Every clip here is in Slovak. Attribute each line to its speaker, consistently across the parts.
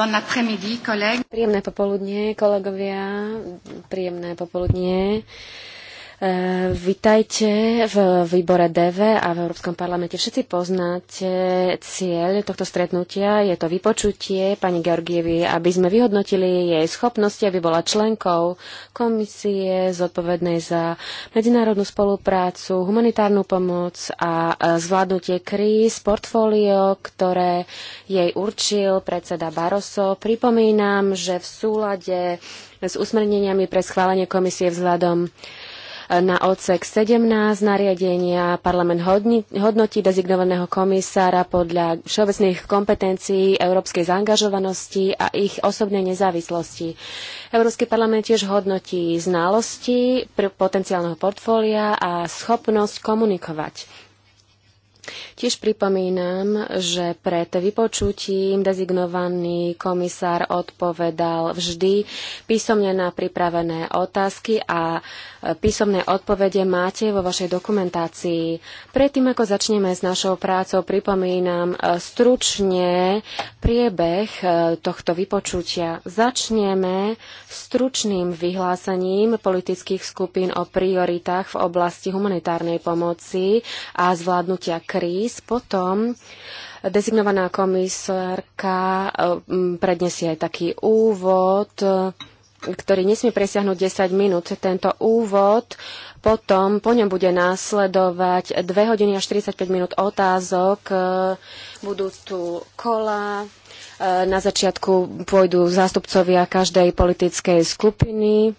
Speaker 1: Bon après-midi, collègues. Príjemné popoludnie, kolegovia. Príjemné popoludnie. Vítajte v výbore DV a v Európskom parlamente. Všetci poznáte cieľ tohto stretnutia. Je to vypočutie pani Georgievi, aby sme vyhodnotili jej schopnosti, aby bola členkou komisie zodpovednej za medzinárodnú spoluprácu, humanitárnu pomoc a zvládnutie kríz, portfólio, ktoré jej určil predseda Barroso. Pripomínam, že v súlade s usmerneniami pre schválenie komisie vzhľadom na odsek 17 nariadenia. Parlament hodnotí dezignovaného komisára podľa všeobecných kompetencií európskej zaangažovanosti a ich osobnej nezávislosti. Európsky parlament tiež hodnotí znalosti potenciálneho portfólia a schopnosť komunikovať Tiež pripomínam, že pred vypočutím dezignovaný komisár odpovedal vždy písomne na pripravené otázky a e, písomné odpovede máte vo vašej dokumentácii. Predtým, ako začneme s našou prácou, pripomínam e, stručne priebeh e, tohto vypočutia. Začneme stručným vyhlásením politických skupín o prioritách v oblasti humanitárnej pomoci a zvládnutia krízy kríz, potom dezignovaná komisárka eh, predniesie aj taký úvod, eh, ktorý nesmie presiahnuť 10 minút. Tento úvod potom po ňom bude následovať 2 hodiny až 45 minút otázok. Eh, budú tu kola. Na začiatku pôjdu zástupcovia každej politickej skupiny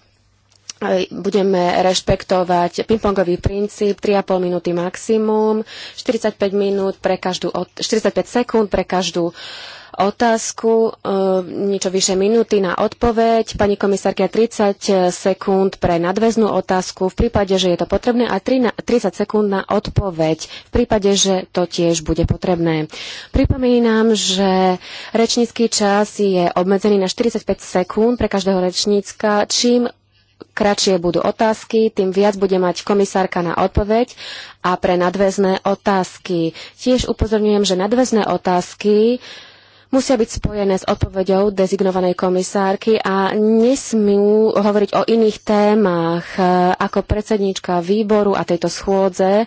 Speaker 1: budeme rešpektovať pingpongový princíp 3,5 minúty maximum, 45, minút pre každú, 45 sekúnd pre každú otázku, e, niečo vyše minúty na odpoveď, pani komisárka 30 sekúnd pre nadväznú otázku v prípade, že je to potrebné a 30 sekúnd na odpoveď v prípade, že to tiež bude potrebné. Pripomínam, že rečnícky čas je obmedzený na 45 sekúnd pre každého rečníka, čím kratšie budú otázky, tým viac bude mať komisárka na odpoveď a pre nadväzné otázky. Tiež upozorňujem, že nadväzné otázky musia byť spojené s odpoveďou dezignovanej komisárky a nesmú hovoriť o iných témach. E, ako predsedníčka výboru a tejto schôdze e,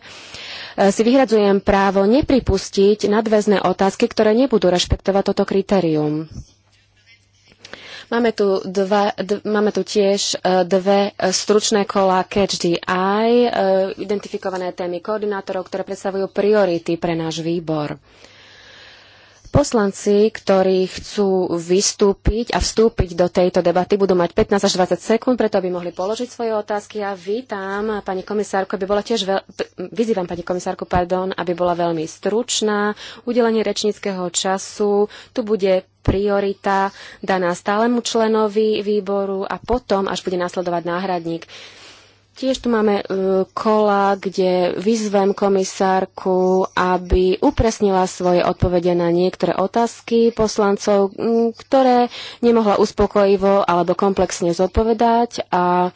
Speaker 1: si vyhradzujem právo nepripustiť nadväzné otázky, ktoré nebudú rešpektovať toto kritérium. Máme tu, dva, d- máme tu tiež e, dve e, stručné kola Catch the Eye, e, identifikované témy koordinátorov, ktoré predstavujú priority pre náš výbor. Poslanci, ktorí chcú vystúpiť a vstúpiť do tejto debaty, budú mať 15 až 20 sekúnd, preto aby mohli položiť svoje otázky. Ja vítam pani komisárku, aby bola tiež veľ... vyzývam pani komisárku, pardon, aby bola veľmi stručná. Udelenie rečníckého času tu bude priorita daná stálemu členovi výboru a potom až bude nasledovať náhradník. Tiež tu máme e, kola, kde vyzvem komisárku, aby upresnila svoje odpovede na niektoré otázky poslancov, ktoré nemohla uspokojivo alebo komplexne zodpovedať a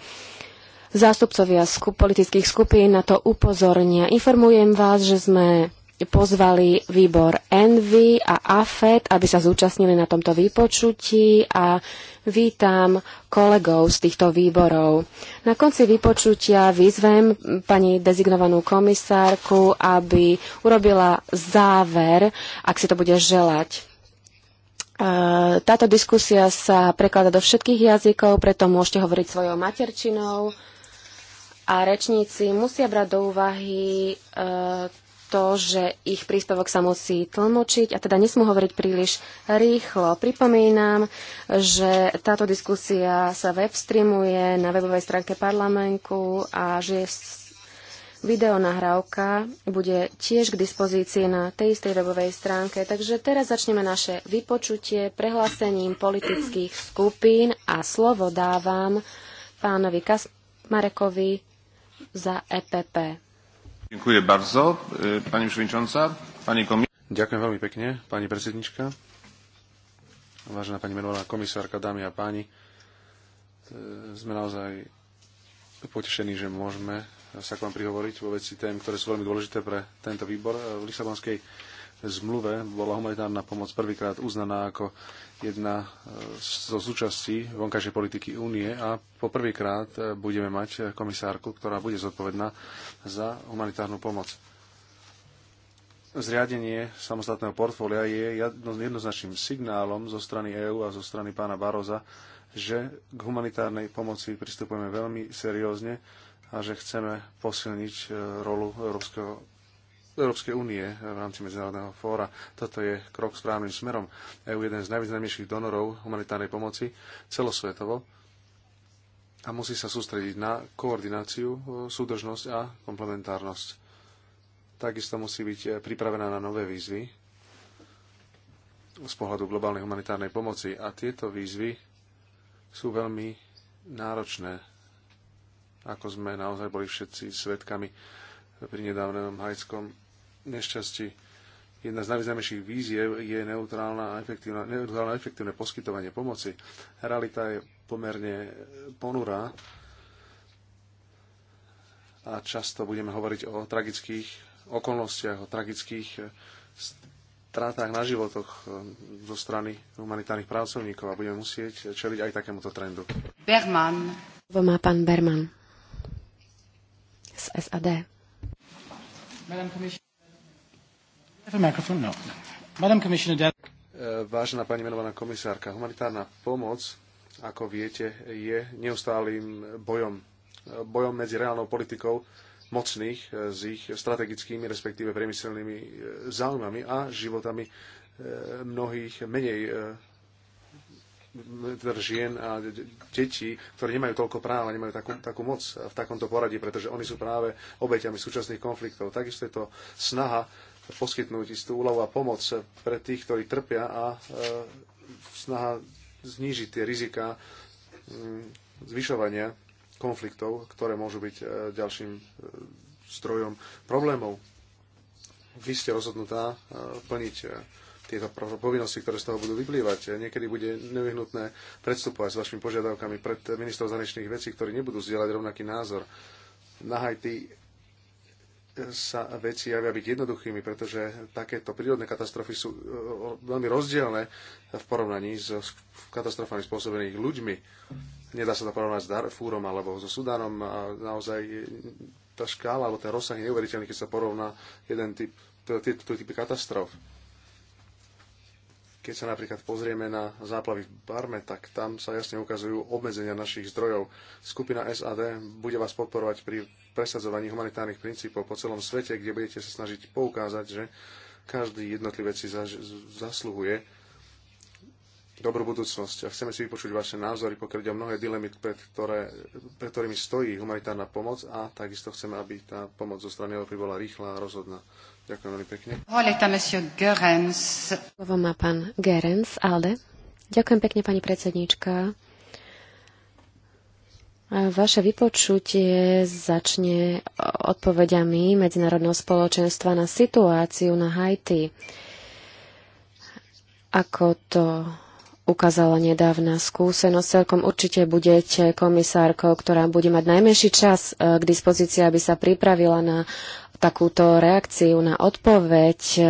Speaker 1: zástupcovia skup, politických skupín na to upozornia. Informujem vás, že sme pozvali výbor Envy a AFET, aby sa zúčastnili na tomto vypočutí a vítam kolegov z týchto výborov. Na konci vypočutia vyzvem pani dezignovanú komisárku, aby urobila záver, ak si to bude želať. Táto diskusia sa preklada do všetkých jazykov, preto môžete hovoriť svojou materčinou a rečníci musia brať do úvahy e, to, že ich príspevok sa musí tlmočiť a teda nesmú hovoriť príliš rýchlo. Pripomínam, že táto diskusia sa webstreamuje na webovej stránke parlamentu a že videonahrávka bude tiež k dispozícii na tej istej webovej stránke. Takže teraz začneme naše vypočutie prehlásením politických skupín a slovo dávam pánovi Kasmarekovi za EPP.
Speaker 2: Ďakujem bardzo, pani przewodnicząca, pani komis- Ďakujem veľmi pekne, pani predsednička. Vážená pani menovaná komisárka, dámy a páni, e, sme naozaj potešení, že môžeme sa k vám prihovoriť vo veci tém, ktoré sú veľmi dôležité pre tento výbor. E, v Lisabonskej zmluve bola humanitárna pomoc prvýkrát uznaná ako jedna e, zo súčastí vonkajšej politiky únie a poprvýkrát e, budeme mať komisárku, ktorá bude zodpovedná za humanitárnu pomoc. Zriadenie samostatného portfólia je jednoznačným signálom zo strany EÚ a zo strany pána Baroza, že k humanitárnej pomoci pristupujeme veľmi seriózne a že chceme posilniť e, rolu Európskeho Európskej únie v rámci Medzinárodného fóra. Toto je krok správnym smerom. EU je jeden z najvýznamnejších donorov humanitárnej pomoci celosvetovo a musí sa sústrediť na koordináciu, e, súdržnosť a komplementárnosť. Takisto musí byť e, pripravená na nové výzvy z pohľadu globálnej humanitárnej pomoci a tieto výzvy sú veľmi náročné, ako sme naozaj boli všetci svetkami pri nedávnom hajskom nešťastí. Jedna z najvýznamnejších víziev je neutrálna a efektívna, neutrálne a efektívne poskytovanie pomoci. Realita je pomerne ponurá a často budeme hovoriť o tragických okolnostiach, o tragických strátach na životoch um, zo strany humanitárnych pracovníkov a budeme musieť čeliť aj takémuto trendu.
Speaker 1: Berman. Má pán Berman z SAD. No.
Speaker 3: E,
Speaker 2: vážená pani menovaná komisárka, humanitárna pomoc, ako viete, je neustálým bojom. E, bojom medzi reálnou politikou mocných e, s ich strategickými, respektíve priemyselnými záujmami a životami mnohých menej žien a detí, ktoré nemajú toľko práv a nemajú takú, takú moc v takomto poradí, pretože oni sú práve obeťami súčasných konfliktov. Takisto je to snaha poskytnúť istú úľavu a pomoc pre tých, ktorí trpia a e, snaha znížiť tie rizika mm, zvyšovania konfliktov, ktoré môžu byť e, ďalším strojom e, problémov. Vy ste rozhodnutá plniť tieto povinnosti, ktoré z toho budú vyplývať. Niekedy bude nevyhnutné predstupovať s vašimi požiadavkami pred ministrov zahraničných vecí, ktorí nebudú zdieľať rovnaký názor. Na Haiti sa veci javia byť jednoduchými, pretože takéto prírodné katastrofy sú e, veľmi rozdielne v porovnaní s katastrofami spôsobených ľuďmi. Nedá sa to porovnať s Darfúrom alebo so Sudanom a naozaj tá škála alebo ten rozsah je neuveriteľný, keď sa porovná jeden typ, tieto typy katastrof. Keď sa napríklad pozrieme na záplavy v Barme, tak tam sa jasne ukazujú obmedzenia našich zdrojov. Skupina SAD bude vás podporovať pri presadzovaní humanitárnych princípov po celom svete, kde budete sa snažiť poukázať, že každý jednotlivec si zasluhuje dobrú budúcnosť. A chceme si vypočuť vaše názory, pokiaľ ide o mnohé dilemy, pred, ktoré, pred ktorými stojí humanitárna pomoc a takisto chceme, aby tá pomoc zo strany Európy bola rýchla a rozhodná. Ďakujem veľmi
Speaker 1: pekne. Slovo má pán Gerens, Ďakujem pekne, pani predsedníčka. Vaše vypočutie začne odpovediami medzinárodného spoločenstva na situáciu na Haiti. Ako to ukázala nedávna skúsenosť, celkom určite budete komisárkou, ktorá bude mať najmenší čas eh, k dispozícii, aby sa pripravila na takúto reakciu na odpoveď e,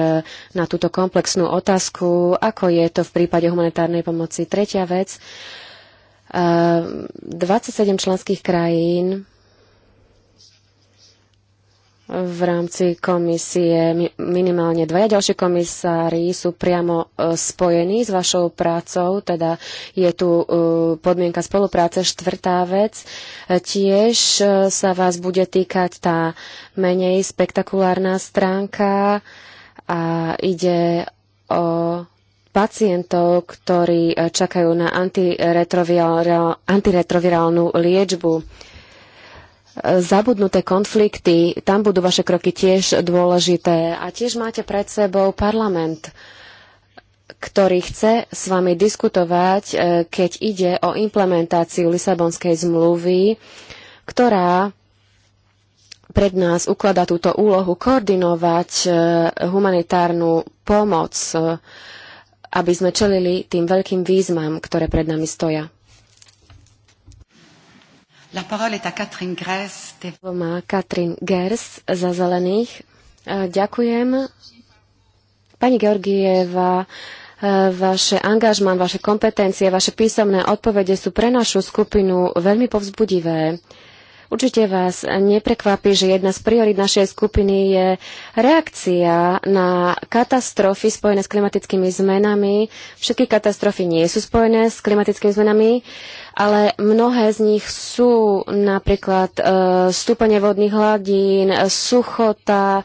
Speaker 1: na túto komplexnú otázku, ako je to v prípade humanitárnej pomoci. Tretia vec, 27 e, členských krajín v rámci komisie minimálne dvaja ďalší komisári sú priamo e, spojení s vašou prácou, teda je tu e, podmienka spolupráce. Štvrtá vec, e, tiež sa vás bude týkať tá menej spektakulárna stránka a ide o pacientov, ktorí čakajú na antiretrovirálnu liečbu zabudnuté konflikty, tam budú vaše kroky tiež dôležité. A tiež máte pred sebou parlament, ktorý chce s vami diskutovať, e, keď ide o implementáciu Lisabonskej zmluvy, ktorá pred nás ukladá túto úlohu koordinovať e, humanitárnu pomoc, e, aby sme čelili tým veľkým výzvam, ktoré pred nami stoja. La parole est à Katrin Gers. Má Katrin Gers za zelených. E, ďakujem. Pani Georgieva, e, vaše angažman, vaše kompetencie, vaše písomné odpovede sú pre našu skupinu veľmi povzbudivé. Určite vás neprekvapí, že jedna z priorit našej skupiny je reakcia na katastrofy spojené s klimatickými zmenami. Všetky katastrofy nie sú spojené s klimatickými zmenami, ale mnohé z nich sú napríklad e, stúpanie vodných hladín, suchota, e,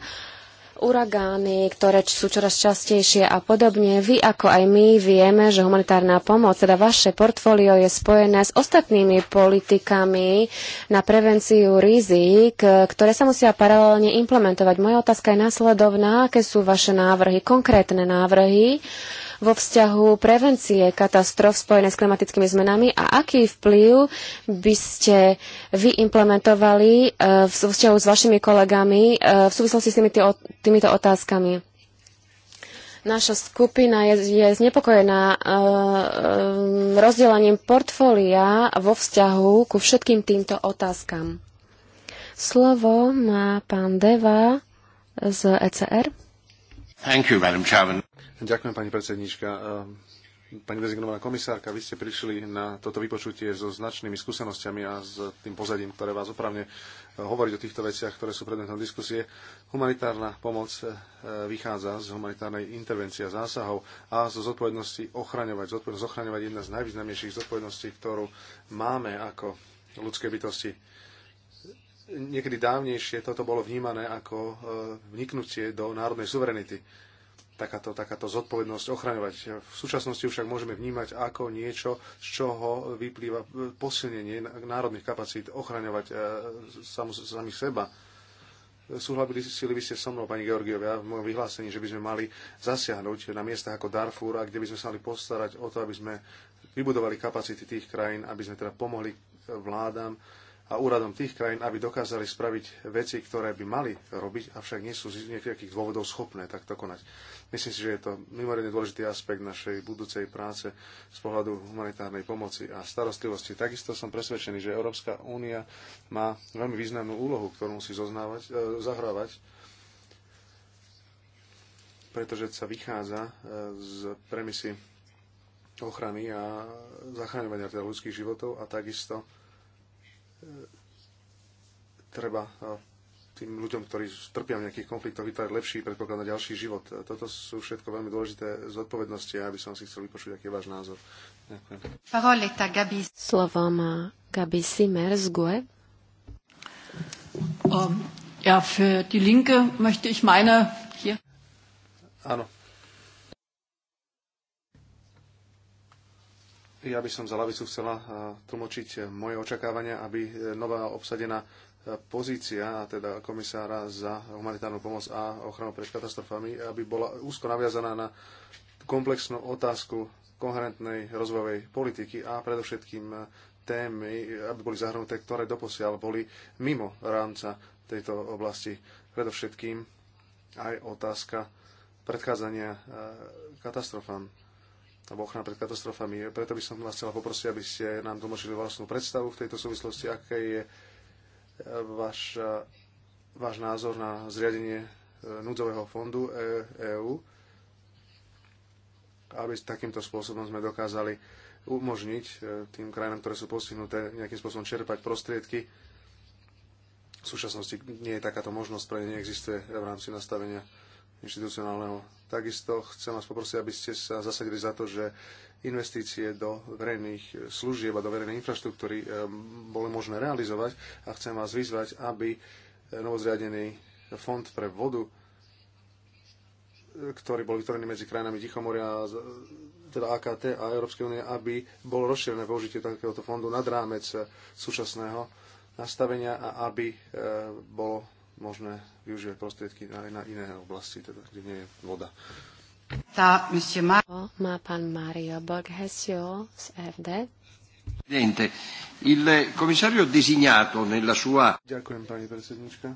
Speaker 1: uragány, ktoré sú čoraz častejšie a podobne. Vy ako aj my vieme, že humanitárna pomoc, teda vaše portfólio je spojené s ostatnými politikami na prevenciu rizik, ktoré sa musia paralelne implementovať. Moja otázka je následovná, aké sú vaše návrhy, konkrétne návrhy vo vzťahu prevencie katastrof spojené s klimatickými zmenami a aký vplyv by ste vy implementovali e, v vzťahu s vašimi kolegami e, v súvislosti s týmito, týmito otázkami? Naša skupina je, je znepokojená e, e, rozdelením portfólia vo vzťahu ku všetkým týmto otázkam. Slovo má pán Deva z ECR.
Speaker 2: Thank you, Madam Ďakujem, pani predsednička. Ehm, pani dezignovaná komisárka, vy ste prišli na toto vypočutie so značnými skúsenostiami a s tým pozadím, ktoré vás opravne e, hovoriť o týchto veciach, ktoré sú predmetom diskusie. Humanitárna pomoc e, vychádza z humanitárnej intervencie a zásahov a zo zodpovednosti ochraňovať. Zodpovednosť ochraňovať je jedna z najvýznamnejších zodpovedností, ktorú máme ako ľudské bytosti. Niekedy dávnejšie toto bolo vnímané ako e, vniknutie do národnej suverenity takáto, takáto zodpovednosť ochraňovať. V súčasnosti však môžeme vnímať ako niečo, z čoho vyplýva posilnenie národných kapacít ochraňovať e, sami samých seba. Súhlasili by ste so mnou, pani Georgiovia, v mojom vyhlásení, že by sme mali zasiahnuť na miestach ako Darfur a kde by sme sa mali postarať o to, aby sme vybudovali kapacity tých krajín, aby sme teda pomohli vládam a úradom tých krajín, aby dokázali spraviť veci, ktoré by mali robiť, avšak nie sú z nejakých dôvodov schopné takto konať. Myslím si, že je to mimoriadne dôležitý aspekt našej budúcej práce z pohľadu humanitárnej pomoci a starostlivosti. Takisto som presvedčený, že Európska únia má veľmi významnú úlohu, ktorú musí zoznávať, e, zahrávať, pretože sa vychádza e, z premisy ochrany a zachraňovania teda ľudských životov a takisto treba tým ľuďom, ktorí trpia v nejakých konfliktoch, vytvárať lepší predpoklad na ďalší život. Toto sú všetko veľmi dôležité zodpovednosti a ja by som si chcel vypočuť, aký je váš názor. Ďakujem.
Speaker 1: Paroleta, Gabi. Slovo má Gabi Simer z GUE. Um, ja, für die Linke möchte ich meine hier.
Speaker 2: Áno, Ja by som za lavicu chcela eh, tlmočiť eh, moje očakávania, aby eh, nová obsadená pozícia, teda komisára za humanitárnu pomoc a ochranu pred katastrofami, aby bola úzko naviazaná na komplexnú otázku koherentnej rozvojovej politiky a predovšetkým témy, aby boli zahrnuté, ktoré doposiaľ boli mimo rámca tejto oblasti. Predovšetkým aj otázka predchádzania katastrofám alebo ochrana pred katastrofami. Preto by som vás chcela poprosiť, aby ste nám tlmočili vlastnú predstavu v tejto súvislosti, aké je e, váš, e, váš názor na zriadenie e, núdzového fondu EÚ, aby takýmto spôsobom sme dokázali umožniť tým krajinám, ktoré sú postihnuté, nejakým spôsobom čerpať prostriedky. V súčasnosti nie je takáto možnosť, pre neexistuje v rámci nastavenia inštitucionálneho. Takisto chcem vás poprosiť, aby ste sa zasadili za to, že investície do verejných služieb a do verejnej infraštruktúry eh, boli možné realizovať a chcem vás vyzvať, aby eh, novozriadený fond pre vodu, eh, ktorý bol vytvorený medzi krajinami Tichomoria, teda AKT a Európskej únie, aby bolo rozšírené použitie takéhoto fondu nad rámec súčasného nastavenia a aby bolo možné využívať prostriedky aj na iné oblasti, teda, kde nie je voda.
Speaker 1: Tá, Mar- má pán Mario Borghesio z FD.
Speaker 2: Presidente, il commissario designato nella sua... Ďakujem, pani predsednička.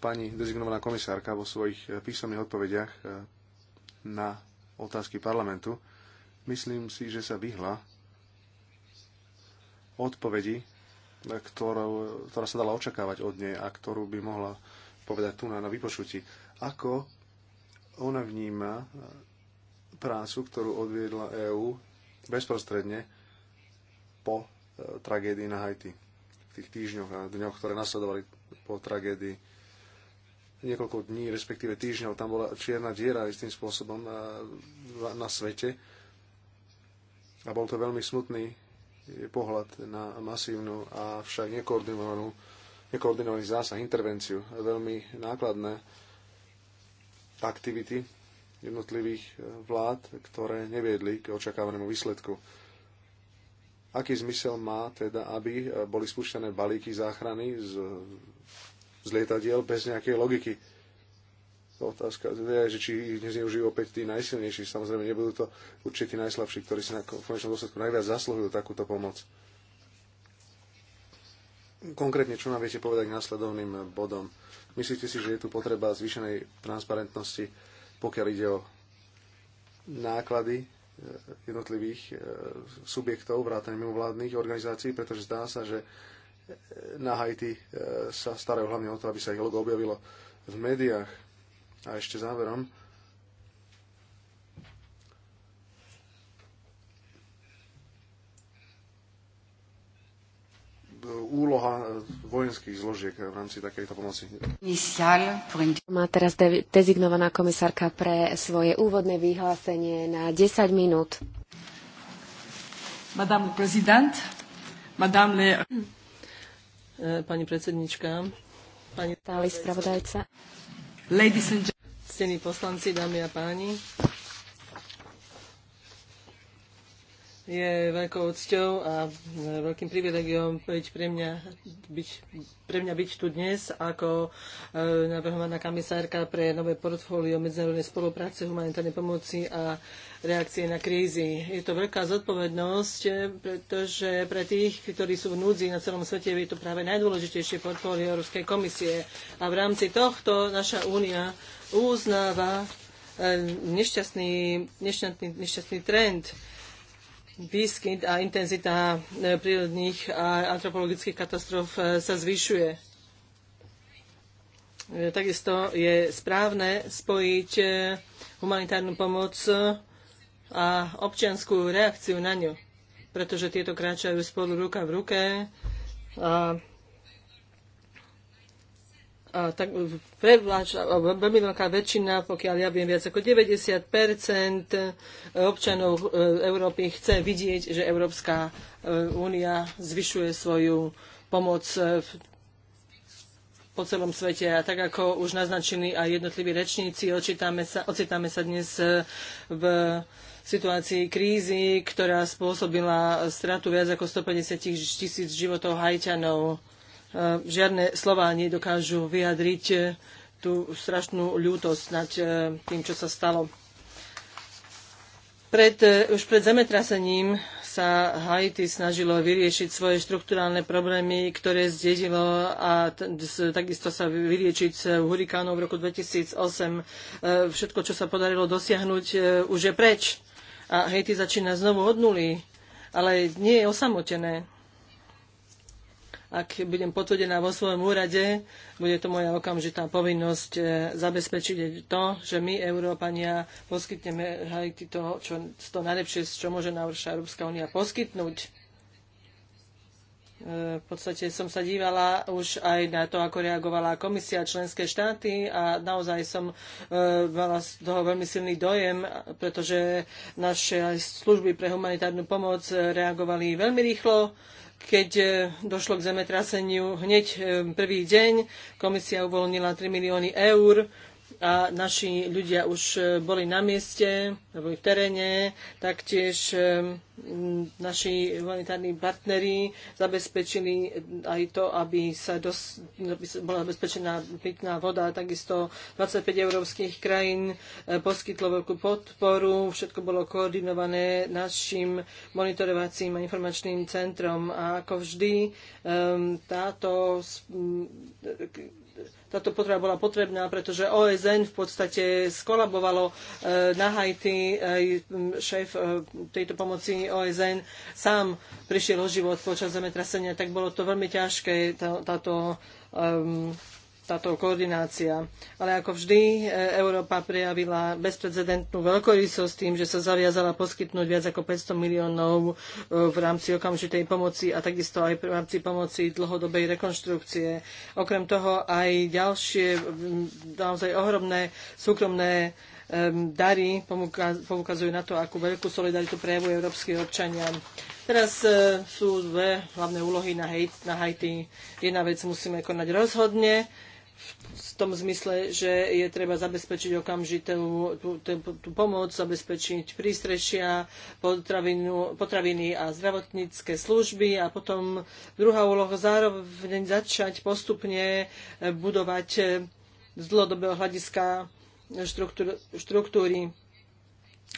Speaker 2: Pani dezignovaná komisárka vo svojich eh, písomných odpovediach eh, na otázky parlamentu, myslím si, že sa vyhla odpovedi ktorú, ktorá sa dala očakávať od nej a ktorú by mohla povedať tu na, na vypočutí. Ako ona vníma prácu, ktorú odviedla EÚ bezprostredne po e, tragédii na Haiti. V tých týždňoch a dňoch, ktoré nasledovali po tragédii niekoľko dní, respektíve týždňov, tam bola čierna diera istým spôsobom e, na, na svete. A bol to veľmi smutný pohľad na masívnu a však nekoordinovanú, nekoordinovaný zásah, intervenciu, veľmi nákladné aktivity jednotlivých e, vlád, ktoré neviedli k očakávanému výsledku. Aký zmysel má teda, aby e, boli spúšťané balíky záchrany z, z lietadiel bez nejakej logiky? otázka je, že či ich nezneužijú opäť tí najsilnejší. Samozrejme, nebudú to určite tí najslabší, ktorí si na konečnom dôsledku najviac zaslúhujú takúto pomoc. Konkrétne, čo nám viete povedať k následovným bodom? Myslíte si, že je tu potreba zvýšenej transparentnosti, pokiaľ ide o náklady e, jednotlivých e, subjektov, vrátane mimovládnych organizácií, pretože zdá sa, že e, na Haiti sa starajú hlavne o to, aby sa ich logo objavilo v médiách a ešte záverom. úloha vojenských zložiek v rámci takejto pomoci.
Speaker 1: Má teraz dezignovaná komisárka pre svoje úvodné vyhlásenie na 10 minút.
Speaker 3: Madame prezident, Madame le... Eh, pani predsednička, pani... Stály spravodajca. Ladies and gentlemen ctení poslanci, dámy a páni. je veľkou cťou a veľkým privilegiom byť pre mňa byť, pre mňa byť tu dnes ako e, navrhovaná komisárka pre nové portfólio medzinárodnej spolupráce, humanitárnej pomoci a reakcie na krízy. Je to veľká zodpovednosť, e, pretože pre tých, ktorí sú v núdzi na celom svete, je to práve najdôležitejšie portfólio Európskej komisie. A v rámci tohto naša únia uznáva e, nešťastný, nešťastný, nešťastný trend výskyt a intenzita e, prírodných a antropologických katastrof e, sa zvyšuje. E, takisto je správne spojiť humanitárnu pomoc a občianskú reakciu na ňu, pretože tieto kráčajú spolu ruka v ruke a tak veľmi veľká väčšina, pokiaľ ja viem viac ako 90 e, občanov e, Európy chce vidieť, že Európska e, únia zvyšuje svoju pomoc v po celom svete. A tak ako už naznačili aj jednotliví rečníci, ocitáme sa, ocitáme sa dnes v situácii krízy, ktorá spôsobila stratu viac ako 150 tisíc životov hajťanov žiadne slová nedokážu vyjadriť e, tú strašnú ľútosť nad e, tým, čo sa stalo. Pred, e, už pred zemetrasením sa Haiti snažilo vyriešiť svoje štruktúrálne problémy, ktoré zdedilo a takisto sa vyriešiť s hurikánov v roku 2008. Všetko, čo sa podarilo dosiahnuť, už je preč. A Haiti začína znovu od nuly, ale nie je osamotené ak budem potvrdená vo svojom úrade, bude to moja okamžitá povinnosť e, zabezpečiť to, že my, Európania, poskytneme Haiti to, čo, to najlepšie, čo môže navrša Európska únia poskytnúť. E, v podstate som sa dívala už aj na to, ako reagovala komisia členské štáty a naozaj som e, mala z toho veľmi silný dojem, pretože naše služby pre humanitárnu pomoc reagovali veľmi rýchlo keď e, došlo k zemetraseniu hneď e, prvý deň. Komisia uvoľnila 3 milióny eur a naši ľudia už e, boli na mieste, boli v teréne, taktiež e, naši humanitárni partneri zabezpečili aj to, aby sa, dos, aby bola zabezpečená pitná voda. Takisto 25 európskych krajín e, poskytlo veľkú podporu. Všetko bolo koordinované našim monitorovacím a informačným centrom. A ako vždy, táto táto potreba bola potrebná, pretože OSN v podstate skolabovalo e, na Haiti. šéf e, tejto pomoci OSN sám prišiel o život počas zemetrasenia, tak bolo to veľmi ťažké, táto táto koordinácia. Ale ako vždy, e, Európa prejavila bezprecedentnú veľkorysosť tým, že sa zaviazala poskytnúť viac ako 500 miliónov e, v rámci okamžitej pomoci a takisto aj v rámci pomoci dlhodobej rekonštrukcie. Okrem toho aj ďalšie naozaj ohromné súkromné dary poukazujú na to, akú veľkú solidaritu prejavujú európsky občania. Teraz e, sú dve hlavné úlohy na, na Haiti. Jedna vec musíme konať rozhodne, v tom zmysle, že je treba zabezpečiť okamžitú tú, tú, tú pomoc, zabezpečiť prístrešia, potraviny a zdravotnícke služby a potom druhá úloha zároveň začať postupne eh, budovať eh, z dlhodobého hľadiska eh, štruktúry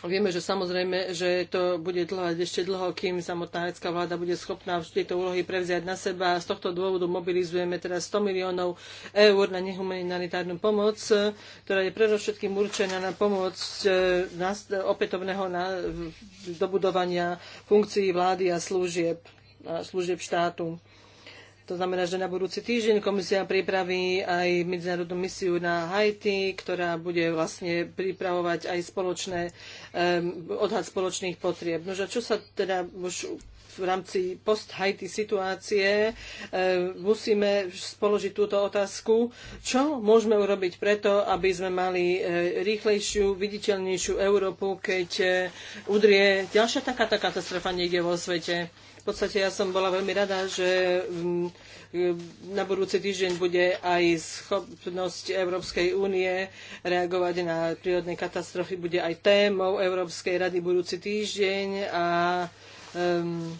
Speaker 3: Vieme, že samozrejme, že to bude dlhať ešte dlho, kým samotná hecká vláda bude schopná tieto úlohy prevziať na seba. Z tohto dôvodu mobilizujeme teraz 100 miliónov eur na nehumanitárnu pomoc, ktorá je predovšetkým určená na pomoc e, opätovného dobudovania funkcií vlády a služieb, a služieb štátu. To znamená, že na budúci týždeň komisia pripraví aj medzinárodnú misiu na Haiti, ktorá bude vlastne pripravovať aj spoločné, um, odhad spoločných potrieb. No, čo sa teda už v rámci post-Haiti situácie e, musíme spoložiť túto otázku, čo môžeme urobiť preto, aby sme mali e, rýchlejšiu, viditeľnejšiu Európu, keď e, udrie ďalšia takáto katastrofa niekde vo svete. V podstate ja som bola veľmi rada, že mm, e, na budúci týždeň bude aj schopnosť Európskej únie reagovať na prírodné katastrofy, bude aj témou Európskej rady budúci týždeň a um,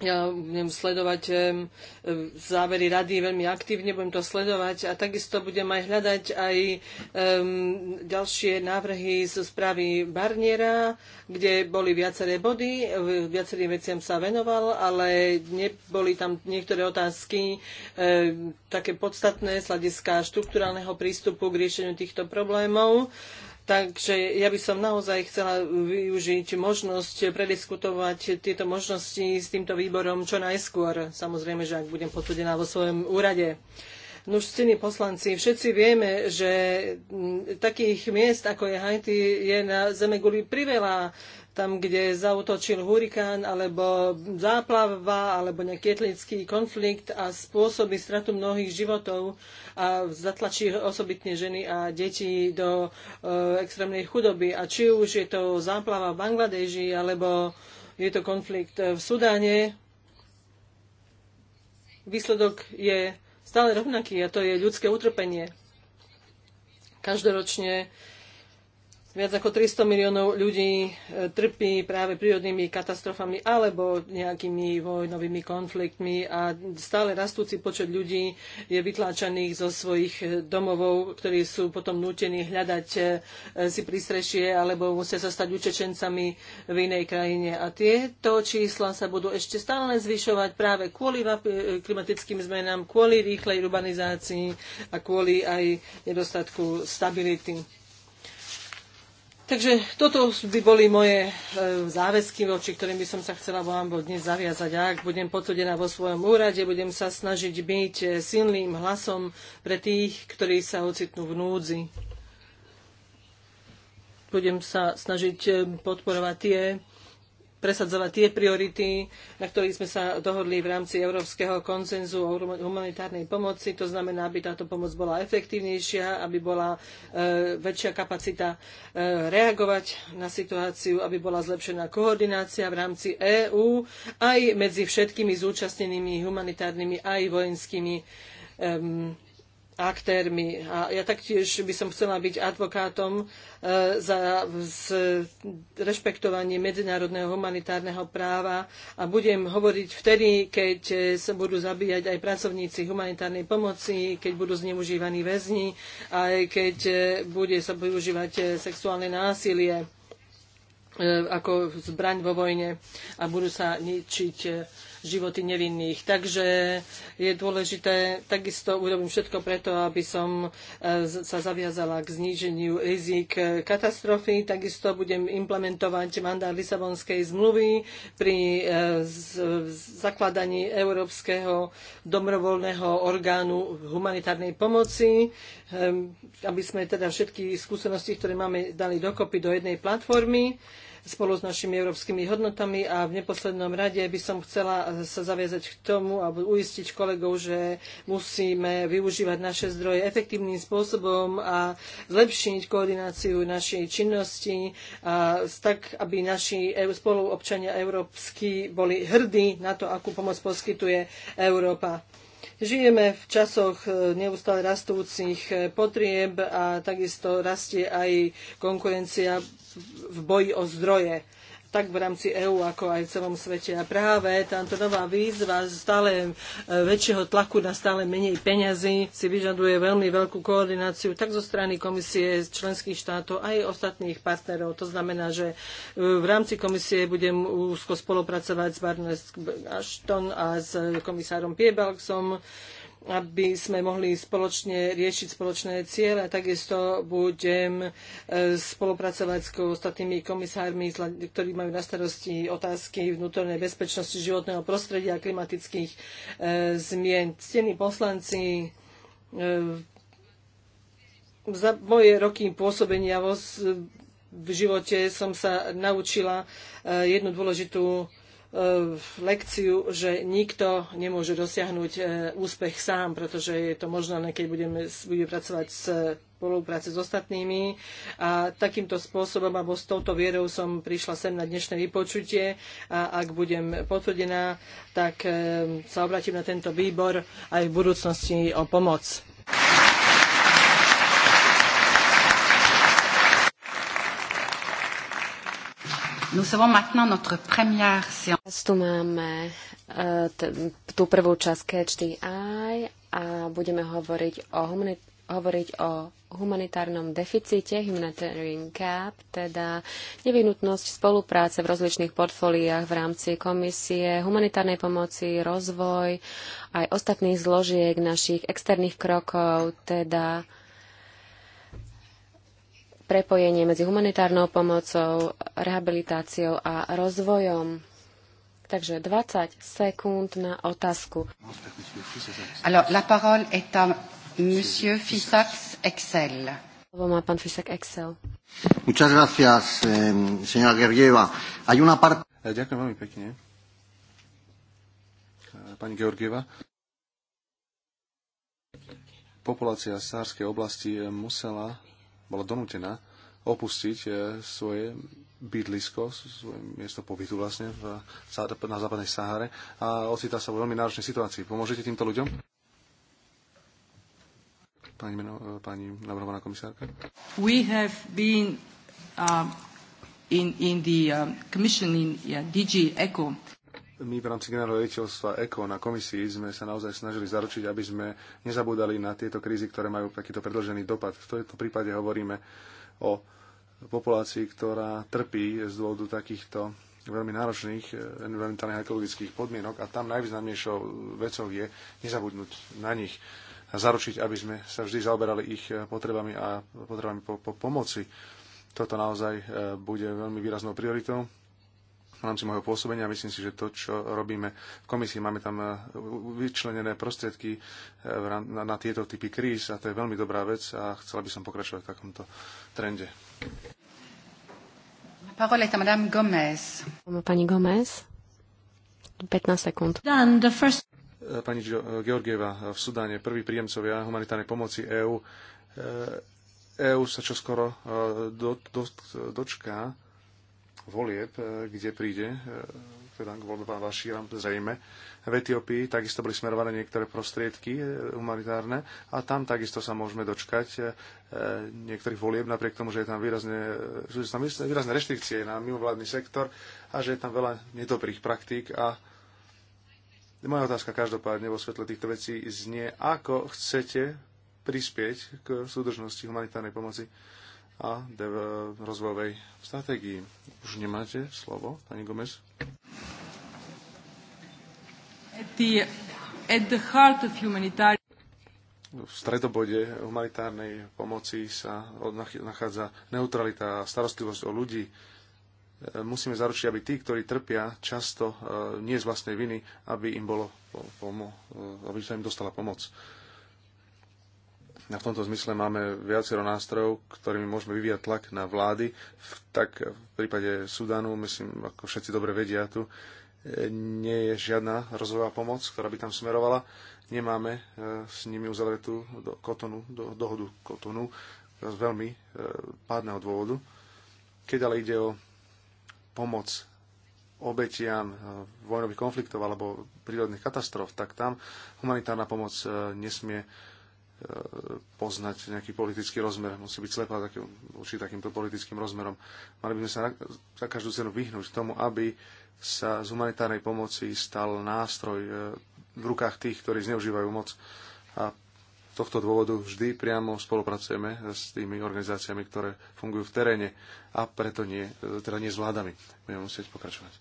Speaker 3: ja budem sledovať závery rady veľmi aktívne, budem to sledovať a takisto budem aj hľadať aj um, ďalšie návrhy zo správy Barniera, kde boli viaceré body, viacerým veciam sa venoval, ale neboli tam niektoré otázky um, také podstatné z hľadiska štruktúrálneho prístupu k riešeniu týchto problémov. Um, Takže ja by som naozaj chcela využiť možnosť prediskutovať tieto možnosti s týmto výborom čo najskôr. Samozrejme, že ak budem potvrdená vo svojom úrade. Nuž, ctení poslanci, všetci vieme, že mm, takých miest, ako je Haiti, je na zeme guli priveľa tam, kde zautočil hurikán alebo záplava alebo nejaký etnický konflikt a spôsobí stratu mnohých životov a zatlačí osobitne ženy a deti do e, extrémnej chudoby. A či už je to záplava v Bangladeži alebo je to konflikt v Sudáne, výsledok je stále rovnaký a to je ľudské utrpenie. Každoročne Viac ako 300 miliónov ľudí e, trpí práve prírodnými katastrofami alebo nejakými vojnovými konfliktmi a stále rastúci počet ľudí je vytláčaných zo svojich e, domovov, ktorí sú potom nútení hľadať e, si prístrešie alebo musia sa stať utečencami v inej krajine. A tieto čísla sa budú ešte stále zvyšovať práve kvôli klimatickým zmenám, kvôli rýchlej urbanizácii a kvôli aj nedostatku stability. Takže toto by boli moje e, záväzky, voči ktorým by som sa chcela vám dnes zaviazať. Ak budem potvrdená vo svojom úrade, budem sa snažiť byť e, silným hlasom pre tých, ktorí sa ocitnú v núdzi. Budem sa snažiť e, podporovať tie presadzovať tie priority, na ktorých sme sa dohodli v rámci Európskeho koncenzu o humanitárnej pomoci. To znamená, aby táto pomoc bola efektívnejšia, aby bola e, väčšia kapacita e, reagovať na situáciu, aby bola zlepšená koordinácia v rámci EÚ aj medzi všetkými zúčastnenými humanitárnymi aj vojenskými e, aktérmi. A ja taktiež by som chcela byť advokátom e, za rešpektovanie medzinárodného humanitárneho práva a budem hovoriť vtedy, keď e, sa budú zabíjať aj pracovníci humanitárnej pomoci, keď budú zneužívaní väzni, aj keď e, bude sa využívať sexuálne násilie ako zbraň vo vojne a budú sa ničiť životy nevinných. Takže je dôležité, takisto urobím všetko preto, aby som e, sa zaviazala k zníženiu rizik katastrofy. Takisto budem implementovať mandát Lisabonskej zmluvy pri e, zakladaní Európskeho dobrovoľného orgánu humanitárnej pomoci, e, aby sme teda všetky skúsenosti, ktoré máme, dali dokopy do jednej platformy spolu s našimi európskymi hodnotami a v neposlednom rade by som chcela sa zaviazať k tomu a uistiť kolegov, že musíme využívať naše zdroje efektívnym spôsobom a zlepšiť koordináciu našej činnosti a tak, aby naši spoluobčania európsky boli hrdí na to, akú pomoc poskytuje Európa. Žijeme v časoch e, neustále rastúcich e, potrieb a takisto rastie aj konkurencia v boji o zdroje tak v rámci EÚ, ako aj v celom svete. A práve táto nová výzva stále e, väčšieho tlaku na stále menej peňazí si vyžaduje veľmi veľkú koordináciu tak zo strany komisie členských štátov aj ostatných partnerov. To znamená, že e, v rámci komisie budem úzko spolupracovať s Barnes Ashton a s e, komisárom Piebalgsom aby sme mohli spoločne riešiť spoločné cieľe. Takisto budem e, spolupracovať s ostatnými komisármi, ktorí majú na starosti otázky vnútornej bezpečnosti životného prostredia a klimatických e, zmien. Ctení poslanci, e, za moje roky pôsobenia vo v živote som sa naučila jednu dôležitú lekciu, že nikto nemôže dosiahnuť e, úspech sám, pretože je to možné, keď budeme, budeme pracovať s e, spolupráce s ostatnými. A takýmto spôsobom, alebo s touto vierou som prišla sem na dnešné vypočutie a ak budem potvrdená, tak e, sa obratím na tento výbor aj v budúcnosti o pomoc.
Speaker 1: Teraz tu máme eh, tú prvú časť Catch the Eye a budeme hovoriť o, hovoriť o humanitárnom deficite, humanitarian gap, teda nevyhnutnosť spolupráce v rozličných portfóliách v rámci komisie, humanitárnej pomoci, rozvoj, aj ostatných zložiek našich externých krokov, teda prepojenie medzi humanitárnou pomocou, rehabilitáciou a rozvojom. Takže 20 sekúnd na otázku. Alors, la parole est à monsieur Fisax Excel. Slovo má pán Fisak Excel.
Speaker 2: Muchas gracias, eh, señora Georgieva. Hay una parte... Eh, ďakujem veľmi pekne. Eh, pani Georgieva populácia sárskej oblasti eh, musela bola donútená opustiť e, svoje bydlisko, svoje miesto pobytu vlastne v, na západnej Sahare a ocitá sa vo veľmi náročnej situácii. Pomôžete týmto ľuďom? Pani, meno, e, pani navrhovaná komisárka.
Speaker 3: We have been uh, in, in the uh, commission in yeah, DG ECO
Speaker 2: my v rámci generálneho riaditeľstva ECO na komisii sme sa naozaj snažili zaručiť, aby sme nezabúdali na tieto krízy, ktoré majú takýto predlžený dopad. V tomto prípade hovoríme o populácii, ktorá trpí z dôvodu takýchto veľmi náročných e, environmentálnych a ekologických podmienok a tam najvýznamnejšou vecou je nezabudnúť na nich a zaručiť, aby sme sa vždy zaoberali ich e, potrebami a potrebami po, po pomoci. Toto naozaj e, bude veľmi výraznou prioritou v rámci môjho pôsobenia. Myslím si, že to, čo robíme v komisii, máme tam eh, vyčlenené prostriedky eh, na tieto typy kríz a to je veľmi dobrá vec a chcela by som pokračovať v takomto trende.
Speaker 1: Pani Gomez, 15 sekúnd. Eh,
Speaker 2: pani Georgieva, v Sudáne prví príjemcovia humanitárnej pomoci EÚ. EÚ sa čoskoro do, do, dočká volieb, e, kde príde e, teda k voľbe pána zrejme. V Etiópii takisto boli smerované niektoré prostriedky e, humanitárne a tam takisto sa môžeme dočkať niektorých volieb, napriek tomu, že je tam výrazne, sú tam výrazné reštrikcie na mimovládny sektor a že je tam veľa nedobrých praktík a moja otázka každopádne vo svetle týchto vecí znie, ako chcete prispieť k súdržnosti humanitárnej pomoci a rozvojovej stratégii. Už nemáte slovo, pani Gomez? v stredobode humanitárnej pomoci sa nachádza neutralita a starostlivosť o ľudí. E, musíme zaručiť, aby tí, ktorí trpia často e, nie z vlastnej viny, aby im, bolo, e, aby sa im dostala pomoc. A v tomto zmysle máme viacero nástrojov, ktorými môžeme vyvíjať tlak na vlády. Tak v prípade Sudanu, myslím, ako všetci dobre vedia tu, e, nie je žiadna rozvojová pomoc, ktorá by tam smerovala. Nemáme e, s nimi uzavretú do kotonu, do, dohodu kotonu e, z veľmi pádneho dôvodu. Keď ale ide o pomoc obetiam vojnových konfliktov alebo prírodných katastrof, tak tam humanitárna pomoc nesmie E, poznať nejaký politický rozmer, musí byť slepá takým, voči takýmto politickým rozmerom. Mali by sme sa na, za každú cenu vyhnúť k tomu, aby sa z humanitárnej pomoci stal nástroj e, v rukách tých, ktorí zneužívajú moc. A tohto dôvodu vždy priamo spolupracujeme s tými organizáciami, ktoré fungujú v teréne a preto nie, e, teda nie s vládami. Budeme musieť pokračovať.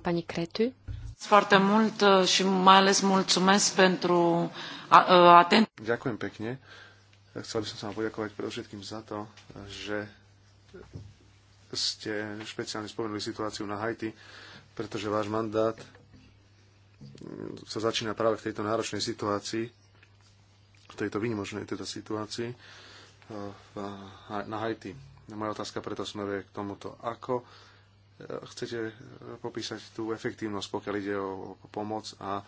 Speaker 1: pani Kretu. Uh,
Speaker 3: uh,
Speaker 2: Ďakujem pekne. Chcel by som sa vám poďakovať predovšetkým za to, že ste špeciálne spomenuli situáciu na Haiti, pretože váš mandát sa začína práve v tejto náročnej situácii, v tejto výnimočnej teda situácii uh, na Haiti. Moja otázka preto smeruje k tomuto, ako chcete popísať tú efektívnosť, pokiaľ ide o pomoc a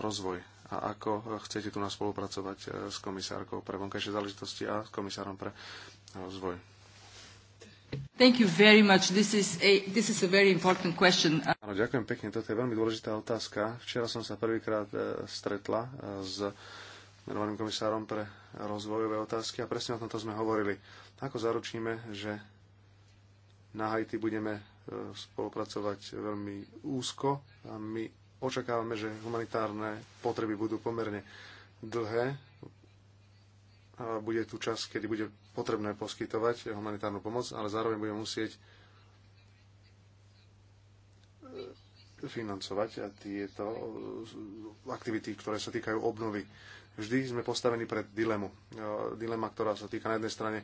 Speaker 2: rozvoj a ako chcete tu nás spolupracovať eh, s komisárkou pre vonkajšie záležitosti a s komisárom pre rozvoj.
Speaker 3: Thank you very much. This is a, this is a very important
Speaker 2: question. Áno, ďakujem pekne. Toto je veľmi dôležitá otázka. Včera som sa prvýkrát eh, stretla eh, s menovaným komisárom pre rozvojové otázky a presne o tomto sme hovorili. Ako zaručíme, že na Haiti budeme spolupracovať veľmi úzko a my očakávame, že humanitárne potreby budú pomerne dlhé a bude tu čas, kedy bude potrebné poskytovať humanitárnu pomoc, ale zároveň budeme musieť e, financovať tieto e, aktivity, ktoré sa týkajú obnovy. Vždy sme postavení pred dilemu. E, dilema, ktorá sa týka na jednej strane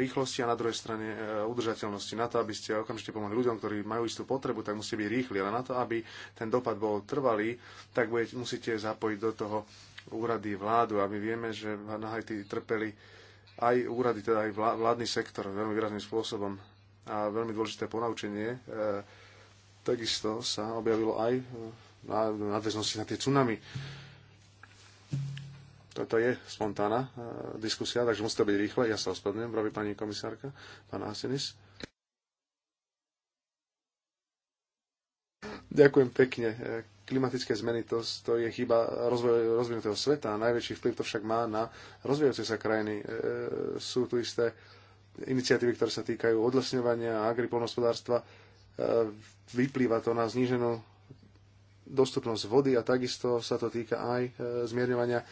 Speaker 2: rýchlosti a na druhej strane e, udržateľnosti. Na to, aby ste okamžite pomohli ľuďom, ktorí majú istú potrebu, tak musíte byť rýchli, ale na to, aby ten dopad bol trvalý, tak budete, musíte zapojiť do toho úrady vládu a my vieme, že na Haiti trpeli aj úrady, teda aj vládny sektor veľmi výrazným spôsobom a veľmi dôležité ponaučenie e, takisto sa objavilo aj na nadväznosti na tie tsunami toto je spontánna e, diskusia, takže musí to byť rýchle. Ja sa ospravedlňujem, robí pani komisárka, pán Asinis. Ďakujem pekne. E, klimatické zmeny to, to je chyba rozvinutého sveta. Najväčší vplyv to však má na rozvíjajúce sa krajiny. E, sú tu isté iniciatívy, ktoré sa týkajú odlesňovania a agripolnospodárstva. E, vyplýva to na zníženú dostupnosť vody a takisto sa to týka aj e, zmierňovania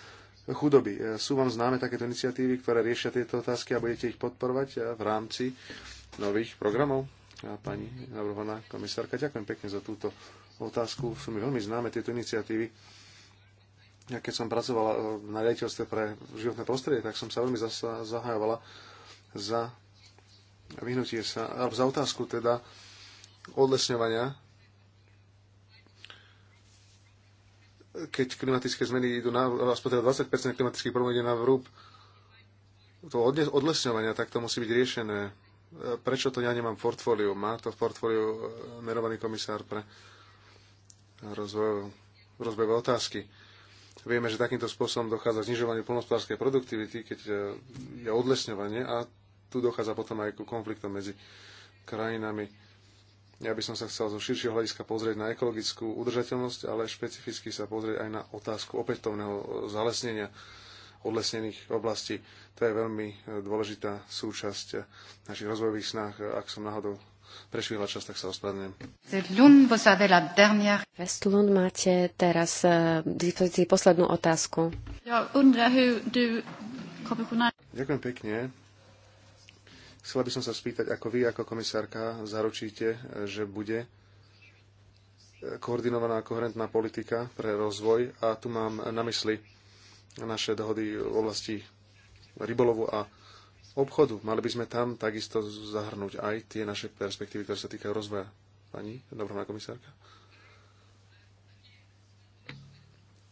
Speaker 2: chudoby. E, sú vám známe takéto iniciatívy, ktoré riešia tieto otázky a budete ich podporovať e, v rámci nových programov? A pani navrhovaná komisárka, ďakujem pekne za túto otázku. Sú mi veľmi známe tieto iniciatívy. Ja keď som pracovala e, na riaditeľstve pre životné prostredie, tak som sa veľmi zahajovala za vyhnutie sa, alebo za otázku teda odlesňovania keď klimatické zmeny idú na, aspoň teda 20% klimatických problémov ide na vrúb toho odlesňovania, tak to musí byť riešené. Prečo to ja nemám v portfóliu? Má to v portfóliu e, menovaný komisár pre rozvojové otázky. Vieme, že takýmto spôsobom dochádza k znižovaniu plnospodárskej produktivity, keď e, je odlesňovanie a tu dochádza potom aj ku konfliktom medzi krajinami ja by som sa chcel zo širšieho hľadiska pozrieť na ekologickú udržateľnosť, ale špecificky sa pozrieť aj na otázku opätovného zalesnenia odlesnených oblastí. To je veľmi e, dôležitá súčasť našich rozvojových snách. Ak som náhodou prešvihla čas, tak sa ospravedlňujem.
Speaker 1: Vestlund, máte teraz e, poslednú otázku.
Speaker 2: Ďakujem pekne. Chcela by som sa spýtať, ako vy ako komisárka zaručíte, že bude e, koordinovaná koherentná politika pre rozvoj a tu mám na mysli naše dohody v oblasti rybolovu a obchodu. Mali by sme tam takisto zahrnúť aj tie naše perspektívy, ktoré sa týkajú rozvoja. Pani dobrá komisárka.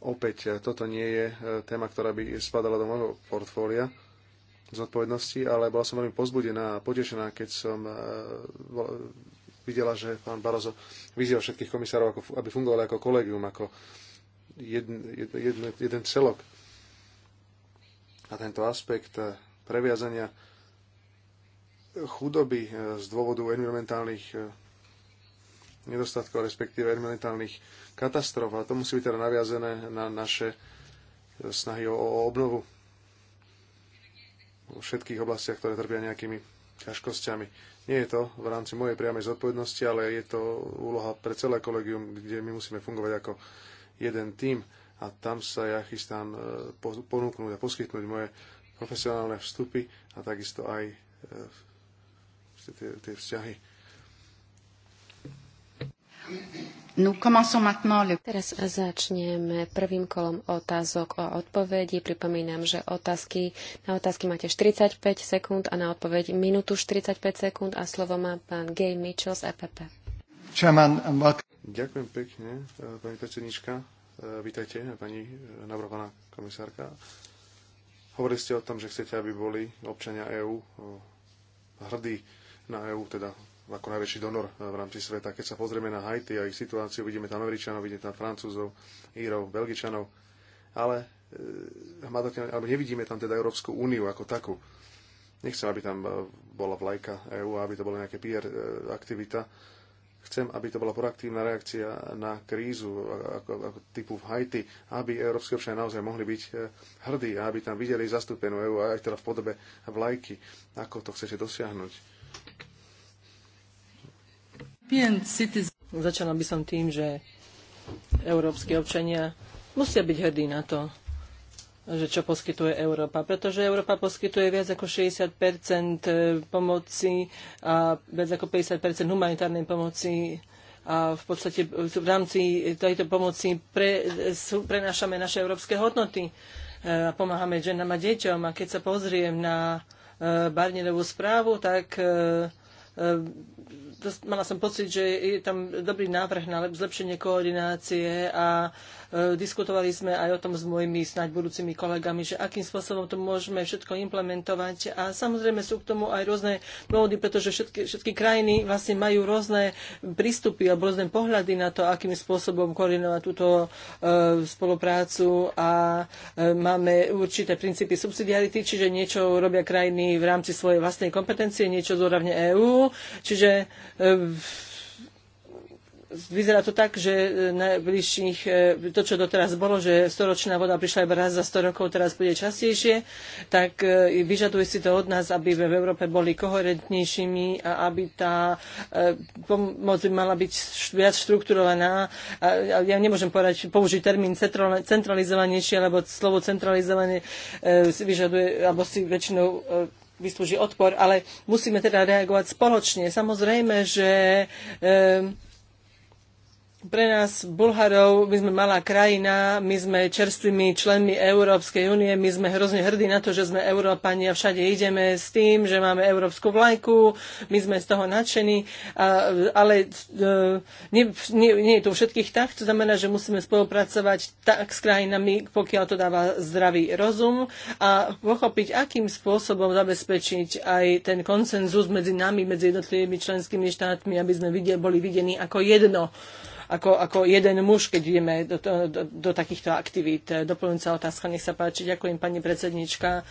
Speaker 2: Opäť, toto nie je e, téma, ktorá by spadala do môjho portfólia zodpovednosti, ale bola som veľmi pozbudená a potešená, keď som e, videla, že pán Barozo vyzýval všetkých komisárov, aby fungovali ako kolegium, ako jedn, jedn, jedn, jeden celok. A tento aspekt e, previazania chudoby e, z dôvodu environmentálnych nedostatkov, respektíve environmentálnych katastrof. A to musí byť teda naviazené na naše snahy o obnovu v všetkých oblastiach, ktoré trpia nejakými ťažkosťami. Nie je to v rámci mojej priamej zodpovednosti, ale je to úloha pre celé kolegium, kde my musíme fungovať ako jeden tím a tam sa ja chystám e, ponúknuť a poskytnúť moje profesionálne vstupy a takisto aj e, tie, tie vzťahy.
Speaker 1: Teraz začneme prvým kolom otázok a odpovedí. Pripomínam, že otázky, na otázky máte 45 sekúnd a na odpoveď minútu 45 sekúnd a slovo má pán Gay Mitchell z EPP.
Speaker 2: Um, Ďakujem pekne, e, pani predsednička. E, vítajte, pani navrhovaná komisárka. Hovorili ste o tom, že chcete, aby boli občania EÚ e, hrdí na EÚ, teda ako najväčší donor eh, v rámci sveta. Keď sa pozrieme na Haiti a ich situáciu, vidíme tam Američanov, vidíme tam Francúzov, Írov, Belgičanov, ale eh, alebo nevidíme tam teda Európsku úniu ako takú. Nechcem, aby tam eh, bola vlajka EÚ, aby to bola nejaká PR aktivita. Chcem, aby to bola proaktívna reakcia na krízu ako, ako typu v Haiti, aby európske občania naozaj mohli byť hrdí a aby tam videli zastúpenú EÚ aj teda v podobe vlajky. Ako to chcete dosiahnuť?
Speaker 3: Začala by som tým, že európsky občania musia byť hrdí na to, že čo poskytuje Európa. Pretože Európa poskytuje viac ako 60 e, pomoci a viac ako 50 humanitárnej pomoci a v podstate v rámci tejto pomoci pre, prenášame naše európske hodnoty e, a pomáhame ženám a deťom. A keď sa pozriem na e, Barnerovú správu, tak mala som pocit, že je tam dobrý návrh na zlepšenie koordinácie a e, diskutovali sme aj o tom s mojimi snáď budúcimi kolegami, že akým spôsobom to môžeme všetko implementovať. A samozrejme sú k tomu aj rôzne dôvody, pretože všetky, všetky krajiny vlastne majú rôzne prístupy alebo rôzne pohľady na to, akým spôsobom koordinovať túto e, spoluprácu a e, máme určité princípy subsidiarity, čiže niečo robia krajiny v rámci svojej vlastnej kompetencie, niečo z úrovne EÚ, čiže Ehm, vyzerá to tak, že e, najbližších, e, to, čo doteraz bolo, že storočná voda prišla iba raz za 100 rokov, teraz bude častejšie, tak e, vyžaduje si to od nás, aby sme v Európe boli koherentnejšími a aby tá pomoc mala byť viac štrukturovaná. Ja nemôžem povedať, použiť termín centralizovanejšie, lebo slovo centralizované si vyžaduje, alebo si väčšinou vyslúži odpor, ale musíme teda reagovať spoločne. Samozrejme, že e, pre nás, Bulharov, my sme malá krajina, my sme čerstvými členmi Európskej únie, my sme hrozne hrdí na to, že sme Európania, všade ideme s tým, že máme európsku vlajku, my sme z toho nadšení, ale e, nie, nie, nie je to u všetkých tak, to znamená, že musíme spolupracovať tak s krajinami, pokiaľ to dáva zdravý rozum a pochopiť, akým spôsobom zabezpečiť aj ten konsenzus medzi nami, medzi jednotlivými členskými štátmi, aby sme boli videní ako jedno ako, ako jeden muž, keď ideme do, do, do, do takýchto aktivít. Doplňujúca otázka, nech sa páči. Ďakujem, pani predsednička. E,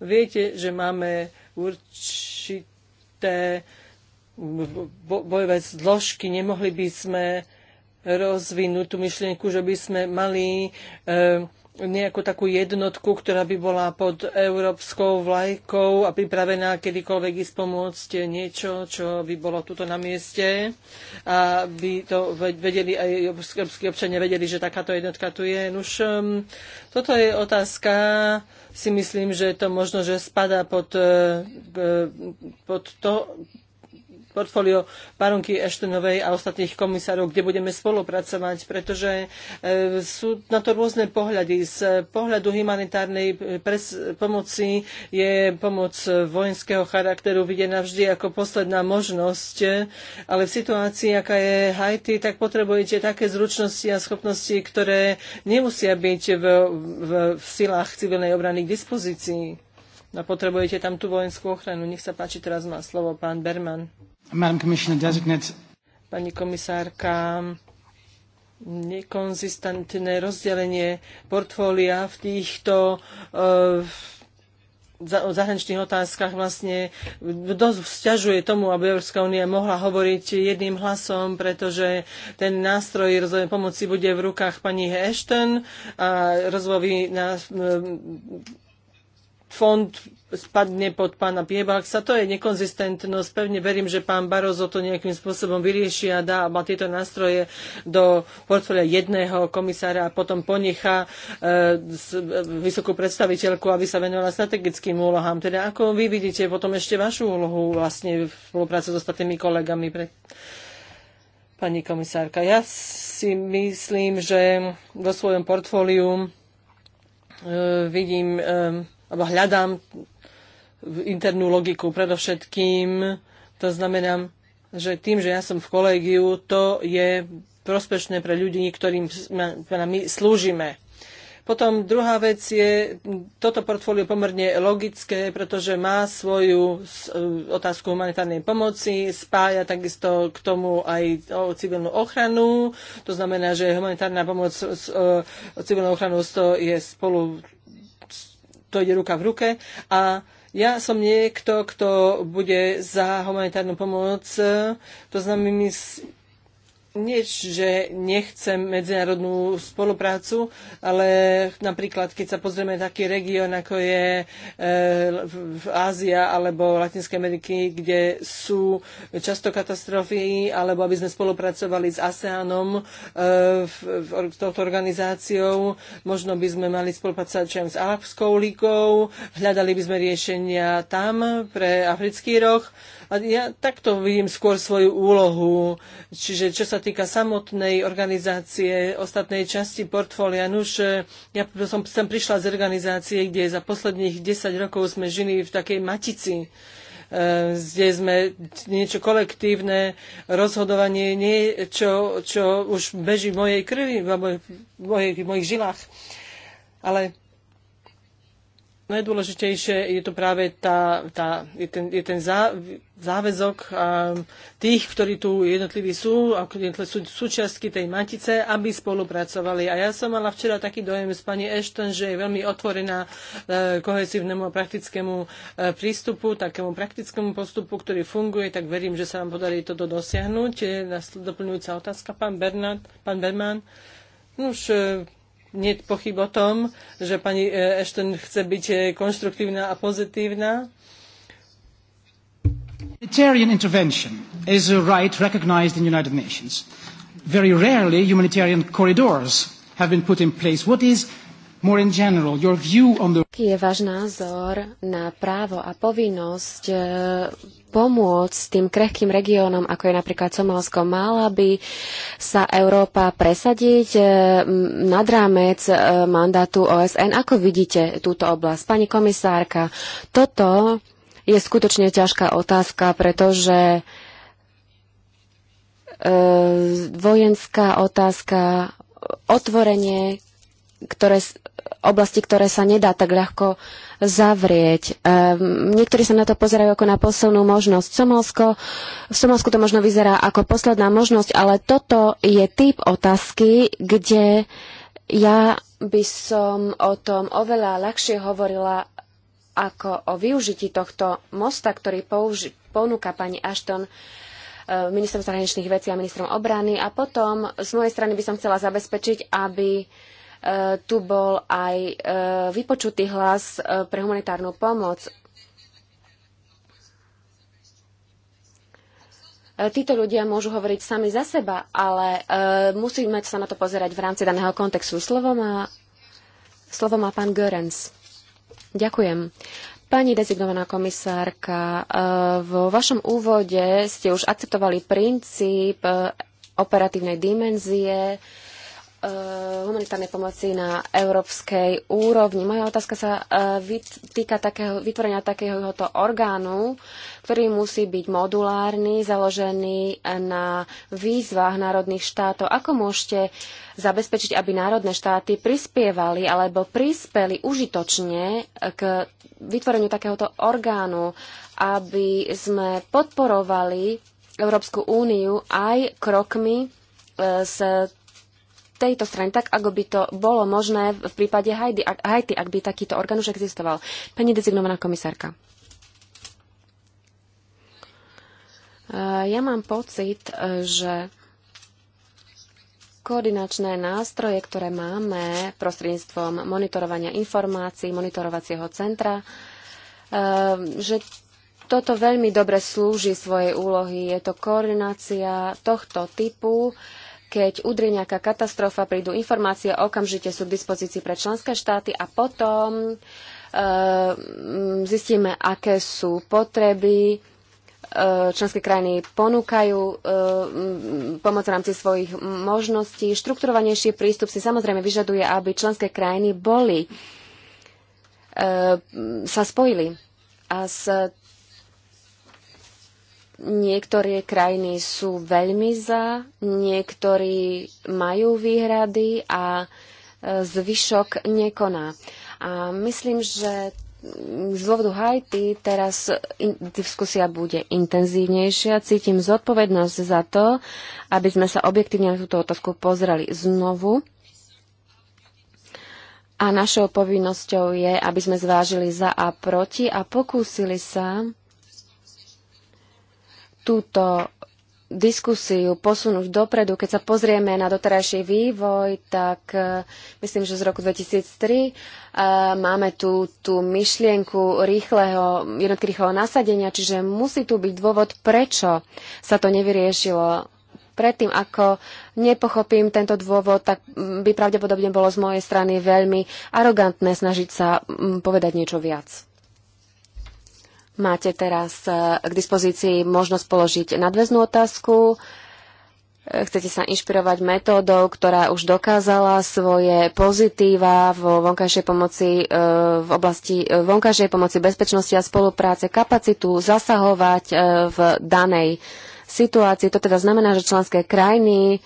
Speaker 3: viete, že máme určité bojové zložky, nemohli by sme rozvinúť tú myšlienku, že by sme mali e, nejakú takú jednotku, ktorá by bola pod európskou vlajkou a pripravená kedykoľvek ísť pomôcť niečo, čo by bolo tuto na mieste a by to vedeli aj európsky občania vedeli, že takáto jednotka tu je. Nuž, um, toto je otázka, si myslím, že to možno, že spadá pod, eh, eh, pod to, portfólio baronky Eštenovej a ostatných komisárov, kde budeme spolupracovať, pretože e, sú na to rôzne pohľady. Z pohľadu humanitárnej e, pomoci je pomoc vojenského charakteru videná vždy ako posledná možnosť, e, ale v situácii, aká je Haiti, tak potrebujete také zručnosti a schopnosti, ktoré nemusia byť v, v, v silách civilnej obrany k dispozícii. No potrebujete tam tú vojenskú ochranu. Nech sa páči, teraz má slovo pán Berman. Pani komisárka, nekonzistentné rozdelenie portfólia v týchto uh, zahraničných otázkach vlastne dosť vzťažuje tomu, aby Európska únia mohla hovoriť jedným hlasom, pretože ten nástroj rozvojovej pomoci bude v rukách pani Ashton a rozvojový fond spadne pod pána Piebaksa. To je nekonzistentnosť. Pevne verím, že pán Barozo to nejakým spôsobom vyrieši a dá a tieto nástroje do portfólia jedného komisára a potom ponechá e, e, vysokú predstaviteľku, aby sa venovala strategickým úlohám. Teda ako vy vidíte potom ešte vašu úlohu vlastne v spolupráci s so ostatnými kolegami? Pre... Pani komisárka, ja si myslím, že vo svojom portfóliu e, vidím e, alebo hľadám internú logiku predovšetkým. To znamená, že tým, že ja som v kolégiu, to je prospešné pre ľudí, ktorým my slúžime. Potom druhá vec je, toto portfólio je pomerne logické, pretože má svoju e, otázku humanitárnej pomoci, spája takisto k tomu aj o civilnú ochranu. To znamená, že humanitárna pomoc s e, civilnou ochranou je spolu to ide ruka v ruke a ja som niekto, kto bude za humanitárnu pomoc. To znamená, nie, že nechcem medzinárodnú spoluprácu, ale napríklad, keď sa pozrieme taký región, ako je e, v Ázia alebo Latinskej Ameriky, kde sú často katastrofy, alebo aby sme spolupracovali s ASEANom, e, v, v, v touto organizáciou, možno by sme mali spolupracovať s Arabskou ligou, hľadali by sme riešenia tam pre africký roh. A ja takto vidím skôr svoju úlohu. Čiže čo sa týka samotnej organizácie ostatnej časti portfólia, nuž, eh, ja som sem prišla z organizácie, kde za posledných 10 rokov sme žili v takej matici eh, kde sme niečo kolektívne, rozhodovanie, niečo, čo už beží v mojej krvi, v mojich, v mojich žilách. Ale najdôležitejšie je to práve tá, tá, je ten, je ten zá, záväzok um, tých, ktorí tu jednotliví sú, ako sú súčiastky tej matice, aby spolupracovali. A ja som mala včera taký dojem s pani Ashton, že je veľmi otvorená uh, e, kohesívnemu a praktickému uh, prístupu, takému praktickému postupu, ktorý funguje, tak verím, že sa nám podarí toto dosiahnuť. Je doplňujúca otázka, pán Bernard, pán Berman. No už, uh, e, nie pochyb o tom, že pani e, Ashton chce byť e, konstruktívna a pozitívna. Humanitarian intervention is a right recognized in the United Nations. Very rarely humanitarian corridors have been put in place. What is More in general, your view on the...
Speaker 1: Aký je váš názor na právo a povinnosť e, pomôcť tým krehkým regiónom, ako je napríklad Somálsko? Mala by sa Európa presadiť e, nad rámec e, mandátu OSN? Ako vidíte túto oblasť? Pani komisárka, toto je skutočne ťažká otázka, pretože vojenská otázka, otvorenie ktoré, oblasti, ktoré sa nedá tak ľahko zavrieť. Um, niektorí sa na to pozerajú ako na poslednú možnosť. Somalsko, v Somalsku to možno vyzerá ako posledná možnosť, ale toto je typ otázky, kde ja by som o tom oveľa ľahšie hovorila ako o využití tohto mosta, ktorý použi- ponúka pani Ashton eh, ministrom zahraničných vecí a ministrom obrany. A potom z mojej strany by som chcela zabezpečiť, aby Eh, tu bol aj eh, vypočutý hlas eh, pre humanitárnu pomoc. Títo ľudia môžu hovoriť sami za seba, ale musíme sa na to pozerať v rámci daného kontextu. Slovo má, slovo má pán Görens. Ďakujem. Pani dezignovaná komisárka, vo vašom úvode ste už akceptovali princíp operatívnej dimenzie Eh, humanitárnej pomoci na európskej úrovni. Moja otázka sa eh, týka takého, vytvorenia takéhoto orgánu, ktorý musí byť modulárny, založený na výzvach národných štátov. Ako môžete zabezpečiť, aby národné štáty prispievali alebo prispeli užitočne eh, k vytvoreniu takéhoto orgánu, aby sme podporovali Európsku úniu aj krokmi z tejto strane, tak ako by to bolo možné v prípade Haiti, ak, Haiti, ak by takýto orgán už existoval. Pani dezignovaná komisárka. Ja mám pocit, že koordinačné nástroje, ktoré máme prostredníctvom monitorovania informácií, monitorovacieho centra, eh, že toto veľmi dobre slúži svojej úlohy. Je to koordinácia tohto typu keď udrie nejaká katastrofa, prídu informácie, okamžite sú k dispozícii pre členské štáty a potom e, zistíme, aké sú potreby. E, členské krajiny ponúkajú e, pomoc v rámci svojich možností. Štrukturovanejší prístup si samozrejme vyžaduje, aby členské krajiny boli, e, sa spojili. A s Niektoré krajiny sú veľmi za, niektorí majú výhrady a e, zvyšok nekoná. A myslím, že z dôvodu Haiti teraz diskusia bude intenzívnejšia. Cítim zodpovednosť za to, aby sme sa objektívne na túto otázku pozreli znovu. A našou povinnosťou je, aby sme zvážili za a proti a pokúsili sa túto diskusiu posunúť dopredu. Keď sa pozrieme na doterajší vývoj, tak e, myslím, že z roku 2003 e, máme tu tú myšlienku rýchleho, jednotky rýchleho nasadenia, čiže musí tu byť dôvod, prečo sa to nevyriešilo predtým, ako nepochopím tento dôvod, tak mm, by pravdepodobne bolo z mojej strany veľmi arogantné snažiť sa mm, povedať niečo viac. Máte teraz e, k dispozícii možnosť položiť nadväznú otázku. E, chcete sa inšpirovať metódou, ktorá už dokázala svoje pozitíva vo vonkajšej pomoci e, v oblasti vonkajšej pomoci bezpečnosti a spolupráce, kapacitu zasahovať v danej situácii. To teda znamená, že členské krajiny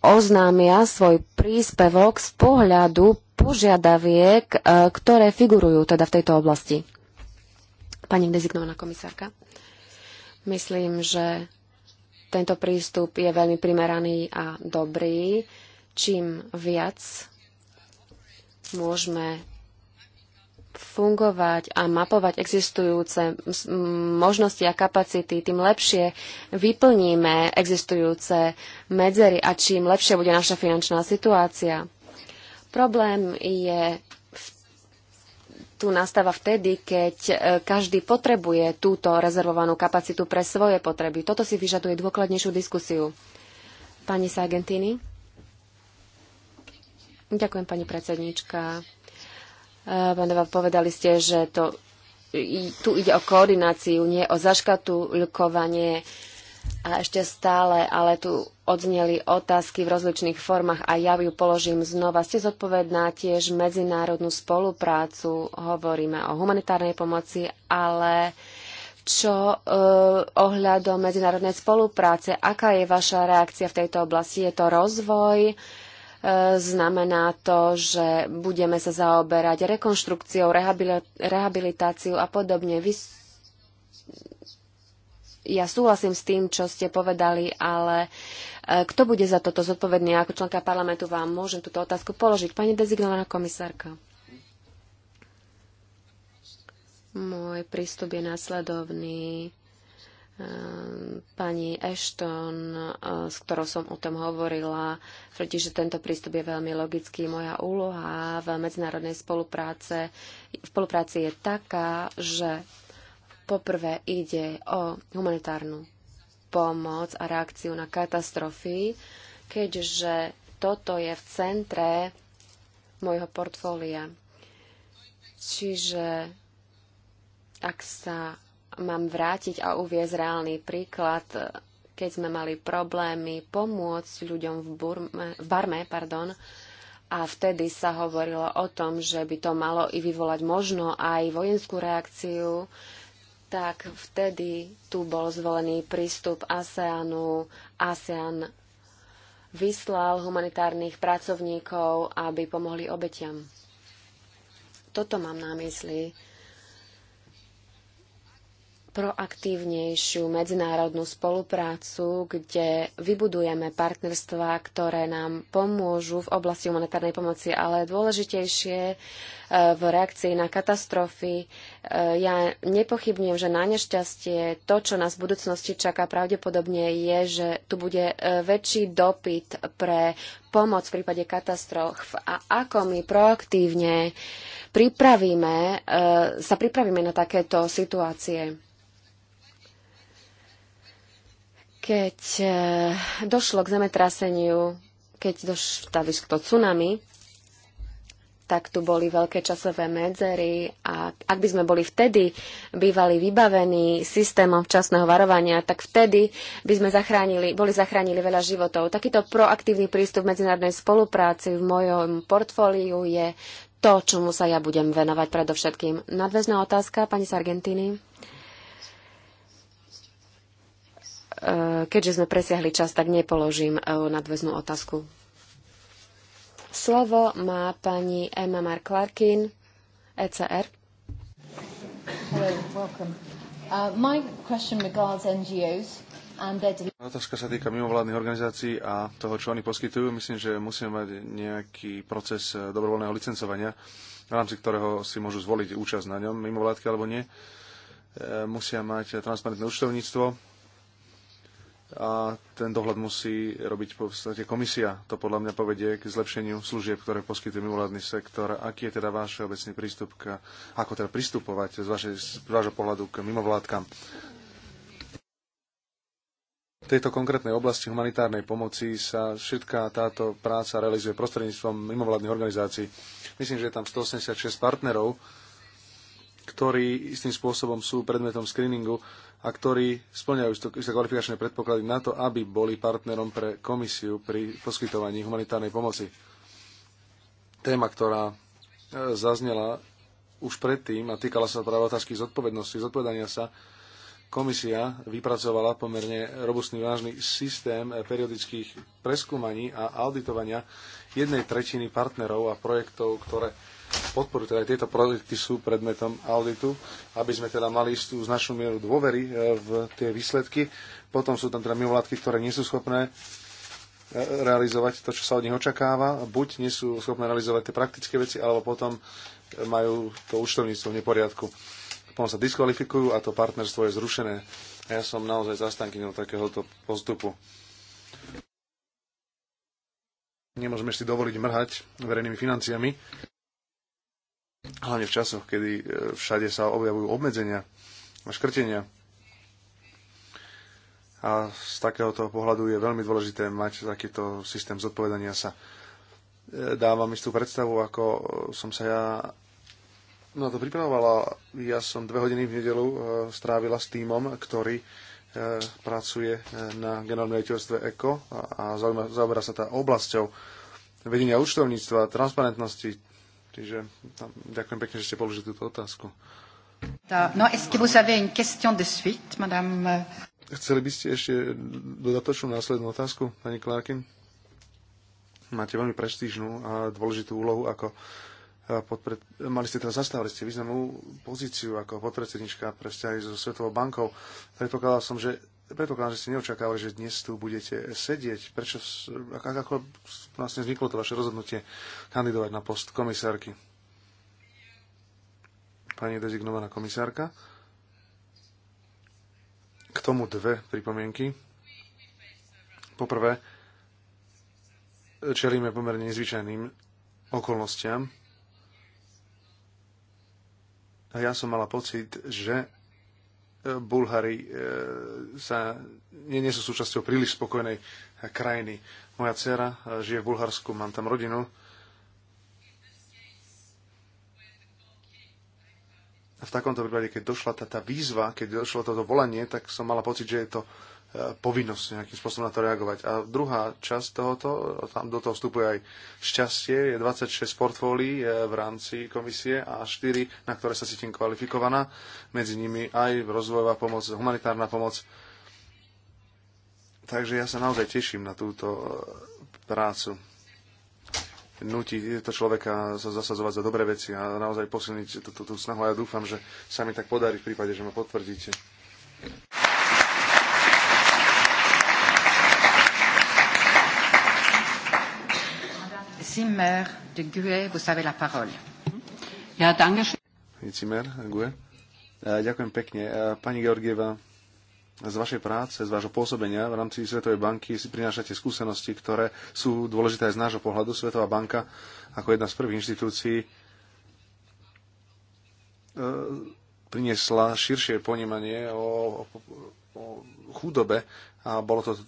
Speaker 1: oznámia svoj príspevok z pohľadu požiadaviek, ktoré figurujú teda v tejto oblasti. Pani dezignovaná komisárka, myslím, že tento prístup je veľmi primeraný a dobrý. Čím viac môžeme fungovať a mapovať existujúce možnosti a kapacity, tým lepšie vyplníme existujúce medzery a čím lepšia bude naša finančná situácia. Problém je tu nastáva vtedy, keď e, každý potrebuje túto rezervovanú kapacitu pre svoje potreby. Toto si vyžaduje dôkladnejšiu diskusiu. Pani Sargentini? Ďakujem, pani predsednička. E, Pánova, povedali ste, že to, tu ide o koordináciu, nie o zaškatulkovanie a ešte stále, ale tu odzneli otázky v rozličných formách a ja ju položím znova. Ste zodpovedná tiež medzinárodnú spoluprácu, hovoríme o humanitárnej pomoci, ale čo e, ohľadom medzinárodnej spolupráce, aká je vaša reakcia v tejto oblasti? Je to rozvoj? E, znamená to, že budeme sa zaoberať rekonštrukciou, rehabilitáciou a podobne. Vy ja súhlasím s tým, čo ste povedali, ale e, kto bude za toto zodpovedný? Ako členka parlamentu vám môžem túto otázku položiť. Pani dezignovaná komisárka. Môj prístup je následovný. E, pani Ashton, e, s ktorou som o tom hovorila, tvrdí, že tento prístup je veľmi logický. Moja úloha v medzinárodnej spolupráce, v spolupráci je taká, že Poprvé ide o humanitárnu pomoc a reakciu na katastrofy, keďže toto je v centre môjho portfólia. Čiže ak sa mám vrátiť a uviezť reálny príklad, keď sme mali problémy pomôcť ľuďom v, Burme, v Barme, pardon, a vtedy sa hovorilo o tom, že by to malo i vyvolať možno aj vojenskú reakciu, tak vtedy tu bol zvolený prístup ASEANu. ASEAN vyslal humanitárnych pracovníkov, aby pomohli obetiam. Toto mám na mysli proaktívnejšiu medzinárodnú spoluprácu, kde vybudujeme partnerstva, ktoré nám pomôžu v oblasti humanitárnej pomoci, ale dôležitejšie e, v reakcii na katastrofy. E, ja nepochybňujem, že na nešťastie to, čo nás v budúcnosti čaká pravdepodobne, je, že tu bude e, väčší dopyt pre pomoc v prípade katastrof a ako my proaktívne pripravíme, sa pripravíme na takéto situácie. Keď e, došlo k zemetraseniu, keď došlo k to tsunami, tak tu boli veľké časové medzery a ak by sme boli vtedy bývali vybavení systémom včasného varovania, tak vtedy by sme zachránili, boli zachránili veľa životov. Takýto proaktívny prístup v medzinárodnej spolupráci v mojom portfóliu je to, čomu sa ja budem venovať predovšetkým. Nadväzná otázka, pani z Argentíny. E, keďže sme presiahli čas, tak nepoložím e, nadväznú otázku. Slovo má pani Emma Marklarkin, ECR. Uh,
Speaker 2: otázka sa týka mimovládnych organizácií a toho, čo oni poskytujú. Myslím, že musíme mať nejaký proces e, dobrovoľného licencovania, v rámci ktorého si môžu zvoliť účasť na ňom, mimovládky alebo nie. Musia mať transparentné účtovníctvo, a ten dohľad musí robiť v podstate komisia. To podľa mňa povedie k zlepšeniu služieb, ktoré poskytuje mimovládny sektor. Aký je teda váš obecný prístup, k, ako teda pristupovať z, vašej, z vášho pohľadu k mimovládkam? V tejto konkrétnej oblasti humanitárnej pomoci sa všetká táto práca realizuje prostredníctvom mimovládnych organizácií. Myslím, že je tam 186 partnerov, ktorí istým spôsobom sú predmetom screeningu a ktorí splňajú isté kvalifikačné predpoklady na to, aby boli partnerom pre komisiu pri poskytovaní humanitárnej pomoci. Téma, ktorá e, zaznela už predtým a týkala sa práve otázky zodpovednosti, zodpovedania sa, komisia vypracovala pomerne robustný vážny systém periodických preskúmaní a auditovania jednej tretiny partnerov a projektov, ktoré podporu, teda aj tieto projekty sú predmetom auditu, aby sme teda mali istú značnú mieru dôvery e, v tie výsledky. Potom sú tam teda mimovládky, ktoré nie sú schopné e, realizovať to, čo sa od nich očakáva. Buď nie sú schopné realizovať tie praktické veci, alebo potom e, majú to účtovníctvo v neporiadku. Potom sa diskvalifikujú a to partnerstvo je zrušené. A Ja som naozaj zastankyňou takéhoto postupu. Nemôžeme si dovoliť mrhať verejnými financiami. Hlavne v časoch, kedy e, všade sa objavujú obmedzenia a škrtenia. A z takéhoto pohľadu je veľmi dôležité mať takýto systém zodpovedania sa. E, dávam istú predstavu, ako som sa ja na to pripravovala. Ja som dve hodiny v nedelu e, strávila s týmom, ktorý pracuje na generálnom riaditeľstve ECO a zaoberá sa tá oblasťou vedenia účtovníctva, transparentnosti, Čiže tam, no, ďakujem pekne, že ste položili túto otázku.
Speaker 1: No, est-ce que vous avez une question de suite, madame?
Speaker 2: Chceli by ste ešte dodatočnú následnú otázku, pani Clarkin? Máte veľmi prestížnú a dôležitú úlohu ako eh, podpred... mali ste teraz zastávali ste významnú pozíciu ako podpredsednička pre vzťahy so Svetovou bankou. Predpokladal som, že predpokladám, že ste neočakávali, že dnes tu budete sedieť. Prečo, ako vlastne vzniklo to vaše rozhodnutie kandidovať na post komisárky? Pani dezignovaná komisárka. K tomu dve pripomienky. Poprvé, čelíme pomerne nezvyčajným okolnostiam. A ja som mala pocit, že e, Bulhari. E, sa nie, nie sú súčasťou príliš spokojnej krajiny. Moja dcera eh, žije v Bulharsku, mám tam rodinu. A v takomto prípade, keď došla tá, tá výzva, keď došlo toto volanie, tak som mala pocit, že je to eh, povinnosť nejakým spôsobom na to reagovať. A druhá časť tohoto, tam do toho vstupuje aj šťastie, je 26 portfólií eh, v rámci komisie a 4, na ktoré sa cítim kvalifikovaná, medzi nimi aj rozvojová pomoc, humanitárna pomoc, Takže ja sa naozaj teším na túto e, prácu. Nutí to človeka sa zasazovať za dobré veci a naozaj posilniť tú, tú, tú snahu. A ja dúfam, že sa mi tak podarí v prípade, že ma potvrdíte.
Speaker 1: Zimmer de Gué, vous savez la parole. Ja, danke.
Speaker 2: Zimmer, Gué. E, ďakujem pekne. E, pani Georgieva, z vašej práce, z vášho pôsobenia v rámci Svetovej banky si prinášate skúsenosti, ktoré sú dôležité aj z nášho pohľadu. Svetová banka ako jedna z prvých inštitúcií e, priniesla širšie ponímanie o, o, o chudobe a bolo to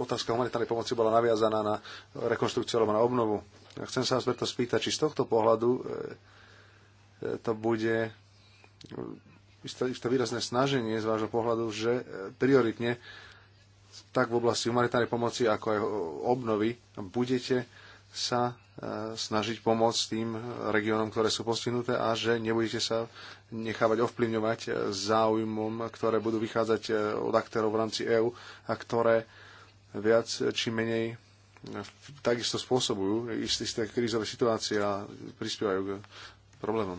Speaker 2: otázka humanitárnej pomoci bola naviazaná na rekonštrukciu alebo na obnovu. A chcem sa vás preto spýtať, či z tohto pohľadu e, e to bude isté, isté výrazné snaženie z vášho pohľadu, že e, prioritne tak v oblasti humanitárnej pomoci, ako aj obnovy, budete sa e, snažiť pomôcť tým regiónom, ktoré sú postihnuté a že nebudete sa nechávať ovplyvňovať e, záujmom, ktoré budú vychádzať od aktérov v rámci EÚ a ktoré viac či menej takisto spôsobujú isté, isté krízové situácie a prispievajú k problémom.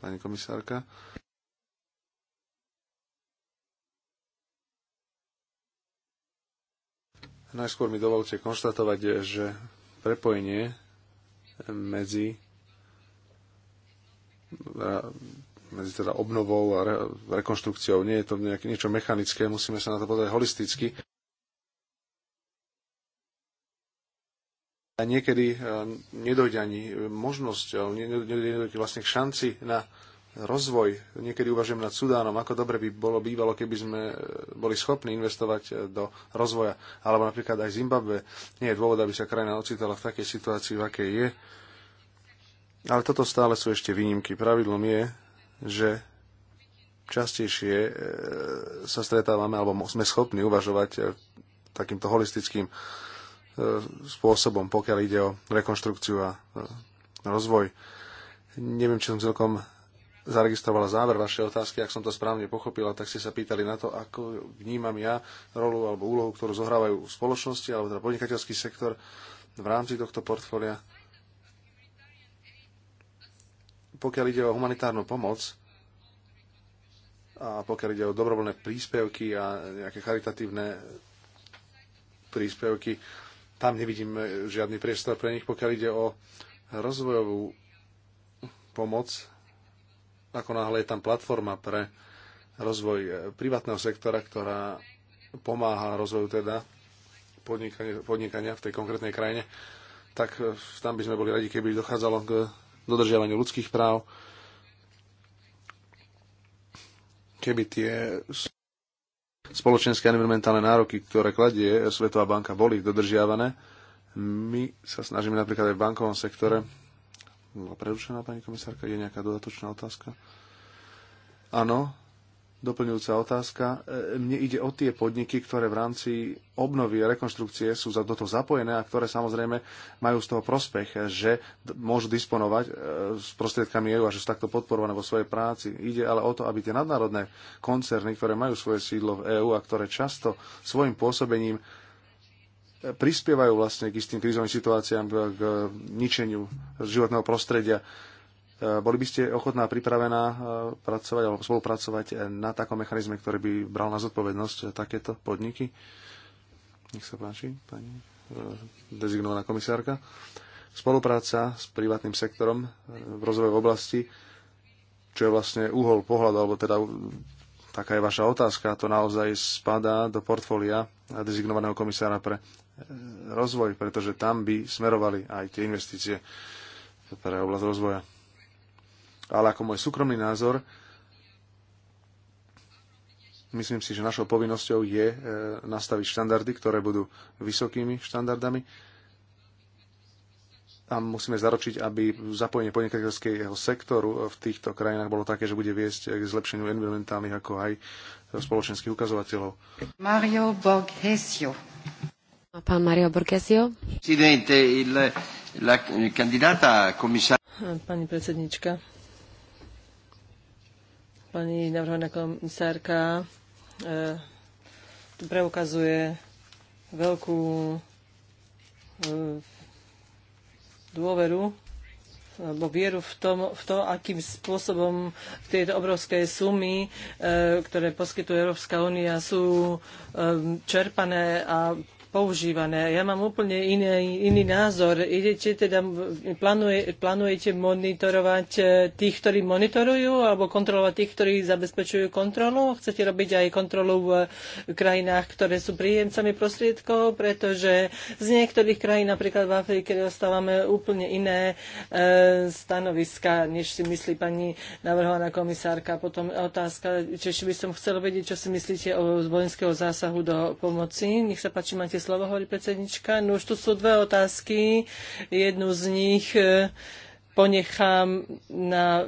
Speaker 2: Pani komisárka. Najskôr mi dovolte konštatovať, že prepojenie medzi medzi teda obnovou a re, rekonštrukciou. Nie je to nejak, niečo mechanické, musíme sa na to pozrieť holisticky. A niekedy eh, nedojde ani možnosť, eh, nedojde vlastne k šanci na rozvoj. Niekedy uvažujem nad Sudánom, ako dobre by bolo bývalo, keby sme e, boli schopní investovať e, do rozvoja. Alebo napríklad aj Zimbabwe. Nie je dôvod, aby sa krajina ocitala v takej situácii, v akej je. Ale toto stále sú ešte výnimky. Pravidlom je, že častejšie e, sa stretávame, alebo sme schopní uvažovať takýmto holistickým spôsobom, pokiaľ ide o rekonštrukciu a rozvoj. Neviem, či som celkom zaregistrovala záver vašej otázky, ak som to správne pochopila, tak ste sa pýtali na to, ako vnímam ja rolu alebo úlohu, ktorú zohrávajú v spoločnosti alebo teda podnikateľský sektor v rámci tohto portfólia. Pokiaľ ide o humanitárnu pomoc a pokiaľ ide o dobrovoľné príspevky a nejaké charitatívne príspevky, tam nevidím žiadny priestor pre nich, pokiaľ ide o rozvojovú pomoc ako náhle je tam platforma pre rozvoj eh, privátneho sektora, ktorá pomáha rozvoju teda podnikania, podnikania v tej konkrétnej krajine, tak eh, tam by sme boli radi, keby dochádzalo k dodržiavaniu ľudských práv, keby tie spoločenské environmentálne nároky, ktoré kladie Svetová banka, boli dodržiavané. My sa snažíme napríklad aj v bankovom sektore bola prerušená pani komisárka. Je nejaká dodatočná otázka? Áno, doplňujúca otázka. E, mne ide o tie podniky, ktoré v rámci obnovy a rekonštrukcie sú do toho zapojené a ktoré samozrejme majú z toho prospech, že môžu disponovať e, s prostriedkami EU a že sú takto podporované vo svojej práci. Ide ale o to, aby tie nadnárodné koncerny, ktoré majú svoje sídlo v EÚ a ktoré často svojim pôsobením prispievajú vlastne k istým krízovým situáciám, k ničeniu životného prostredia. E, boli by ste ochotná a pripravená e, pracovať alebo spolupracovať na takom mechanizme, ktorý by bral na zodpovednosť takéto podniky? Nech sa páči, pani e, dezignovaná komisárka. Spolupráca s privátnym sektorom v rozvojovej oblasti, čo je vlastne uhol pohľadu, alebo teda taká je vaša otázka, to naozaj spadá do portfólia dezignovaného komisára pre rozvoj, pretože tam by smerovali aj tie investície pre oblasť rozvoja. Ale ako môj súkromný názor, myslím si, že našou povinnosťou je e, nastaviť štandardy, ktoré budú vysokými štandardami a musíme zaručiť, aby zapojenie podnikateľského sektoru v týchto krajinách bolo také, že bude viesť k zlepšeniu environmentálnych ako aj spoločenských ukazovateľov.
Speaker 1: Mario Borghesio. Pán Mario Borgesio.
Speaker 3: Pani predsednička, pani navrhovaná komisárka e, tu preukazuje veľkú e, dôveru alebo vieru v, tom, v to, akým spôsobom tieto obrovské sumy, e, ktoré poskytuje Európska únia, sú čerpané a používané. Ja mám úplne iný, iný názor. Idete teda, plánuje, plánujete monitorovať e, tých, ktorí monitorujú, alebo kontrolovať tých, ktorí zabezpečujú kontrolu? Chcete robiť aj kontrolu v e, krajinách, ktoré sú príjemcami prostriedkov, pretože z niektorých krajín, napríklad v Afrike, dostávame úplne iné e, stanoviska, než si myslí pani navrhovaná komisárka. Potom otázka, či by som chcela vedieť, čo si myslíte o vojenského zásahu do pomoci. Nech sa páči, máte krátke slovo, hovorí predsednička. No už tu sú dve otázky. Jednu z nich eh, ponechám na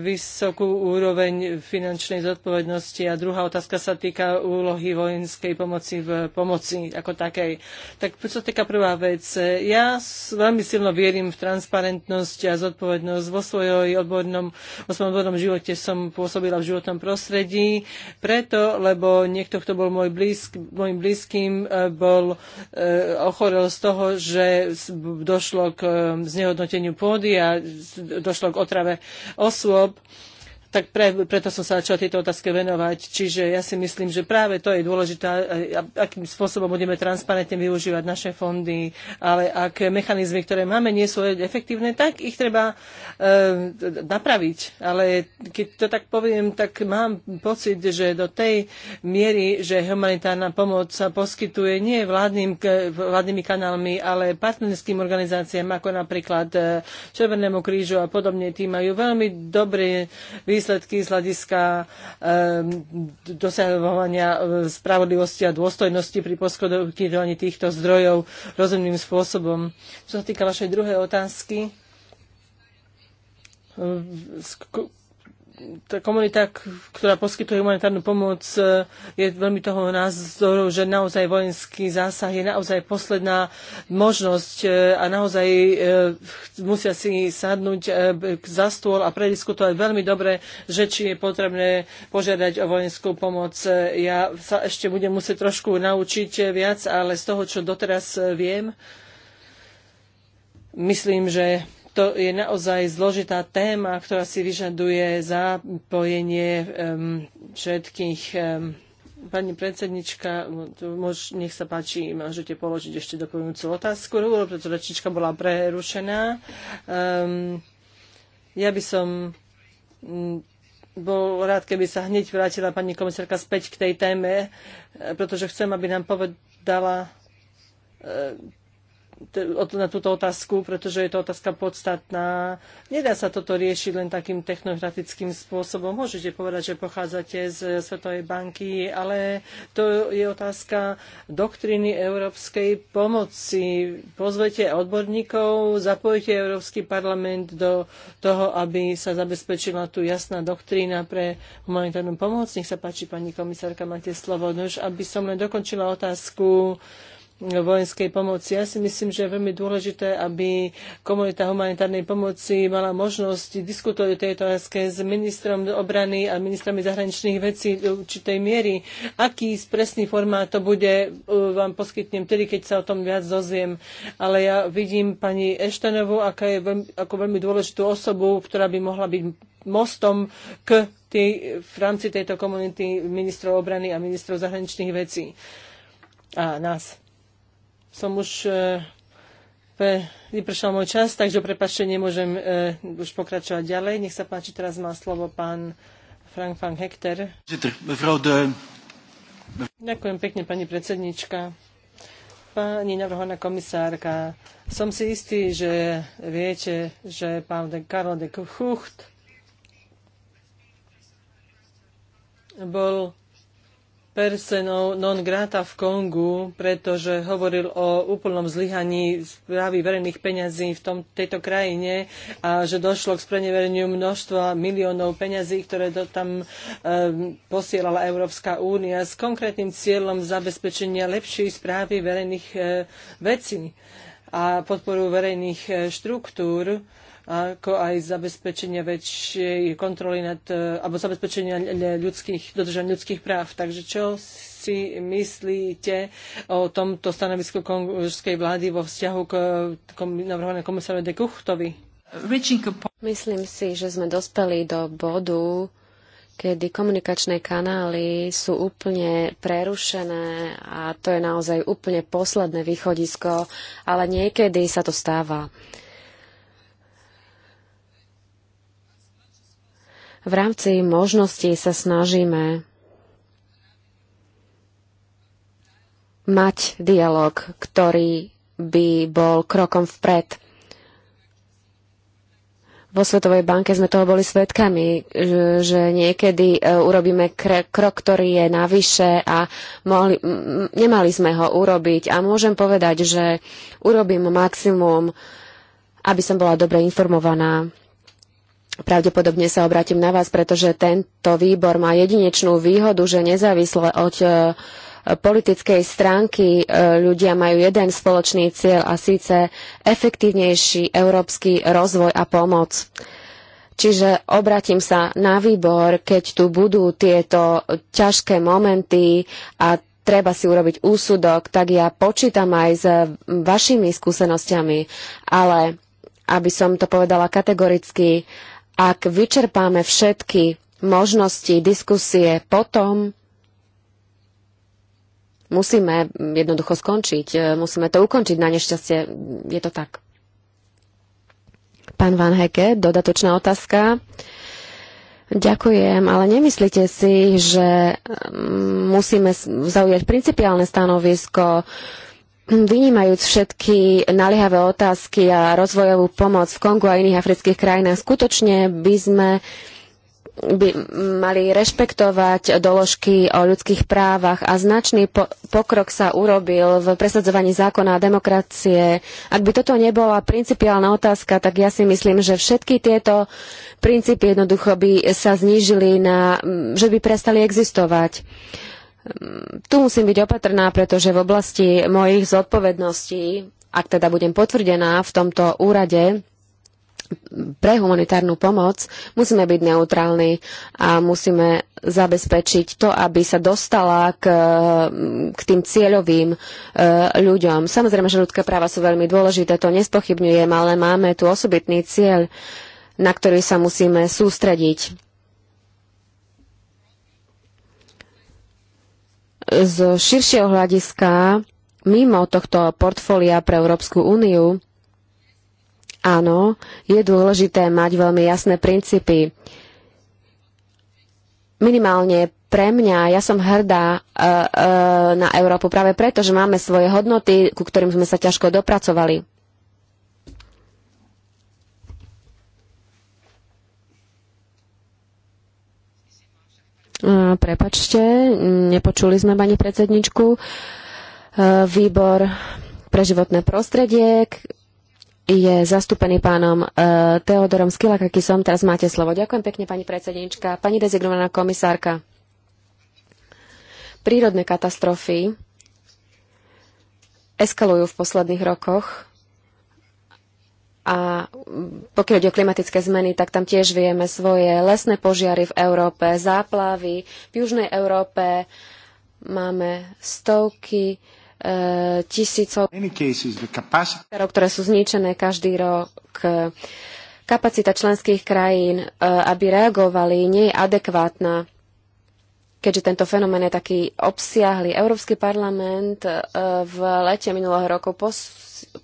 Speaker 3: vysokú úroveň finančnej zodpovednosti a druhá otázka sa týka úlohy vojenskej pomoci v pomoci ako takej. Tak čo sa týka prvá vec, ja veľmi silno vierím v transparentnosť a zodpovednosť. Vo, svojom odbornom, vo svojom odbornom živote som pôsobila v životnom prostredí, preto, lebo niekto, kto bol môj blízk, môjim blízkym, e, bol e, ochorel z toho, že došlo k e, znehodnoteniu pôdy a došlo k otrave osu osôb tak pre, preto som sa začala tieto otázke venovať. Čiže ja si myslím, že práve to je dôležité, e, akým spôsobom budeme transparentne využívať naše fondy, ale ak mechanizmy, ktoré máme, nie sú efektívne, tak ich treba e, napraviť. Ale keď to tak poviem, tak mám pocit, že do tej miery, že humanitárna pomoc sa poskytuje nie vládnym, vládnymi kanálmi, ale partnerským organizáciám, ako napríklad e, Červenému krížu a podobne, tí majú veľmi dobré výsledky výsledky z hľadiska dosahovania e, spravodlivosti a dôstojnosti pri poskytovaní týchto zdrojov rozumným spôsobom. Čo sa týka vašej druhej otázky, e, tá komunita, ktorá poskytuje humanitárnu pomoc, e, je veľmi toho názoru, že naozaj vojenský zásah je naozaj posledná možnosť e, a naozaj e, musia si sadnúť za stôl a prediskutovať veľmi dobre, že či je potrebné požiadať o vojenskú pomoc. Ja sa ešte budem musieť trošku naučiť viac, ale z toho, čo doteraz viem, myslím, že to je naozaj zložitá téma, ktorá si vyžaduje zapojenie um, všetkých. Um, Pani predsednička, no, môž, nech sa páči, môžete položiť ešte doplňujúcu otázku, pretože rečnička bola prerušená. Um, ja by som bol rád, keby sa hneď vrátila pani komisárka späť k tej téme, pretože chcem, aby nám povedala na túto otázku, pretože je to otázka podstatná. Nedá sa toto riešiť len takým technokratickým spôsobom. Môžete povedať, že pochádzate z Svetovej banky, ale to je otázka doktríny európskej pomoci. Pozvete odborníkov, zapojte Európsky parlament do toho, aby sa zabezpečila tu jasná doktrína pre humanitárnu pomoc. Nech sa páči, pani komisárka, máte slovo. Nož, aby som len dokončila otázku vojenskej pomoci. Ja si myslím, že je veľmi dôležité, aby komunita humanitárnej pomoci mala možnosť diskutovať o tejto otázke s ministrom obrany a ministrami zahraničných vecí do určitej miery. Aký presný formát to bude, uh, vám poskytnem tedy, keď sa o tom viac dozviem. Ale ja vidím pani Eštenovu aká je veľmi, ako veľmi dôležitú osobu, ktorá by mohla byť mostom k tej, v rámci tejto komunity ministrov obrany a ministrov zahraničných vecí a nás som už e, vypršal môj čas, takže prepačte, nemôžem e, už pokračovať ďalej. Nech sa páči, teraz má slovo pán Frank van Hekter. Ďakujem pekne, pani predsednička. Pani navrhovaná komisárka, som si istý, že viete, že pán de Karol de Kuchucht bol personou non grata v Kongu, pretože hovoril o úplnom zlyhaní správy verejných peňazí v tom, tejto krajine a že došlo k sprenevereniu množstva miliónov peňazí, ktoré do, tam e, posielala Európska únia s konkrétnym cieľom zabezpečenia lepšej správy verejných e, vecí a podporu verejných e, štruktúr. E, ako aj zabezpečenia väčšej kontroly nad, e, alebo zabezpečenia ľudských, dodržania ľudských práv. Takže čo si myslíte o tomto stanovisku kongurskej vlády vo vzťahu k navrhovanému komisárovi de Kuchtovi?
Speaker 1: Myslím si, že sme dospeli do bodu, kedy komunikačné kanály sú úplne prerušené a to je naozaj úplne posledné východisko, ale niekedy sa to stáva. Uh, v rámci možností sa snažíme mať dialog, ktorý by bol krokom vpred. Vo Svetovej banke sme toho boli svedkami, že niekedy e, urobíme krok, ktorý je navyše a mohli, nemali sme ho urobiť. A môžem povedať, že urobím maximum, aby som bola dobre informovaná Pravdepodobne sa obrátim na vás, pretože tento výbor má jedinečnú výhodu, že nezávisle od e, politickej stránky e, ľudia majú jeden spoločný cieľ a síce efektívnejší európsky rozvoj a pomoc. Čiže obratím sa na výbor, keď tu budú tieto ťažké momenty a treba si urobiť úsudok, tak ja počítam aj s vašimi skúsenosťami, ale aby som to povedala kategoricky, ak vyčerpáme všetky možnosti diskusie potom, musíme jednoducho skončiť, musíme to ukončiť. Na nešťastie je to tak. Pán Van Heke, dodatočná otázka. Ďakujem, ale nemyslíte si, že mm, musíme zaujať principiálne stanovisko vynímajúc všetky naliehavé otázky a rozvojovú pomoc v Kongu a iných afrických krajinách, skutočne by sme by mali rešpektovať doložky o ľudských právach a značný po- pokrok sa urobil v presadzovaní zákona a demokracie. Ak by toto nebola principiálna otázka, tak ja si myslím, že všetky tieto princípy jednoducho by sa znížili na, že by prestali existovať. Uh, tu musím byť opatrná, pretože v oblasti mojich zodpovedností, ak teda budem potvrdená v tomto úrade pre humanitárnu pomoc, musíme byť neutrálni a musíme zabezpečiť to, aby sa dostala k, k tým cieľovým e, ľuďom. Samozrejme, že ľudské práva sú veľmi dôležité, to nespochybňujem, ale máme tu osobitný cieľ, na ktorý sa musíme sústrediť z širšieho hľadiska mimo tohto portfólia pre Európsku úniu, áno, je dôležité mať veľmi jasné princípy. Minimálne pre mňa, ja som hrdá uh, uh, na Európu práve preto, že máme svoje hodnoty, ku ktorým sme sa ťažko dopracovali. Prepačte, nepočuli sme pani predsedničku. Výbor pre životné prostredie je zastúpený pánom e, Teodorom Skilakakisom. Teraz máte slovo. Ďakujem pekne, pani predsednička. Pani dezignovaná komisárka, prírodné katastrofy eskalujú v posledných rokoch a pokiaľ ide o klimatické zmeny, tak tam tiež vieme svoje lesné požiary v Európe, záplavy. V južnej Európe máme stovky e, tisícov, ktoré sú zničené každý rok. Kapacita členských krajín, e, aby reagovali, nie je adekvátna keďže tento fenomén je taký obsiahly. Európsky parlament e, v lete minulého roku pos-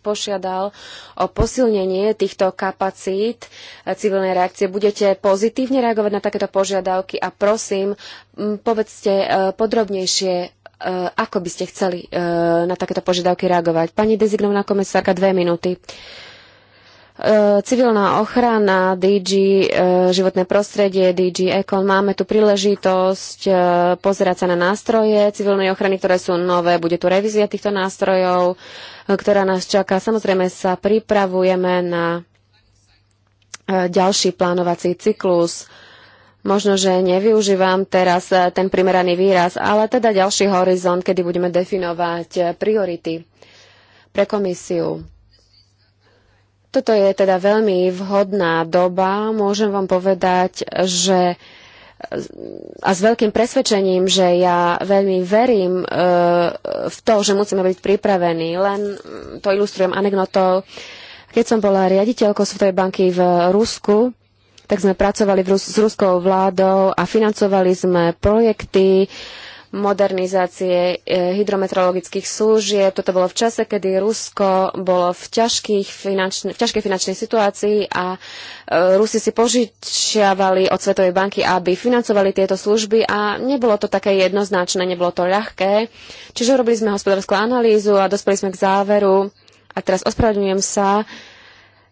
Speaker 1: požiadal o posilnenie týchto kapacít e, civilnej reakcie. Budete pozitívne reagovať na takéto požiadavky a prosím, povedzte e, podrobnejšie, e, ako by ste chceli na takéto požiadavky reagovať. Pani dezignovaná komisárka, dve minúty. Uh, E, civilná ochrana, DG e, životné prostredie, DG Econ. Máme tu príležitosť e, pozerať sa na nástroje civilnej ochrany, ktoré sú nové. Bude tu revízia týchto nástrojov, ktorá nás čaká. Samozrejme sa pripravujeme na ďalší plánovací cyklus. Možno, že nevyužívam teraz ten primeraný výraz, ale teda ďalší horizont, kedy budeme definovať priority pre komisiu. Toto je teda veľmi vhodná doba. Môžem vám povedať, že a s veľkým presvedčením, že ja veľmi verím e, v to, že musíme byť pripravení. Len mm, to ilustrujem anekdotou. Keď som bola riaditeľkou Svetovej banky v Rusku, tak sme pracovali v Rus- s ruskou vládou a financovali sme projekty, e, modernizácie e, hydrometeorologických služieb. Toto bolo v čase, kedy Rusko bolo v, ťažkých finančne, v ťažkej finančnej situácii a e, Rusi si požičiavali od Svetovej banky, aby financovali tieto služby a nebolo to také jednoznačné, nebolo to ľahké. Čiže robili sme hospodárskú analýzu a dospeli sme k záveru. A teraz ospravedlňujem sa,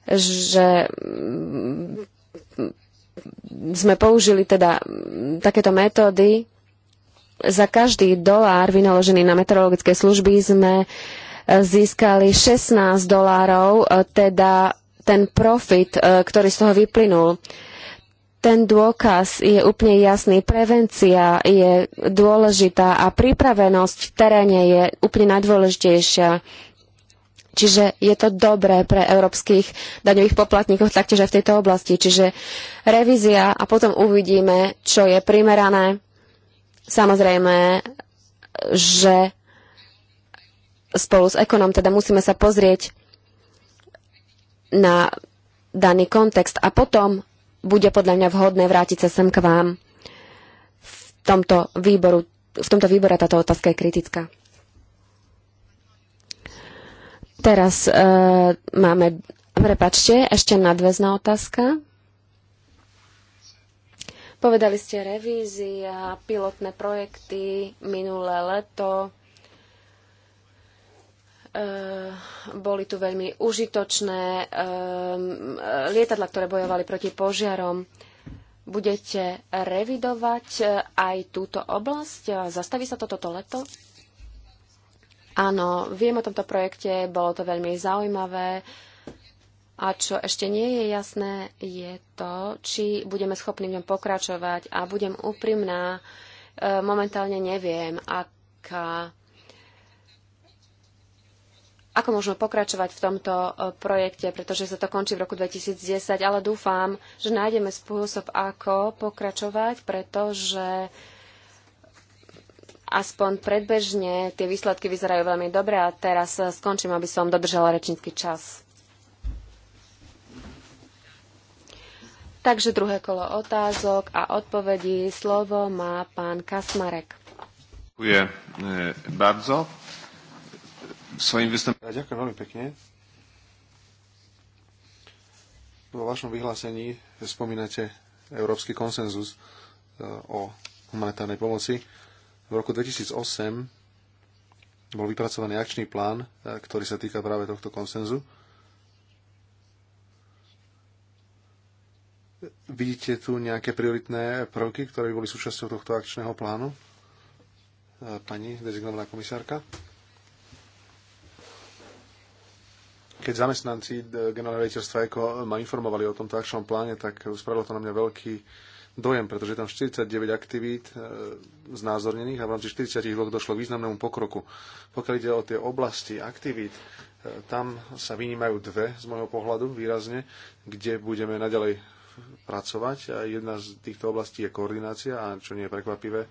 Speaker 1: že mm, mm, mm, sme použili teda takéto metódy, za každý dolár vynaložený na meteorologické služby sme e, získali 16 dolárov, e, teda ten profit, e, ktorý z toho vyplynul. Ten dôkaz je úplne jasný. Prevencia je dôležitá a pripravenosť v teréne je úplne najdôležitejšia. Čiže je to dobré pre európskych daňových poplatníkov taktiež aj v tejto oblasti. Čiže revízia a potom uvidíme, čo je primerané Samozrejme, že spolu s ekonom teda musíme sa pozrieť na daný kontext a potom bude podľa mňa vhodné vrátiť sa sem k vám. V tomto, výboru, v tomto výbore táto otázka je kritická. Teraz e, máme, prepačte, ešte nadväzná otázka. Povedali ste revízia, pilotné projekty, minulé leto. E, boli tu veľmi užitočné e, e lietadla, ktoré bojovali proti požiarom. Budete revidovať e, aj túto oblasť? Zastaví sa to toto leto? Áno, viem o tomto projekte, bolo to veľmi zaujímavé. E, a čo ešte nie je jasné, je to, či budeme schopní v ňom pokračovať. A budem úprimná, e, momentálne neviem, aká ako môžeme pokračovať v tomto e, projekte, pretože sa to končí v roku 2010, ale dúfam, že nájdeme spôsob, ako pokračovať, pretože aspoň predbežne tie výsledky vyzerajú veľmi dobre a teraz e, skončím, aby som dodržala rečnícky čas. Takže druhé kolo otázok a odpovedí. Slovo má pán Kasmarek.
Speaker 2: Ďakujem e, bardzo. Svojim vystúpením... Ďakujem veľmi pekne. Vo vašom vyhlásení spomínate Európsky konsenzus e, o humanitárnej pomoci. V roku 2008 bol vypracovaný akčný plán, e, ktorý sa týka práve tohto konsenzu Vidíte tu nejaké prioritné prvky, ktoré by boli súčasťou tohto akčného plánu? E, pani dezignovaná komisárka. Keď zamestnanci e, generálneho rejiteľstva ECO ma informovali o tomto akčnom pláne, tak spravilo to na mňa veľký dojem, pretože tam 49 aktivít e, znázornených a v rámci 40 došlo k významnému pokroku. Pokiaľ ide o tie oblasti aktivít, tam sa vynímajú dve z môjho pohľadu výrazne, kde budeme naďalej pracovať. A jedna z týchto oblastí je koordinácia a čo nie je prekvapivé,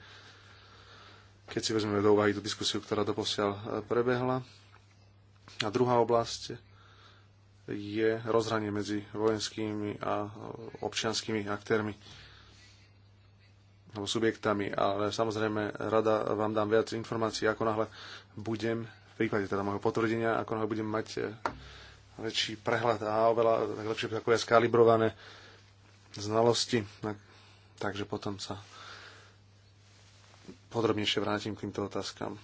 Speaker 2: keď si vezmeme do úvahy tú diskusiu, ktorá doposiaľ e, prebehla. A druhá oblasť je rozhranie medzi vojenskými a e, občianskými aktérmi alebo subjektami, ale samozrejme rada vám dám viac informácií, ako náhle budem, v prípade teda môjho potvrdenia, ako náhle budem mať e, väčší prehľad a oveľa tak lepšie je skalibrované znalosti, takže potom sa podrobnejšie vrátim k týmto otázkam. E,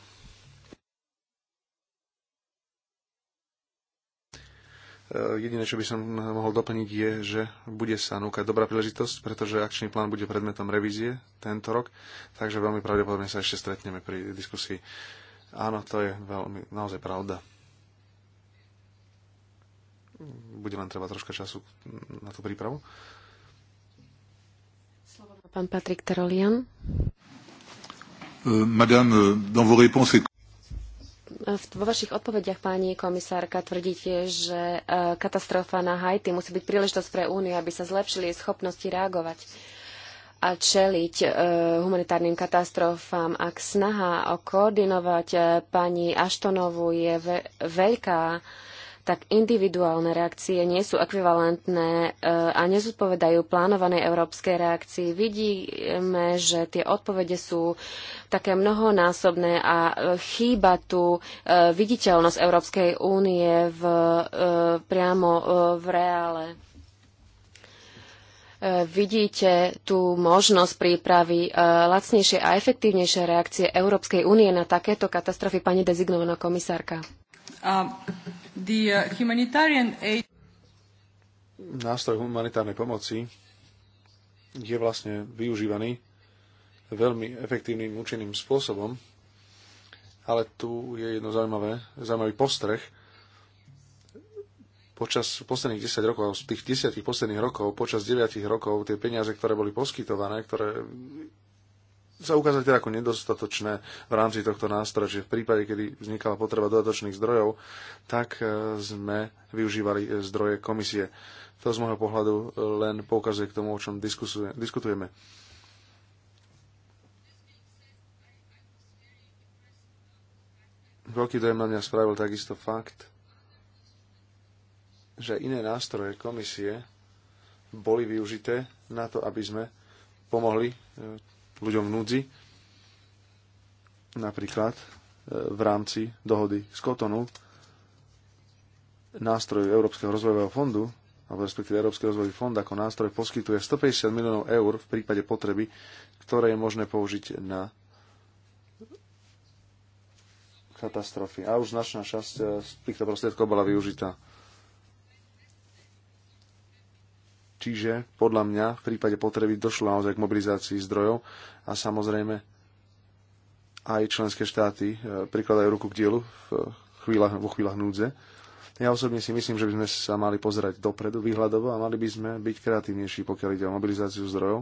Speaker 2: jediné, čo by som mohol doplniť, je, že bude sa núkať dobrá príležitosť, pretože akčný plán bude predmetom revízie tento rok, takže veľmi pravdepodobne sa ešte stretneme pri diskusii. Áno, to je veľmi, naozaj pravda. Bude len treba troška času na tú prípravu. Uh,
Speaker 1: Pán Patrik Terolian. E, e, vo vašich odpovediach, pani komisárka, tvrdíte, že e, katastrofa na Haiti musí byť príležitosť pre Úniu, aby sa zlepšili schopnosti reagovať a čeliť humanitárnym katastrofám. Ak snaha o koordinovať pani Aštonovu je veľká, tak individuálne reakcie nie sú ekvivalentné e, a nezodpovedajú plánovanej európskej reakcii. Vidíme, že tie odpovede sú také mnohonásobné a e, chýba tu e, viditeľnosť Európskej únie v, priamo v reále vidíte tú možnosť prípravy lacnejšie a efektívnejšie reakcie Európskej únie na takéto katastrofy, pani dezignovaná komisárka?
Speaker 3: Uh, The uh, humanitarian aid...
Speaker 2: Nástroj humanitárnej pomoci je vlastne využívaný veľmi efektívnym, účinným spôsobom, ale tu je jedno zaujímavé, zaujímavý postreh. Počas posledných 10 rokov, z tých 10 posledných rokov, počas 9 rokov, tie peniaze, ktoré boli poskytované, ktoré sa ukázali teda ako nedostatočné v rámci tohto nástroja, že v prípade, kedy vznikala potreba dodatočných zdrojov, tak e, sme využívali e, zdroje komisie. To z môjho pohľadu e, len poukazuje k tomu, o čom diskutujeme. Veľký dojem na mňa spravil takisto fakt, že iné nástroje komisie boli využité na to, aby sme pomohli ľuďom v núdzi, napríklad e, v rámci dohody z Kotonu, nástroj Európskeho rozvojového fondu, alebo respektíve Európsky rozvojový fond ako nástroj poskytuje 150 miliónov eur v prípade potreby, ktoré je možné použiť na katastrofy. A už značná časť e, z týchto prostriedkov bola využitá. Čiže podľa mňa v prípade potreby došlo naozaj k mobilizácii zdrojov a samozrejme aj členské štáty e, prikladajú ruku k dielu v chvíľach, vo chvíľach núdze. Ja osobne si myslím, že by sme sa mali pozerať dopredu výhľadovo a mali by sme byť kreatívnejší, pokiaľ ide o mobilizáciu zdrojov,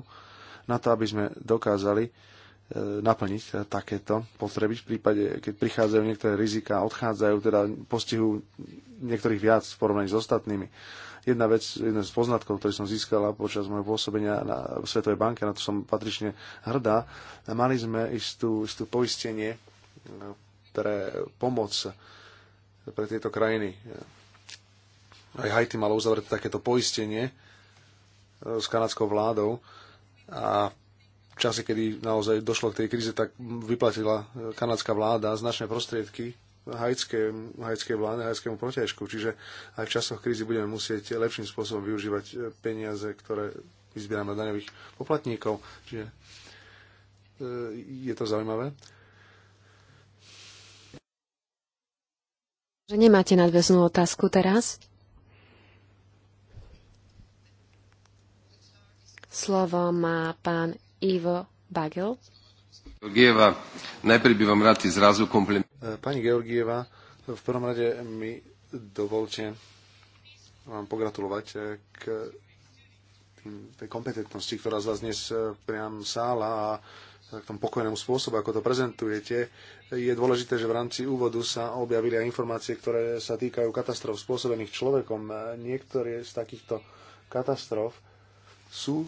Speaker 2: na to, aby sme dokázali E, naplniť e, takéto potreby. V prípade, keď prichádzajú niektoré rizika, odchádzajú, teda postihujú niektorých viac v porovnaní s ostatnými. Jedna vec, jedna z poznatkov, ktorý som získala počas môjho pôsobenia na Svetovej banke, na to som patrične hrdá, mali sme istú, istú poistenie e, pre pomoc pre tieto krajiny. Aj Haiti malo uzavreté takéto poistenie s kanadskou vládou a v v čase, kedy naozaj došlo k tej kríze, tak vyplatila e, kanadská vláda značné prostriedky haitské, haitské vláde, haitskému protiažku. Čiže aj v časoch krízy budeme musieť lepším spôsobom využívať e, peniaze, ktoré vyzbierame od daňových poplatníkov. Čiže e, je to zaujímavé. Že nemáte nadväznú
Speaker 1: otázku teraz? Slovo má pán Ivo Bagel.
Speaker 2: Georgieva, najprv by vám rád zrazu kompliment. E, pani Georgieva, v prvom rade mi dovolte vám pogratulovať e, k tej kompetentnosti, ktorá z vás dnes e, priam sála a k tomu pokojnému spôsobu, ako to prezentujete. Je dôležité, že v rámci úvodu sa objavili aj informácie, ktoré sa týkajú katastrof spôsobených človekom. Niektoré z takýchto katastrof sú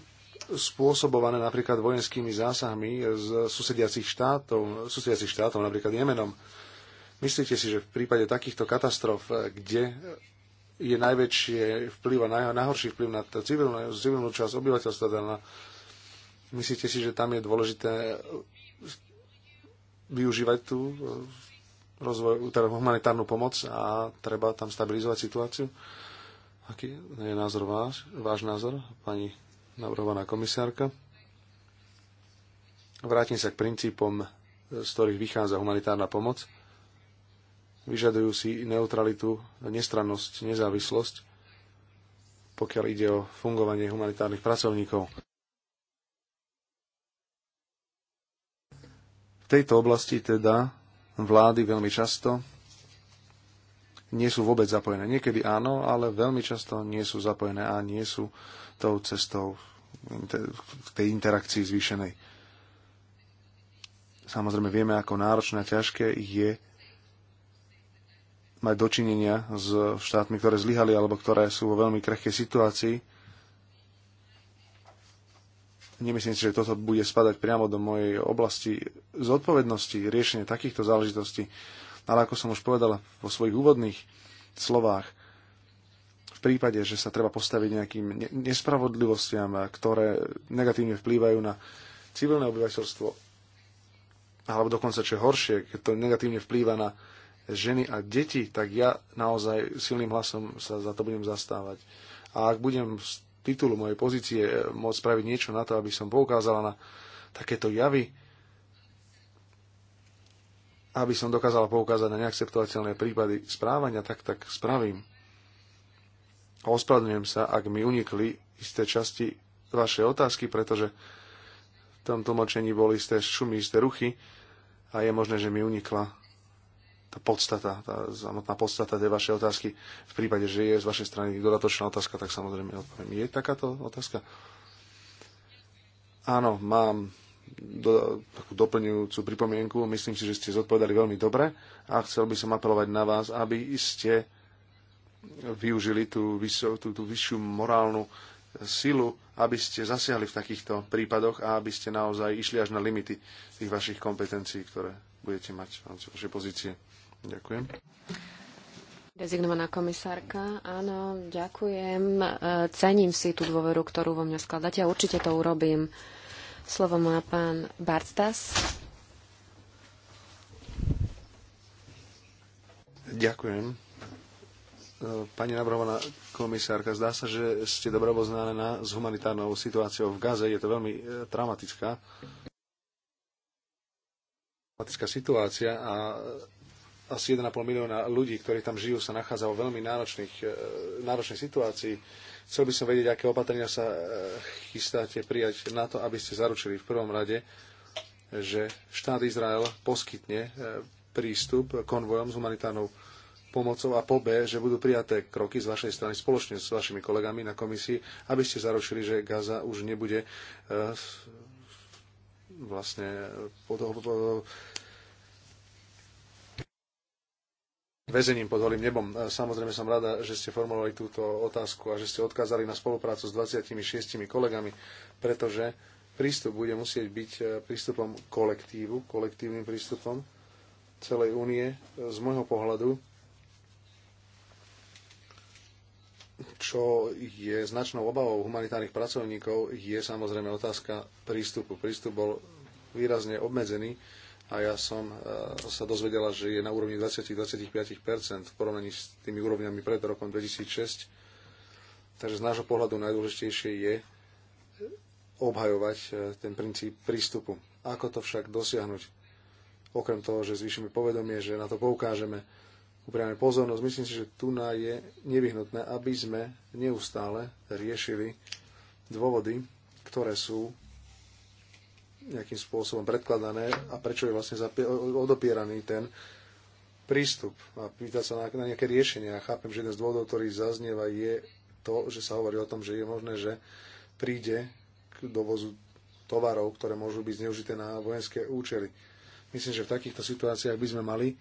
Speaker 2: spôsobované napríklad vojenskými zásahmi z susediacich štátov, susediacich štátov napríklad Jemenom. Myslíte si, že v prípade takýchto katastrof, kde je najväčšie vplyv a najhorší vplyv na civilnú, civilnú časť obyvateľstva, teda na, myslíte si, že tam je dôležité využívať tú eh, rozvoj, teda humanitárnu pomoc a treba tam stabilizovať situáciu? Aký je názor váš, váš názor, pani navrhovaná komisárka. Vrátim sa k princípom, z ktorých vychádza humanitárna pomoc. Vyžadujú si neutralitu, nestrannosť, nezávislosť, pokiaľ ide o fungovanie humanitárnych pracovníkov. V tejto oblasti teda vlády veľmi často nie sú vôbec zapojené. Niekedy áno, ale veľmi často nie sú zapojené a nie sú tou cestou tej interakcii zvýšenej. Samozrejme vieme, ako náročné a ťažké je mať dočinenia s štátmi, ktoré zlyhali alebo ktoré sú vo veľmi krehkej situácii. Nemyslím si, že toto bude spadať priamo do mojej oblasti zodpovednosti riešenie takýchto záležitostí ale ako som už povedala vo svojich úvodných slovách, v prípade, že sa treba postaviť nejakým nespravodlivostiam, ktoré negatívne vplývajú na civilné obyvateľstvo, alebo dokonca čo je horšie, keď to negatívne vplýva na ženy a deti, tak ja naozaj silným hlasom sa za to budem zastávať. A ak budem z titulu mojej pozície eh, môcť spraviť niečo na to, aby som poukázala na takéto javy, aby som dokázala poukázať na neakceptovateľné prípady správania, tak tak spravím. A ospravedlňujem sa, ak mi unikli isté časti vaše otázky, pretože v tom tlmočení boli isté šumy, isté ruchy a je možné, že mi unikla tá podstata, tá samotná podstata tej vašej otázky. V prípade, že je z vašej strany dodatočná otázka, tak samozrejme odpoviem. Je takáto otázka? Áno, mám do, takú doplňujúcu pripomienku. Myslím si, že ste zodpovedali veľmi dobre a chcel by som apelovať na vás, aby ste využili tú, tú, tú vyššiu morálnu silu, aby ste zasiahli v takýchto prípadoch a aby ste naozaj išli až na limity tých vašich kompetencií, ktoré budete mať v rámci vašej pozície. Ďakujem.
Speaker 1: Dezignovaná komisárka, áno, ďakujem. E, cením si tú dôveru, ktorú vo mňa skladáte a ja určite to urobím. Slovo má pán Bartas.
Speaker 2: Ďakujem. Pani navrhovaná komisárka, zdá sa, že ste dobre oboznámená s humanitárnou situáciou v Gaze. Je to veľmi e, traumatická. Traumatická situácia a asi 1,5 milióna ľudí, ktorí tam žijú, sa nachádza vo veľmi náročných, e, náročnej situácii Chcel by som vedieť, aké opatrenia sa e, chystáte prijať na to, aby ste zaručili v prvom rade, že štát Izrael poskytne e, prístup konvojom s humanitárnou pomocou a po B, že budú prijaté kroky z vašej strany spoločne s vašimi kolegami na komisii, aby ste zaručili, že Gaza už nebude e, vlastne väzením pod holým nebom. E, samozrejme som rada, že ste formulovali túto otázku a že ste odkázali na spoluprácu s 26 kolegami, pretože prístup bude musieť byť e, prístupom kolektívu, kolektívnym prístupom celej únie. E, Z môjho pohľadu, čo je značnou obavou humanitárnych pracovníkov, je samozrejme otázka prístupu. Prístup bol výrazne obmedzený a ja som e, sa dozvedela, že je na úrovni 20-25% v porovnaní s tými úrovňami pred rokom 2006. Takže z nášho pohľadu najdôležitejšie je obhajovať e, ten princíp prístupu. Ako to však dosiahnuť? Okrem toho, že zvýšime povedomie, že na to poukážeme, upriame pozornosť, myslím si, že tu na je nevyhnutné, aby sme neustále riešili dôvody, ktoré sú nejakým spôsobom predkladané a prečo je vlastne odopieraný ten prístup a pýta sa na, na nejaké riešenia. A chápem, že jeden z dôvodov, ktorý zaznieva, je to, že sa hovorí o tom, že je možné, že príde k dovozu tovarov, ktoré môžu byť zneužité na vojenské účely. Myslím, že v takýchto situáciách by sme mali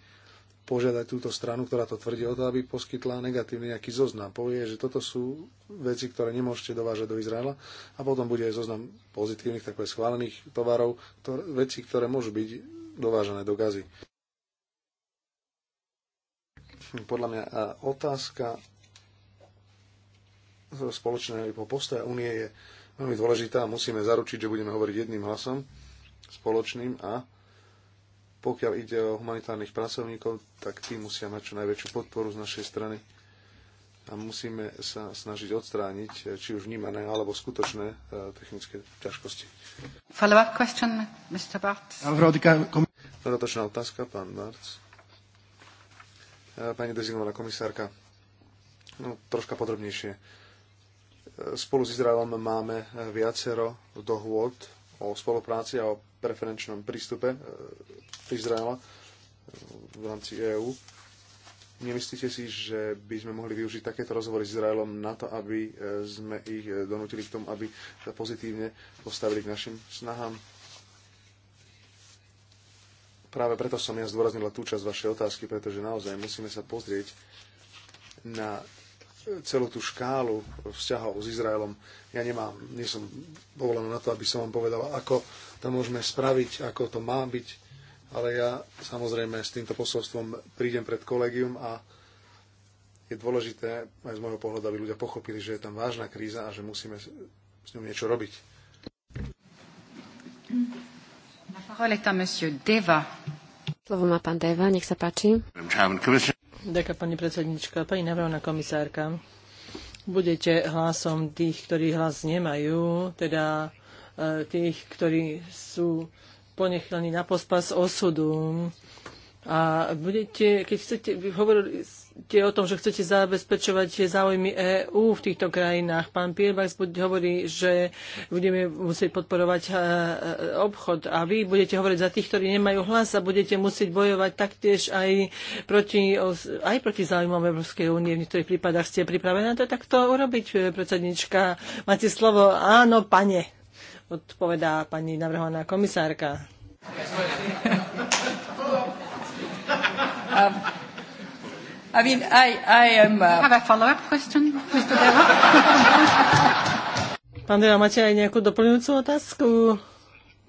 Speaker 2: požiadať túto stranu, ktorá to tvrdí o to, aby poskytla negatívny nejaký zoznam. Povie, že toto sú veci, ktoré nemôžete dovážať do Izraela a potom bude aj zoznam pozitívnych, takových schválených tovarov, ktoré, veci, ktoré môžu byť dovážané do gazy. Podľa mňa otázka spoločného postoja únie je veľmi dôležitá a musíme zaručiť, že budeme hovoriť jedným hlasom spoločným a pokiaľ ide o humanitárnych pracovníkov, tak tí musia mať čo najväčšiu podporu z našej strany a musíme sa snažiť odstrániť či už vnímané alebo skutočné e, technické ťažkosti.
Speaker 3: Follow-up question, Mr. Bartz.
Speaker 2: Dodatočná otázka, pán Bartz. E, pani dezignovaná komisárka, no, troška podrobnejšie. E, spolu s Izraelom máme viacero dohôd o spolupráci a o preferenčnom prístupe e, Izraela e, v rámci EÚ. Nemyslíte si, že by sme mohli využiť takéto rozhovory s Izraelom na to, aby e, sme ich donútili k tomu, aby sa pozitívne postavili k našim snahám? Práve preto som ja zdôraznila tú časť vašej otázky, pretože naozaj musíme sa pozrieť na celú tú škálu vzťahov s Izraelom. Ja nemám, nie som povolený na to, aby som vám povedal, ako to môžeme spraviť, ako to má byť, ale ja samozrejme s týmto posolstvom prídem pred kolegium a je dôležité aj z môjho pohľadu, aby ľudia pochopili, že je tam vážna kríza a že musíme s ňou niečo robiť.
Speaker 1: Slovo má pán Deva, nech sa páči. Ďakujem, pani predsednička. Pani
Speaker 3: navrhovná komisárka, budete hlasom tých, ktorí hlas nemajú, teda e, tých, ktorí sú ponechaní na pospas osudu. A budete, keď chcete, hovorili, hovoríte o tom, že chcete zabezpečovať záujmy EÚ v týchto krajinách. Pán Pierbax hovorí, že budeme musieť podporovať e, e, obchod a vy budete hovoriť za tých, ktorí nemajú hlas a budete musieť bojovať taktiež aj proti, aj proti záujmom Európskej únie. V niektorých prípadoch ste pripravená to takto urobiť, e, predsednička. Máte slovo áno, pane, odpovedá pani navrhovaná komisárka. I mean, I, I am... Uh... Have a follow-up question, Mr. Deva? Pán Deva, máte aj nejakú doplňujúcu otázku?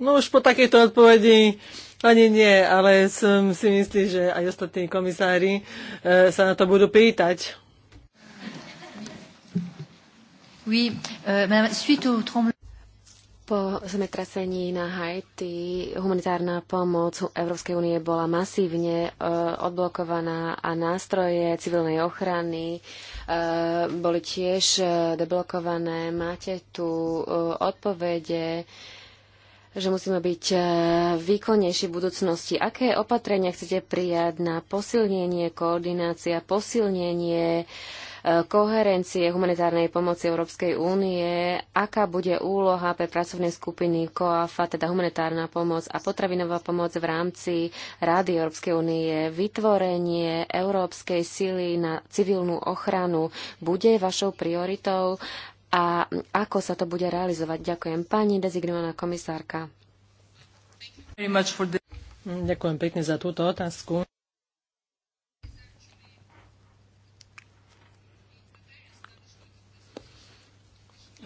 Speaker 3: No už po takejto odpovedi ani nie, ale som si myslí, že aj ostatní komisári uh, sa na to budú pýtať.
Speaker 1: Oui, euh, suite au tremblement. Po zemetrasení na Haiti humanitárna pomoc Európskej únie bola masívne e, odblokovaná a nástroje civilnej ochrany e, boli tiež e, deblokované. Máte tu odpovede, že musíme byť výkonnejší v budúcnosti. Aké opatrenia chcete prijať na posilnenie koordinácia, posilnenie uh, koherencie humanitárnej pomoci Európskej únie, aká bude úloha pre pracovnej skupiny COAFA, teda humanitárna pomoc a potravinová pomoc v rámci Rady Európskej únie, vytvorenie Európskej sily na civilnú ochranu bude vašou prioritou a ako sa to bude realizovať? Ďakujem pani dezignovaná komisárka. Ďakujem pekne za túto otázku.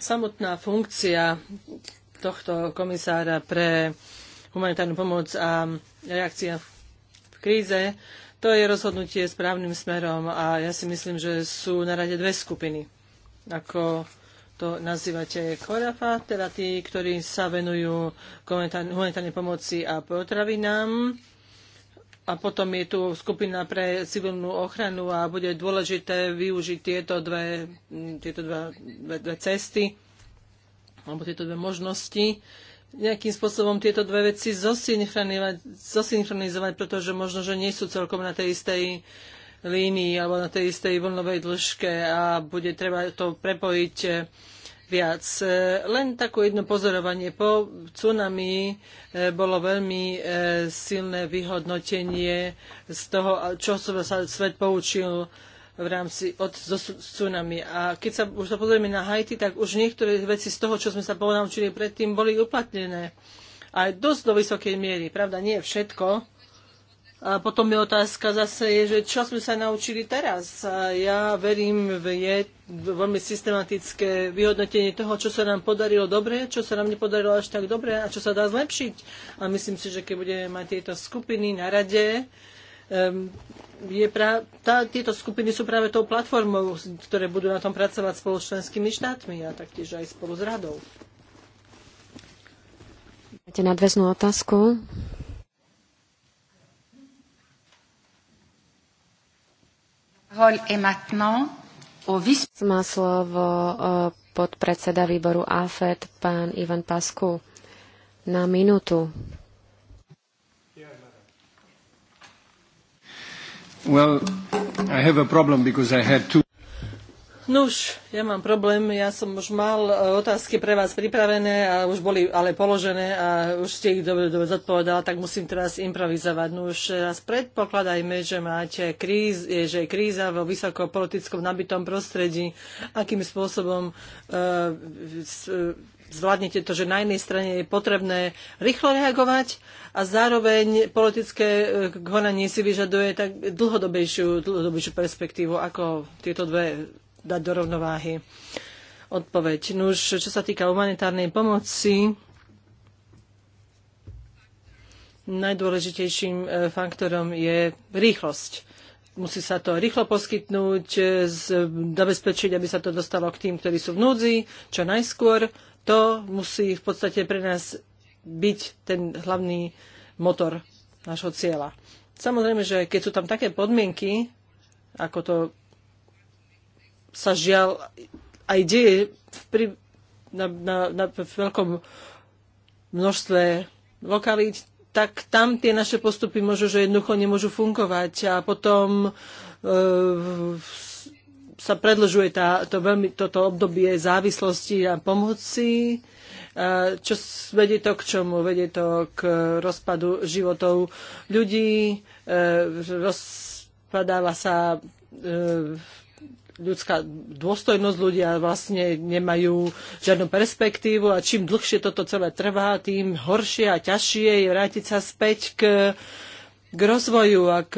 Speaker 3: samotná funkcia tohto komisára pre humanitárnu pomoc a reakcia v kríze, to je rozhodnutie správnym smerom a ja si myslím, že sú na rade dve skupiny. Ako to nazývate korafa, teda tí, ktorí sa venujú humanitárnej pomoci a potravinám a potom je tu skupina pre civilnú ochranu a bude dôležité využiť tieto dve, tieto dva, dve, dve cesty alebo tieto dve možnosti nejakým spôsobom tieto dve veci zosynchronizovať, zosynchronizovať pretože možno, že nie sú celkom na tej istej línii alebo na tej istej vlnovej dĺžke a bude treba to prepojiť viac. E, len takú jedno pozorovanie po tsunami e, bolo veľmi e, silné vyhodnotenie z toho, čo sa svet poučil v rámci od so tsunami. A keď sa už pozrieme na Haiti, tak už niektoré veci z toho, čo sme sa ponaučili predtým, boli uplatnené. Aj dosť do vysokej miery. Pravda, nie všetko, a potom je otázka zase, je, že čo sme sa naučili teraz. A ja verím, je veľmi systematické vyhodnotenie toho, čo sa nám podarilo dobre, čo sa nám nepodarilo až tak dobre a čo sa dá zlepšiť. A myslím si, že keď budeme mať tieto skupiny na rade, um, je pra, tá, tieto skupiny sú práve tou platformou, ktoré budú na tom pracovať spolu s členskými štátmi a taktiež aj spolu s radou.
Speaker 1: Máte nadväznú otázku? Má slovo e, podpredseda výboru AFED, pán Ivan Pasku, na minútu. Well, I have a problem because I had
Speaker 2: two
Speaker 3: Nuž, ja mám problém, ja som už mal e, otázky pre vás pripravené a už boli ale položené a už ste ich dobre, dobre zodpovedala, tak musím teraz improvizovať. Nuž, e, raz predpokladajme, že máte kríz, e, že je kríza vo vysokopolitickom nabitom prostredí, akým spôsobom uh, zvládnete to, že na jednej strane je potrebné rýchlo reagovať a zároveň politické konanie si vyžaduje tak dlhodobejšiu, dlhodobejšiu perspektívu, ako tieto dve dať do rovnováhy. Odpoveď. Nuž, čo sa týka humanitárnej pomoci, najdôležitejším e, faktorom je rýchlosť musí sa to rýchlo poskytnúť, e, zabezpečiť, aby sa to dostalo k tým, ktorí sú v núdzi, čo najskôr. To musí v podstate pre nás byť ten hlavný motor nášho cieľa. Samozrejme, že keď sú tam také podmienky, ako to sa žiaľ aj deje v, pri, na, na, na v veľkom množstve lokalít, tak tam tie naše postupy môžu, že jednoducho nemôžu fungovať a potom e, sa predlžuje tá, to veľmi, toto obdobie závislosti a pomoci, čo vedie to k čomu? Vedie to k rozpadu životov ľudí, e, rozpadáva sa e, ľudská dôstojnosť, ľudia vlastne nemajú žiadnu perspektívu a čím dlhšie toto celé trvá, tým horšie a ťažšie je vrátiť sa späť k, k rozvoju a k,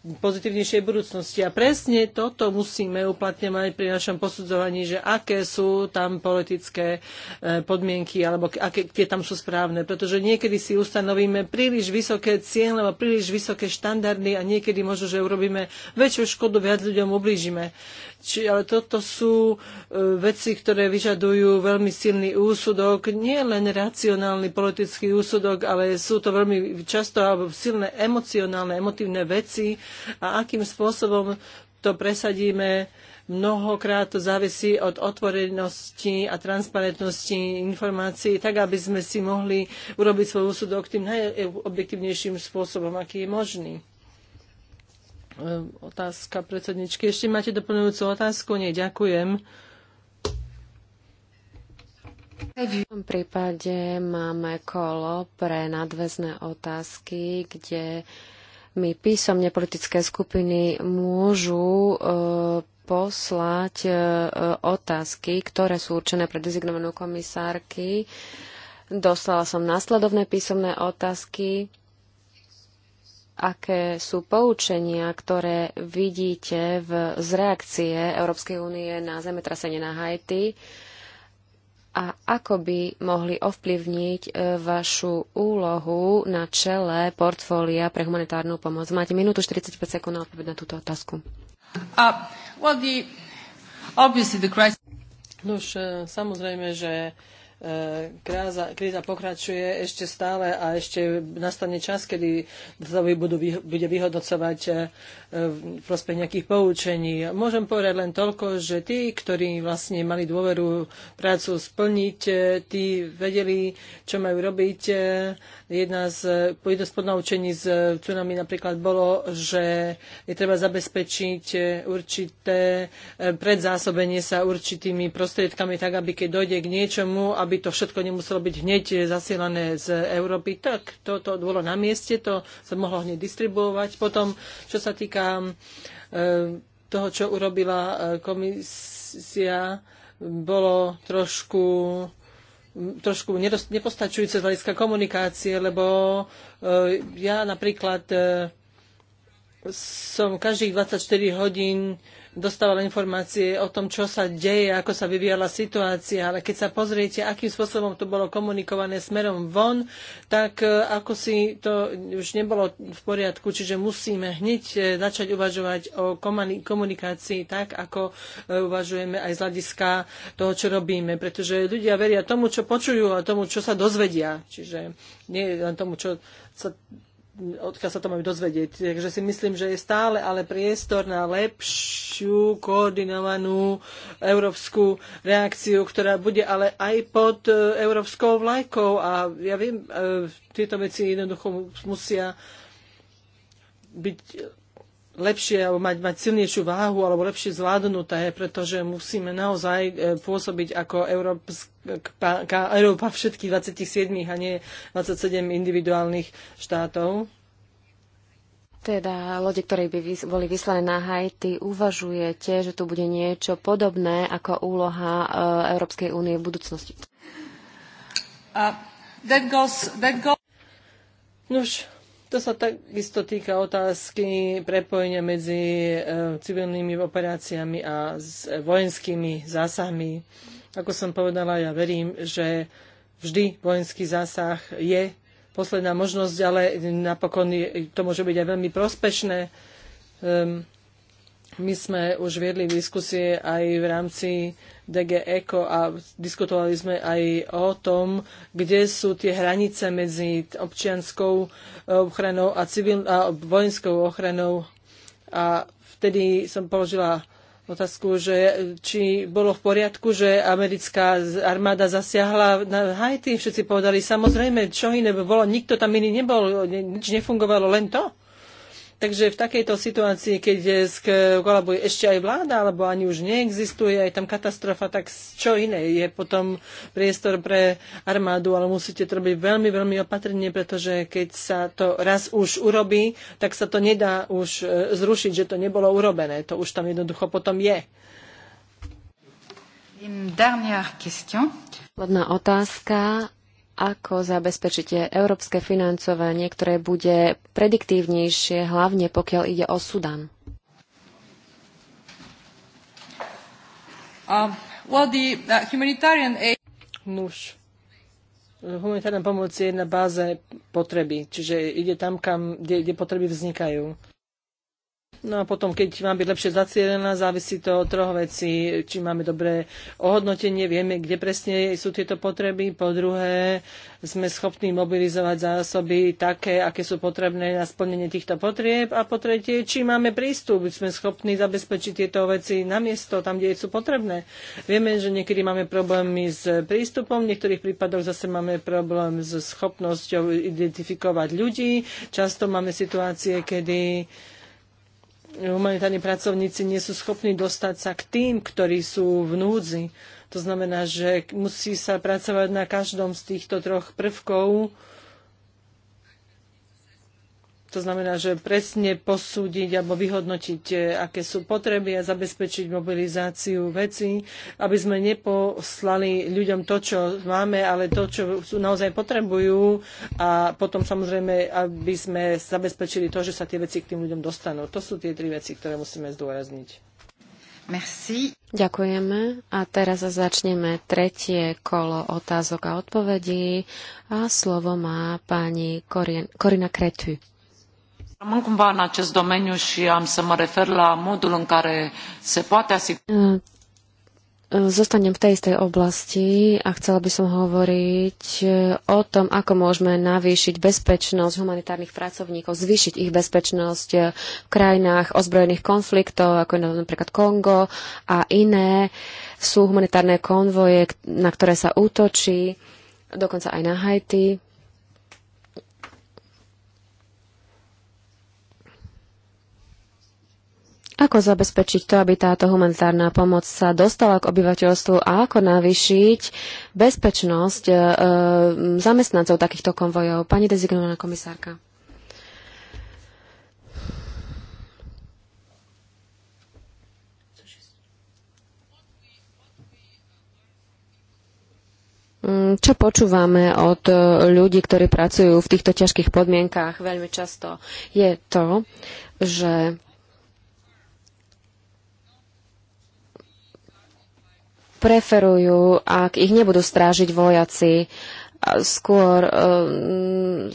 Speaker 3: pozitívnejšej budúcnosti. A presne toto musíme uplatňovať pri našom posudzovaní, že aké sú tam politické e, podmienky alebo aké tie tam sú správne. Pretože niekedy si ustanovíme príliš vysoké cieľe a príliš vysoké štandardy a niekedy možno, že urobíme väčšiu škodu, viac ľuďom ublížime. Či, ale toto sú e, veci, ktoré vyžadujú veľmi silný úsudok, nie len racionálny politický úsudok, ale sú to veľmi často alebo silné emocionálne, emotívne veci a akým spôsobom to presadíme, mnohokrát to závisí od otvorenosti a transparentnosti informácií, tak aby sme si mohli urobiť svoj úsudok tým najobjektívnejším spôsobom, aký je možný. Ehm, otázka predsedničky. Ešte máte doplňujúcu otázku? Nie, ďakujem.
Speaker 1: V tom prípade máme kolo pre nadväzné otázky, kde mi písomne politické skupiny môžu eh, poslať eh, otázky, ktoré sú určené pre dezignovanú komisárky. Dostala som následovné písomné otázky aké sú poučenia, ktoré vidíte v, z reakcie Európskej únie na zemetrasenie na Haiti a ako by mohli ovplyvniť e, vašu úlohu na čele portfólia pre humanitárnu pomoc. Máte minútu 45 sekúnd na odpoveď na túto otázku.
Speaker 3: Uh, well, the, the crisis... Nož, e, samozrejme, že E, kráza, kríza pokračuje ešte stále a ešte nastane čas, kedy sa budú, bude vyhodnocovať e, prospech nejakých poučení. Môžem povedať len toľko, že tí, ktorí vlastne mali dôveru prácu splniť, e, tí vedeli, čo majú robiť. Jedna z, jedno z podnaučení z tsunami napríklad bolo, že je treba zabezpečiť určité predzásobenie sa určitými prostriedkami, tak aby keď dojde k niečomu, aby aby to všetko nemuselo byť hneď eh, zasielané z Európy, tak toto to bolo na mieste, to sa mohlo hneď distribuovať. Potom, čo sa týka eh, toho, čo urobila eh, komisia, bolo trošku mm, trošku nepostačujúce z hľadiska komunikácie, lebo ja napríklad som každých 24 hodín dostával informácie o tom, čo sa deje, ako sa vyvíjala situácia, ale keď sa pozriete, akým spôsobom to bolo komunikované smerom von, tak e, ako si to už nebolo v poriadku, čiže musíme hneď e, začať uvažovať o komunikácii tak, ako e, uvažujeme aj z hľadiska toho, čo robíme, pretože ľudia veria tomu, čo počujú a tomu, čo sa dozvedia. Čiže nie len tomu, čo sa odkiaľ sa to majú dozvedieť. Takže si myslím, že je stále ale priestor na lepšiu, koordinovanú európsku reakciu, ktorá bude ale aj pod e, európskou vlajkou. A ja viem, e, tieto veci jednoducho musia byť lepšie alebo mať, mať silnejšiu váhu alebo lepšie zvládnuté, pretože musíme naozaj e, pôsobiť ako Európsk, Európa všetkých 27 a nie 27 individuálnych štátov?
Speaker 1: Teda lode, ktoré by boli vyslané na Haiti, uvažujete, že tu bude niečo podobné ako úloha e, Európskej únie v budúcnosti?
Speaker 3: Uh, that goes, that goes... Nož, to sa takisto týka otázky prepojenia medzi e, civilnými operáciami a e, vojenskými zásahmi. Ako som povedala, ja verím, že vždy vojenský zásah je posledná možnosť, ale napokon to môže byť aj veľmi prospešné. Um, my sme už viedli diskusie aj v rámci DG ECO a diskutovali sme aj o tom, kde sú tie hranice medzi občianskou eh, ochranou a, civil, a vojenskou ochranou. A vtedy som položila otázku, že eh, či bolo v poriadku, že americká armáda zasiahla na Haiti. Všetci povedali, samozrejme, čo iné by bolo, nikto tam iný nebol, nič nefungovalo, len to. Takže v takejto situácii, keď kolabuje ešte aj vláda, alebo ani už neexistuje, aj tam katastrofa, tak čo iné? Je potom priestor pre armádu, ale musíte to robiť veľmi, veľmi opatrne, pretože keď sa to raz už urobí, tak sa to nedá už e, zrušiť, že to nebolo urobené. To už tam jednoducho potom je.
Speaker 1: Jedna otázka ako zabezpečíte európske financovanie, ktoré bude prediktívnejšie, hlavne pokiaľ ide o Sudan?
Speaker 3: Um, well, the, uh, humanitarian aid... Nuž. Humanitárna pomoc je na báze potreby, čiže ide tam, kam, kde, kde potreby vznikajú. No a potom, keď má byť lepšie zacielená, závisí to od troch vecí. Či máme dobré ohodnotenie, vieme, kde presne sú tieto potreby. Po druhé, sme schopní mobilizovať zásoby také, aké sú potrebné na splnenie týchto potrieb. A po tretie, či máme prístup, sme schopní zabezpečiť tieto veci na miesto, tam, kde sú potrebné. Vieme, že niekedy máme problémy s prístupom, v niektorých prípadoch zase máme problém s schopnosťou identifikovať ľudí. Často máme situácie, kedy humanitárni pracovníci nie sú schopní dostať sa k tým, ktorí sú v núdzi. To znamená, že musí sa pracovať na každom z týchto troch prvkov, to znamená, že presne posúdiť alebo vyhodnotiť, e, aké sú potreby a zabezpečiť mobilizáciu vecí, aby sme neposlali ľuďom to, čo máme, ale to, čo naozaj potrebujú a potom samozrejme, aby sme zabezpečili to, že sa tie veci k tým ľuďom dostanú. To sú tie tri veci, ktoré musíme zdôrazniť.
Speaker 1: Merci. Ďakujeme a teraz začneme tretie kolo otázok a odpovedí a slovo má pani Korina Kretu.
Speaker 3: Rămân cumva în acest domeniu și am să mă refer la modul în care
Speaker 1: se poate asigura. Zostanem v tej istej oblasti a chcela by som hovoriť o tom, ako môžeme navýšiť bezpečnosť humanitárnych pracovníkov, zvýšiť ich bezpečnosť v krajinách ozbrojených konfliktov, ako je napríklad Kongo a iné. Sú humanitárne konvoje, na ktoré sa útočí, dokonca aj na Haiti. Ako zabezpečiť to, aby táto humanitárna pomoc sa dostala k obyvateľstvu a ako navýšiť bezpečnosť e, e zamestnancov takýchto konvojov? Pani dezignovaná komisárka. Mm, čo počúvame od e, ľudí, ktorí pracujú v týchto ťažkých podmienkách veľmi často, je to, že preferujú, ak ich nebudú strážiť vojaci, skôr uh,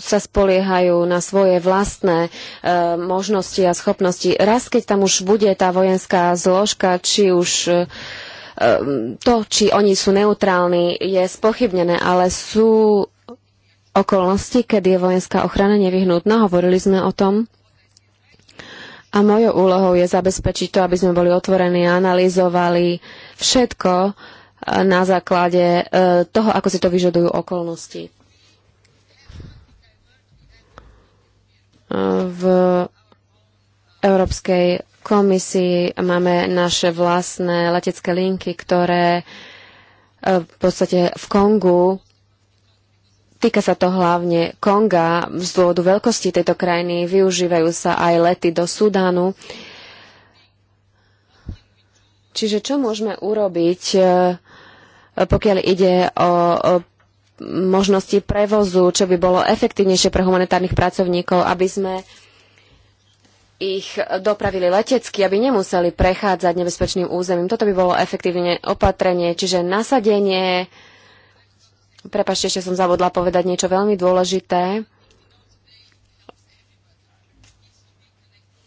Speaker 1: sa spoliehajú na svoje vlastné uh, možnosti a schopnosti. Raz, keď tam už bude tá vojenská zložka, či už uh, to, či oni sú neutrálni, je spochybnené, ale sú okolnosti, kedy je vojenská ochrana nevyhnutná. Hovorili sme o tom. A mojou úlohou je zabezpečiť to, aby sme boli otvorení a analyzovali všetko e, na základe e, toho, ako si to vyžadujú okolnosti. E, v Európskej komisii máme naše vlastné letecké linky, ktoré v podstate v Kongu Týka sa to hlavne Konga. Z dôvodu veľkosti tejto krajiny využívajú sa aj lety do Sudánu. Čiže čo môžeme urobiť, e, pokiaľ ide o, možnosti prevozu, čo by bolo efektívnejšie pre humanitárnych pracovníkov, aby sme ich dopravili letecky, aby nemuseli prechádzať nebezpečným územím. Toto by bolo efektívne opatrenie, čiže nasadenie, uh, Prepašte, ešte som zavodla povedať niečo veľmi dôležité.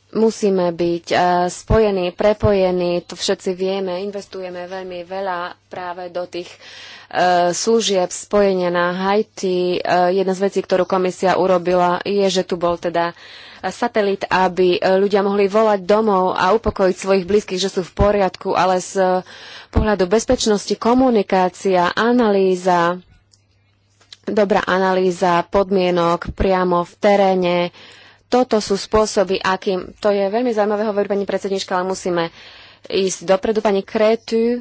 Speaker 1: Musíme byť e, spojení, prepojení, to všetci vieme, investujeme veľmi veľa práve do tých e, služieb spojenia na Haiti. E, jedna z vecí, ktorú komisia urobila, je, že tu bol teda satelit, aby ľudia mohli volať domov a upokojiť svojich blízkych, že sú v poriadku, ale z pohľadu bezpečnosti komunikácia, analýza dobrá analýza podmienok priamo v teréne. Toto sú spôsoby, akým... To je veľmi zaujímavé hovoriť, pani predsednička, ale musíme ísť dopredu. Pani Kretu, e,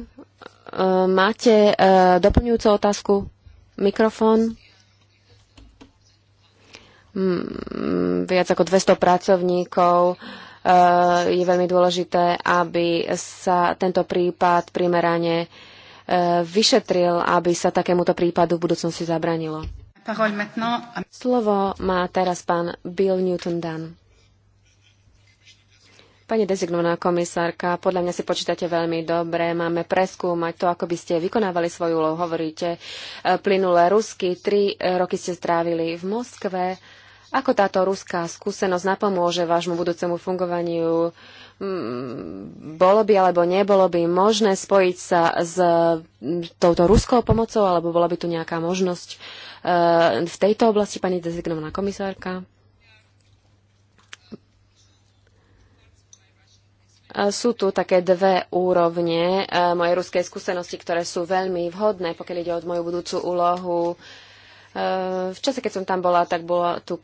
Speaker 1: máte e, doplňujúcu otázku? Mikrofón? Mm, viac ako 200 pracovníkov e, je veľmi dôležité, aby sa tento prípad primerane Eh, vyšetril, aby sa takémuto prípadu v budúcnosti zabranilo. Slovo má teraz pán Bill Newton Dunn. Pani dezignovaná komisárka, podľa mňa si počítate veľmi dobre. Máme preskúmať to, ako by ste vykonávali svoju úlohu. Hovoríte eh, plynule rusky. Tri eh, roky ste strávili v Moskve. Ako táto ruská skúsenosť napomôže vášmu budúcemu fungovaniu? bolo by alebo nebolo by možné spojiť sa s touto ruskou pomocou, alebo bola by tu nejaká možnosť e, v tejto oblasti, pani dezignovaná komisárka? E, sú tu také dve úrovne e, mojej ruskej skúsenosti, ktoré sú veľmi vhodné, pokiaľ ide o moju budúcu úlohu Eh, v čase, keď som tam bola, tak bola tu eh,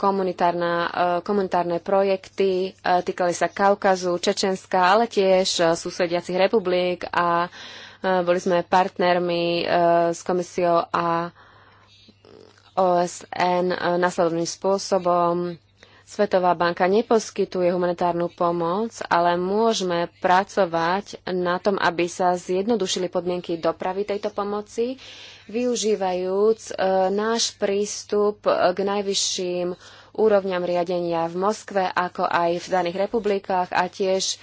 Speaker 1: komunitárne projekty, eh, týkali sa Kaukazu, Čečenska, ale tiež susediacich republik a boli sme partnermi s komisiou a OSN následovným spôsobom. Svetová banka neposkytuje humanitárnu pomoc, ale môžeme pracovať na tom, aby sa zjednodušili podmienky dopravy tejto pomoci využívajúc e, náš prístup e, k najvyšším úrovňam riadenia v Moskve, ako aj v daných republikách a tiež e,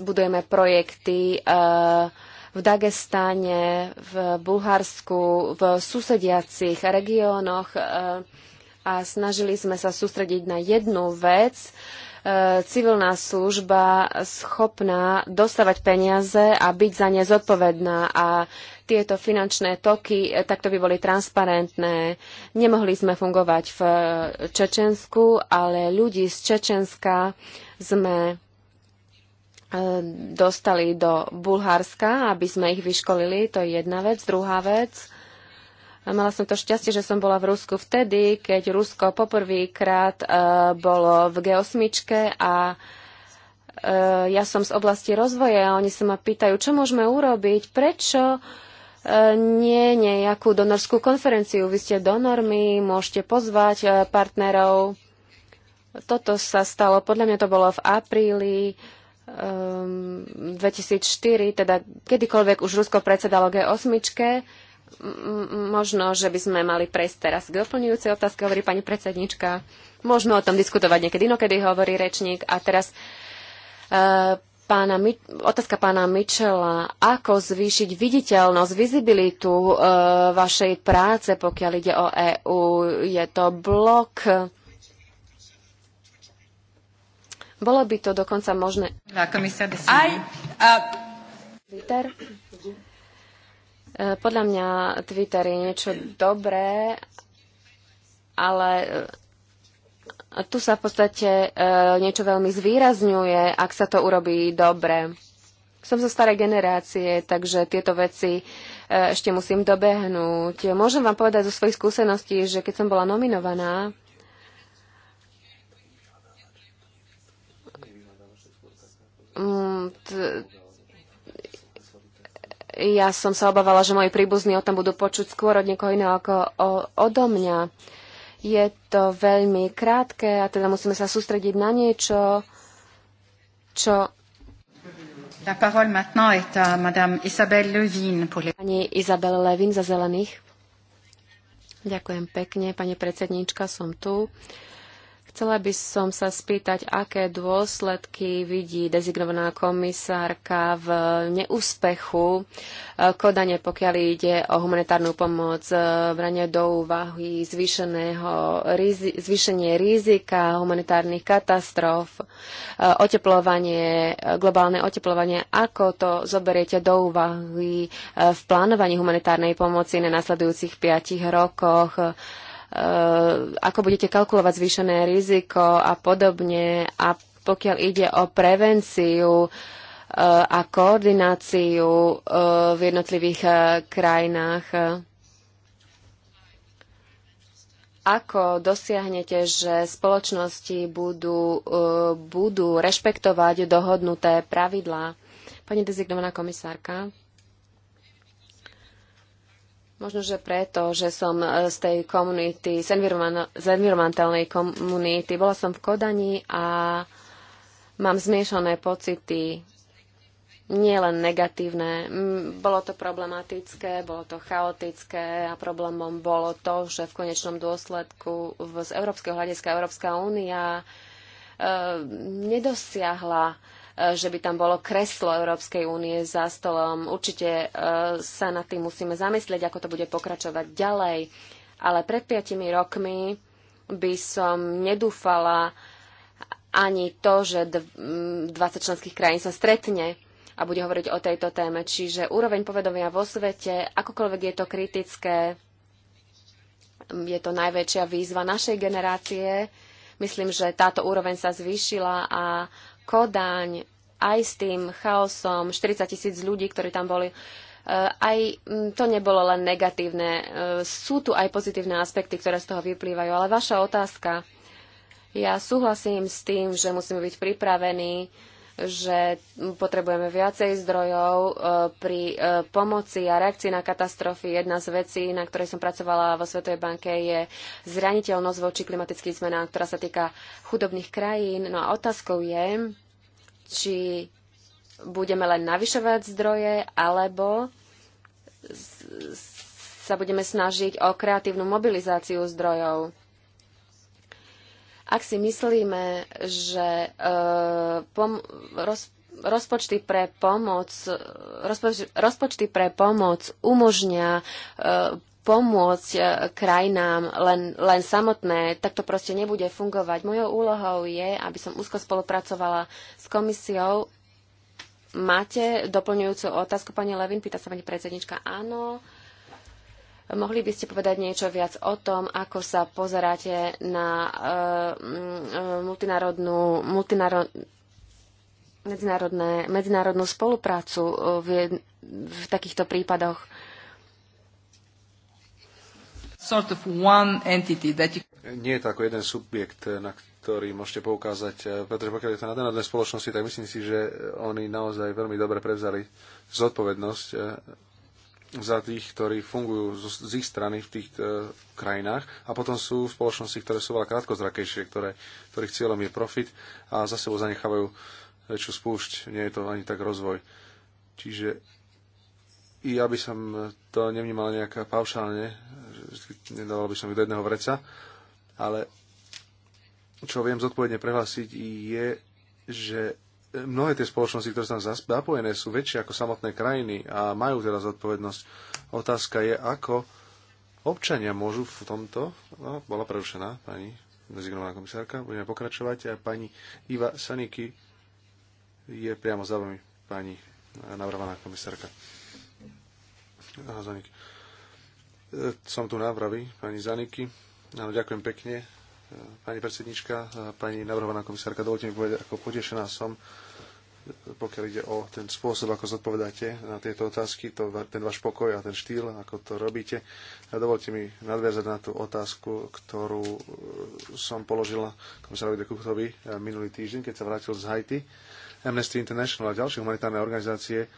Speaker 1: budujeme projekty v Dagestáne, v Bulharsku, v susediacich regiónoch a snažili sme sa sústrediť na jednu vec, civilná služba schopná dostávať peniaze a byť za ne zodpovedná. A tieto finančné toky e, takto by boli transparentné. Nemohli sme fungovať v e, Čečensku, ale ľudí z Čečenska sme e, dostali do Bulharska, aby sme ich vyškolili. To je jedna vec. Druhá vec, mala som to šťastie, že som bola v Rusku vtedy, keď Rusko poprvýkrát bolo v G8 a ja som z oblasti rozvoja a oni sa ma pýtajú, čo môžeme urobiť, prečo nie nejakú donorskú konferenciu. Vy ste donormi, môžete pozvať eh, partnerov. Toto sa stalo, podľa mňa to bolo v apríli um, ehm, 2004, teda kedykoľvek už Rusko predsedalo G8. Možno, že by sme mali prejsť teraz k doplňujúcej otázke, hovorí pani predsednička. Môžeme o tom diskutovať niekedy inokedy, hovorí rečník. A teraz uh, pána, otázka pána Michela, ako zvýšiť viditeľnosť, vizibilitu e, vašej práce, pokiaľ ide o EÚ. Je to blok. Bolo by to dokonca možné. Aj, a... Twitter? E, podľa mňa Twitter je niečo dobré, ale tu sa v podstate e, niečo veľmi zvýrazňuje, ak sa to urobí dobre. Som zo starej generácie, takže tieto veci e, ešte musím dobehnúť. Môžem vám povedať zo svojich skúseností, že keď som bola nominovaná, mm, ja som sa obávala, že moji príbuzní o tom budú počuť skôr od niekoho iného ako o, odo mňa. E, je to veľmi krátke a teda musíme sa sústrediť na niečo, čo... La parole maintenant est à madame Isabelle Levin. Pour les... Pani Isabelle Levin za zelených. Ďakujem pekne, pani predsedníčka, som tu. Uh, Chcela by som sa spýtať, aké dôsledky vidí dezignovaná komisárka v neúspechu eh, kodane, pokiaľ ide o humanitárnu pomoc, vranie eh, do úvahy zvýšeného zvýšenie rizika humanitárnych katastrof, eh, oteplovanie, globálne oteplovanie, ako to zoberiete do úvahy v plánovaní humanitárnej pomoci na nasledujúcich piatich rokoch, ako budete kalkulovať zvýšené riziko a podobne. A pokiaľ ide o prevenciu e, a koordináciu e, v jednotlivých e, krajinách, ako dosiahnete, že spoločnosti budú, budú rešpektovať dohodnuté pravidlá? Pani dezignovaná komisárka. Možno, že preto, že som e, z tej komunity, z, environment, z environmentálnej komunity. Bola som v Kodani a mám zmiešané pocity, nielen negatívne. Bolo to problematické, bolo to chaotické a problémom bolo to, že v konečnom dôsledku z európskeho hľadiska Európska únia e, nedosiahla Eh, že by tam bolo kreslo Európskej únie za stolom. Určite eh, sa nad tým musíme zamyslieť, ako to bude pokračovať ďalej. Ale pred piatimi rokmi by som nedúfala ani to, že 20 mm, členských krajín sa stretne a bude hovoriť o tejto téme. Čiže úroveň povedomia vo svete, akokoľvek je to kritické, je to najväčšia výzva našej generácie. Myslím, že táto úroveň sa zvýšila a Kodáň aj s tým chaosom 40 tisíc ľudí, ktorí tam boli, e, aj to nebolo len negatívne. E, sú tu aj pozitívne aspekty, ktoré z toho vyplývajú. Ale vaša otázka, ja súhlasím s tým, že musíme byť pripravení že potrebujeme viacej zdrojov e, pri e, pomoci a reakcii na katastrofy. Jedna z vecí, na ktorej som pracovala vo Svetovej banke, je zraniteľnosť voči klimatickým zmenám, ktorá sa týka chudobných krajín. No a otázkou je, či budeme len navyšovať zdroje, alebo sa budeme snažiť o kreatívnu mobilizáciu zdrojov ak si myslíme, že e, pom- roz- rozpočty pre pomoc, rozpoč- rozpočty pre pomoc umožňa e, pomôcť e, krajinám len, len samotné, tak to proste nebude fungovať. Mojou úlohou je, aby som úzko spolupracovala s komisiou. Máte doplňujúcu otázku, pani Levin? Pýta sa pani predsednička. Áno. Mohli by ste povedať niečo viac o tom, ako sa pozeráte na uh, multinárodnú, medzinárodné, medzinárodnú spoluprácu eh, v, v takýchto prípadoch?
Speaker 2: Sort of one entity that you... Nie je to ako jeden subjekt, na ktorý môžete poukázať, pretože pokiaľ je to nadnárodné spoločnosti, tak myslím si, že oni naozaj veľmi dobre prevzali zodpovednosť za tých, ktorí fungujú z, ich strany v tých e, krajinách a potom sú spoločnosti, ktoré sú veľa krátkozrakejšie, ktoré, ktorých cieľom je profit a za sebou zanechávajú väčšiu spúšť, nie je to ani tak rozvoj. Čiže ja by som to nevnímal nejak paušálne, nedával by som ich do jedného vreca, ale čo viem zodpovedne prehlásiť je, že mnohé tie spoločnosti, ktoré sú tam zapojené, sú väčšie ako samotné krajiny a majú teraz zodpovednosť. Otázka je, ako občania môžu v tomto... No, bola prerušená pani dezignovaná komisárka. Budeme pokračovať a pani Iva Saniky je priamo za vami, pani navrhovaná komisárka. Aha, Zaniky. E, som tu návravy, pani Zaniky. Áno, ďakujem pekne e, pani predsednička, e, pani navrhovaná komisárka, dovolte mi povedať, ako potešená som, pokiaľ ide o ten spôsob, ako zodpovedáte na tieto otázky, to, ten váš pokoj a ten štýl, ako to robíte. A dovolte mi nadviazať na tú otázku, ktorú e, som položila komisárovi de Kuchtovi e, minulý týždeň, keď sa vrátil z Haiti. Amnesty International a ďalšie humanitárne organizácie e,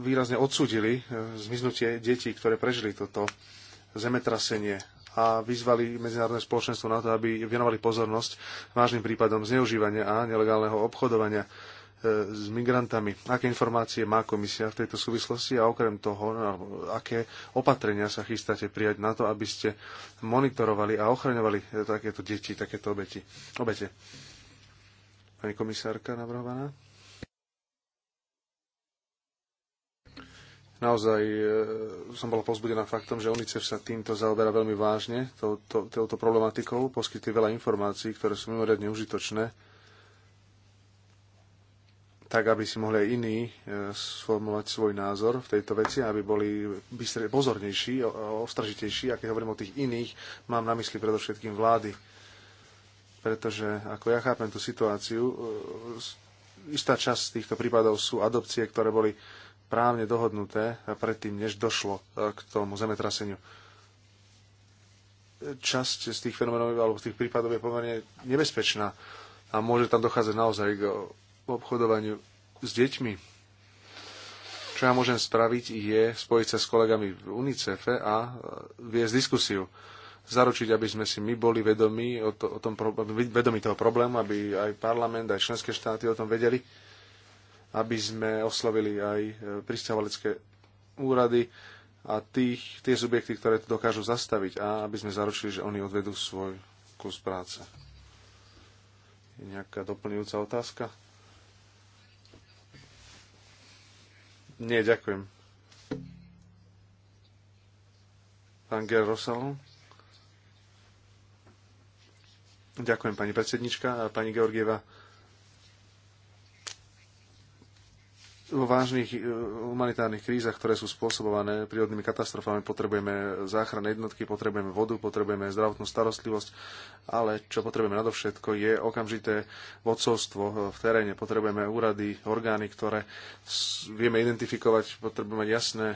Speaker 2: výrazne odsúdili, zmiznutie detí, ktoré prežili toto zemetrasenie a vyzvali medzinárodné spoločenstvo na to, aby venovali pozornosť vážnym prípadom zneužívania a nelegálneho obchodovania e, s migrantami. Aké informácie má komisia v tejto súvislosti a okrem toho, no, aké opatrenia sa chystáte prijať na to, aby ste monitorovali a ochraňovali e, takéto deti, takéto obete? Pani komisárka navrhovaná? Naozaj e, som bola pozbudená faktom, že UNICEF sa týmto zaoberá veľmi vážne, touto, touto problematikou, poskytli veľa informácií, ktoré sú mimoriadne užitočné, tak aby si mohli aj iní e, sformulovať svoj názor v tejto veci, aby boli pozornejší, ostražitejší. A keď hovorím o tých iných, mám na mysli predovšetkým vlády. Pretože, ako ja chápem tú situáciu, e, istá časť týchto prípadov sú adopcie, ktoré boli právne dohodnuté eh, predtým, než došlo eh, k tomu zemetraseniu. Eh, časť z tých fenomenov alebo z tých prípadov je pomerne nebezpečná a môže tam dochádzať naozaj k obchodovaniu s deťmi. Čo ja môžem spraviť je spojiť sa s kolegami v UNICEFe a viesť diskusiu zaručiť, aby sme si my boli vedomi, o to, o tom, vedomi toho problému, aby aj parlament, aj členské štáty o tom vedeli aby sme oslovili aj e, pristahovalecké úrady a tých, tie subjekty, ktoré to dokážu zastaviť a aby sme zaručili, že oni odvedú svoj kus práce. Je nejaká doplňujúca otázka? Nie, ďakujem. Pán Ger Ďakujem, pani predsednička. Pani Georgieva, vo vážnych e, humanitárnych krízach, ktoré sú spôsobované prírodnými katastrofami, potrebujeme záchranné jednotky, potrebujeme vodu, potrebujeme zdravotnú starostlivosť, ale čo potrebujeme nadovšetko je okamžité vodcovstvo e, v teréne. Potrebujeme úrady, orgány, ktoré vieme identifikovať, potrebujeme mať jasné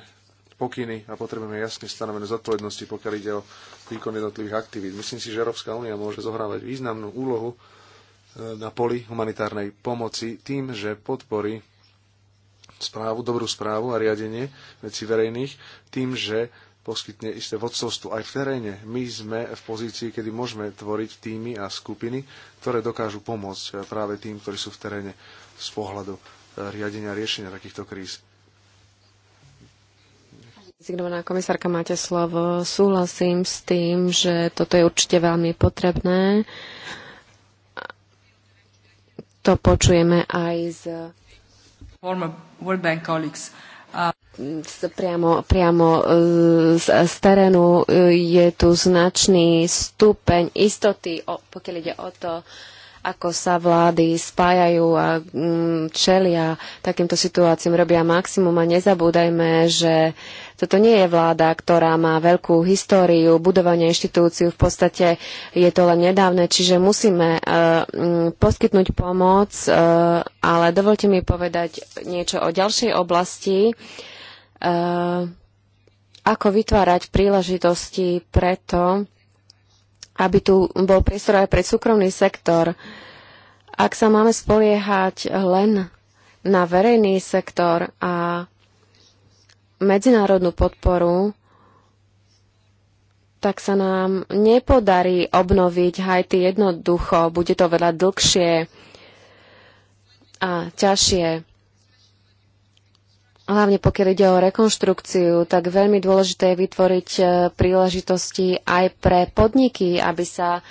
Speaker 2: pokyny a potrebujeme jasne stanovené zodpovednosti, pokiaľ ide o výkon jednotlivých aktivít. Myslím si, že Európska únia môže zohrávať významnú úlohu e, na poli humanitárnej pomoci tým, že podporí správu, dobrú správu a riadenie veci verejných tým, že poskytne isté vodcovstvo aj v teréne. My sme v pozícii, kedy môžeme tvoriť týmy a skupiny, ktoré dokážu pomôcť práve tým, ktorí sú v teréne z pohľadu e, riadenia a riešenia takýchto kríz.
Speaker 1: Zignovaná komisárka, máte slovo. Súhlasím s tým, že toto je určite veľmi potrebné. To počujeme aj z Priamo, priamo e, z, z terénu e, je tu značný stupeň istoty, pokiaľ ide o to, ako sa vlády spájajú a čelia takýmto situáciám, robia maximum a nezabúdajme, že uh, toto nie je vláda, ktorá má veľkú históriu budovania inštitúciu. V podstate je to len nedávne, čiže musíme e, poskytnúť pomoc, e, ale dovolte mi povedať niečo o ďalšej oblasti. E, ako vytvárať príležitosti preto, aby tu bol priestor aj pre súkromný sektor. Ak sa máme spoliehať len na verejný sektor a medzinárodnú podporu, tak sa nám nepodarí obnoviť Haiti jednoducho. Bude to veľa dlhšie a ťažšie. Hlavne pokiaľ ide o rekonštrukciu, tak veľmi dôležité je vytvoriť e, príležitosti aj pre podniky, aby sa e,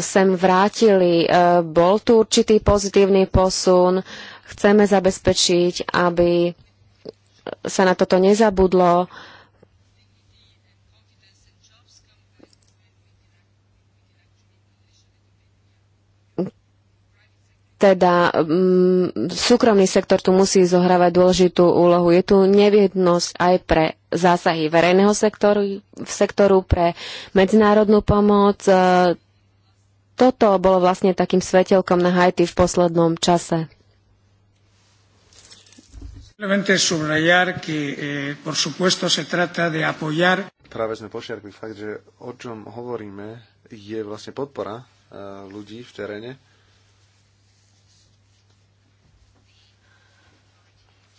Speaker 1: sem vrátili. E, bol tu určitý pozitívny posun. Chceme zabezpečiť, aby sa na toto nezabudlo. Teda mm, súkromný sektor tu musí zohrávať dôležitú úlohu. Je tu neviednosť aj pre zásahy verejného sektoru, v sektoru pre medzinárodnú pomoc. E, toto bolo vlastne takým svetelkom na Haiti v poslednom čase.
Speaker 3: Simplemente subrayar que, eh, por supuesto, se trata de apoyar.
Speaker 2: Práve sme pošiarkli fakt, že o čom hovoríme je vlastne podpora eh, ľudí v teréne.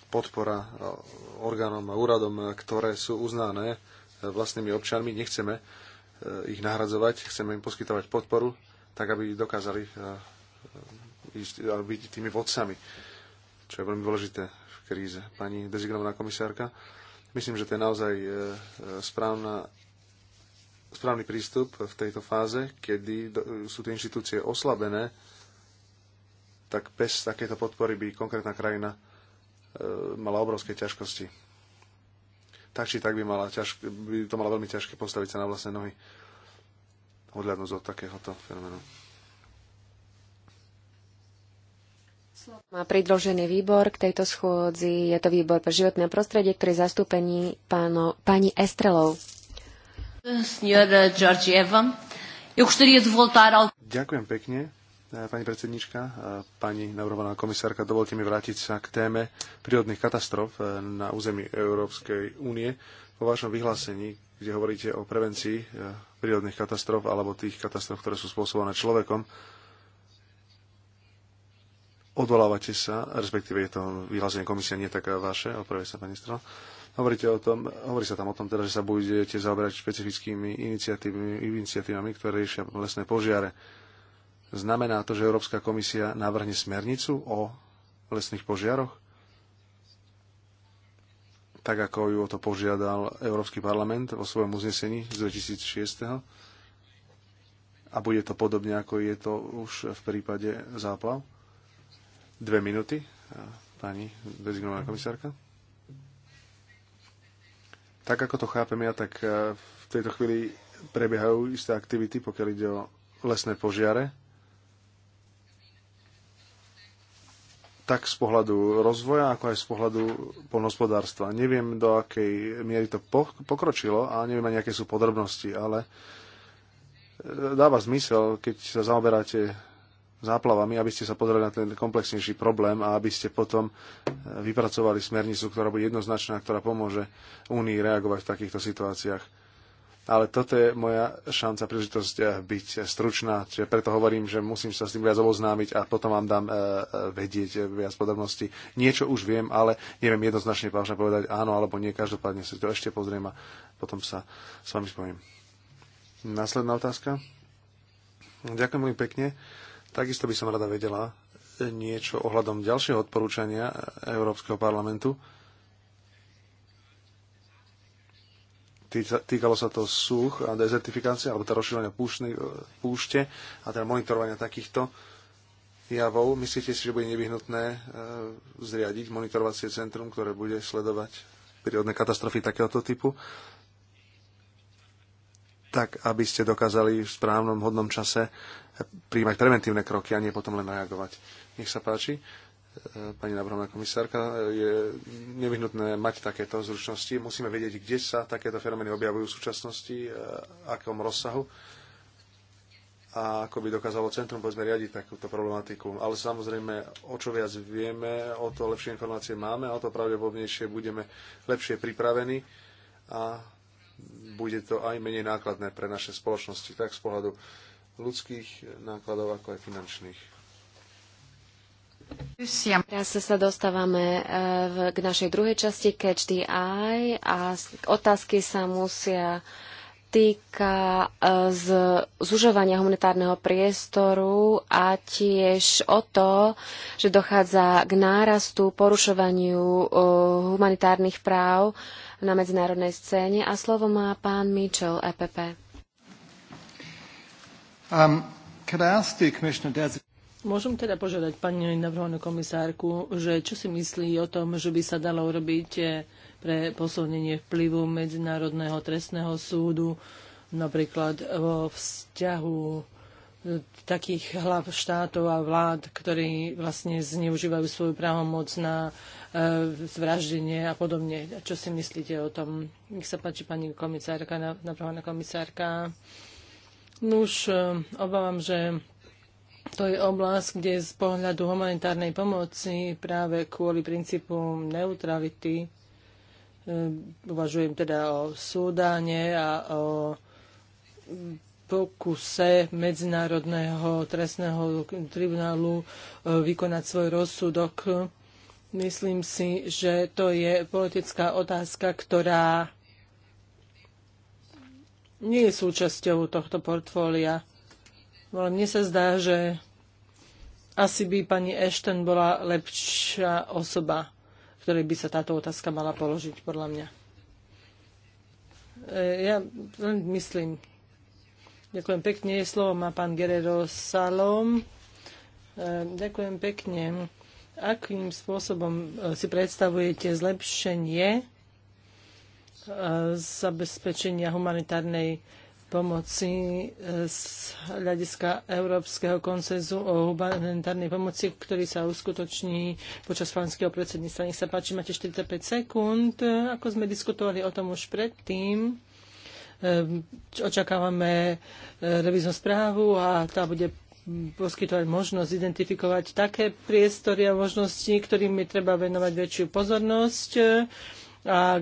Speaker 2: Podpora eh, orgánom a úradom, eh, ktoré sú uznané vlastnými občanmi. Nechceme ich nahradzovať, chceme im poskytovať podporu, tak aby dokázali byť tými vodcami, čo je veľmi dôležité kríze. Pani dezignovaná komisárka, myslím, že to je naozaj e, e, správna, správny prístup v tejto fáze, kedy sú tie inštitúcie oslabené, tak bez takéto podpory by konkrétna krajina e, mala obrovské ťažkosti. Tak či tak by, mala ťažk- by to mala veľmi ťažké postaviť sa na vlastné nohy, odhľadnúť od takéhoto fenoménu.
Speaker 1: Má pridružený výbor k tejto schôdzi. Je to výbor pre životné prostredie, ktorý je zastúpení páno, pani Estrelov.
Speaker 2: Ďakujem pekne, eh, pani predsednička, eh, pani navrhovaná komisárka. Dovolte mi vrátiť sa k téme prírodných katastrof eh, na území Európskej únie. Po vašom vyhlásení, kde hovoríte o prevencii prírodných katastrof alebo tých katastrof, ktoré sú spôsobené človekom, odvolávate sa, respektíve je to vyhlásenie komisia, nie taká vaše, opravuje sa pani strana. Hovoríte o tom, hovorí sa tam o tom, teda, že sa budete zaoberať špecifickými iniciatívami, iniciatívami, ktoré riešia lesné požiare. Znamená to, že Európska komisia navrhne smernicu o lesných požiaroch? Tak, ako ju o to požiadal Európsky parlament vo svojom uznesení z 2006. A bude to podobne, ako je to už v prípade záplav? Dve minúty, pani dezignovaná komisárka. Tak ako to chápem ja, tak e, v tejto chvíli prebiehajú isté aktivity, pokiaľ ide o lesné požiare. Tak z pohľadu rozvoja, ako aj z pohľadu polnospodárstva. Neviem, do akej miery to pokročilo a neviem ani, aké sú podrobnosti, ale e, dáva zmysel, keď sa zaoberáte záplavami, aby ste sa pozreli na ten komplexnejší problém a aby ste potom e, vypracovali smernicu, ktorá bude jednoznačná, ktorá pomôže Únii reagovať v takýchto situáciách. Ale toto je moja šanca, príležitosť e, byť stručná, čiže preto hovorím, že musím sa s tým viac oboznámiť a potom vám dám e, vedieť viac podrobností. Niečo už viem, ale neviem jednoznačne vážne povedať áno alebo nie. Každopádne si to ešte pozriem a potom sa s vami spojím. Následná otázka. Ďakujem veľmi pekne. Takisto by som rada vedela niečo ohľadom ďalšieho odporúčania Európskeho parlamentu. Týkalo sa to súch a dezertifikácie, alebo tá teda rozšírenia púšte a teda monitorovania takýchto javov. Myslíte si, že bude nevyhnutné e, zriadiť monitorovacie centrum, ktoré bude sledovať prírodné katastrofy takéhoto typu? tak aby ste dokázali v správnom hodnom čase príjmať preventívne kroky a nie potom len reagovať. Nech sa páči. E, pani navrhovná komisárka, e, je nevyhnutné mať takéto zručnosti. Musíme vedieť, kde sa takéto fenomény objavujú v súčasnosti, e, akom rozsahu a ako by dokázalo centrum povedzme riadiť takúto problematiku. Ale samozrejme, o čo viac vieme, o to lepšie informácie máme, o to pravdepodobnejšie budeme lepšie pripravení a bude to aj menej nákladné pre naše spoločnosti, tak z pohľadu ľudských nákladov, ako aj finančných.
Speaker 1: Teraz sa dostávame e, k našej druhej časti Catch the Eye a otázky sa musia týka e, z zužovania humanitárneho priestoru a tiež o to, že dochádza k nárastu porušovaniu e, humanitárnych práv na medzinárodnej scéne. A slovo má pán Mitchell, EPP. Um, Môžem teda požiadať
Speaker 3: pani navrhovanú komisárku, že čo si myslí o tom, že by sa dalo urobiť eh, pre posunenie vplyvu Medzinárodného trestného súdu, napríklad vo vzťahu takých hlav štátov a vlád, ktorí vlastne zneužívajú svoju právomoc na e, zvraždenie a podobne. čo si myslíte o tom? Nech sa páči pani komisárka, navrhovaná komisárka. No už e, obávam, že to je oblasť, kde z pohľadu humanitárnej pomoci práve kvôli princípu neutrality e, uvažujem teda o Súdáne a o pokuse Medzinárodného trestného tribunálu e, vykonať svoj rozsudok. Myslím si, že to je politická otázka, ktorá nie je súčasťou tohto portfólia. Ale mne sa zdá, že asi by pani Ashton bola lepšia osoba, ktorej by sa táto otázka mala položiť, podľa mňa. E, ja len myslím, Ďakujem pekne. Slovo má pán Guerrero Salom. E, ďakujem pekne. Akým spôsobom e, si predstavujete zlepšenie e, zabezpečenia humanitárnej pomoci z hľadiska Európskeho koncezu o humanitárnej pomoci, ktorý sa uskutoční počas franského predsedníctva. Nech sa páči, máte 45 sekúnd. Ako sme diskutovali o tom už predtým, Ehm, očakávame e, revíznu správu a tá bude poskytovať možnosť identifikovať také priestory a možnosti, ktorým je treba venovať väčšiu pozornosť e, a, e,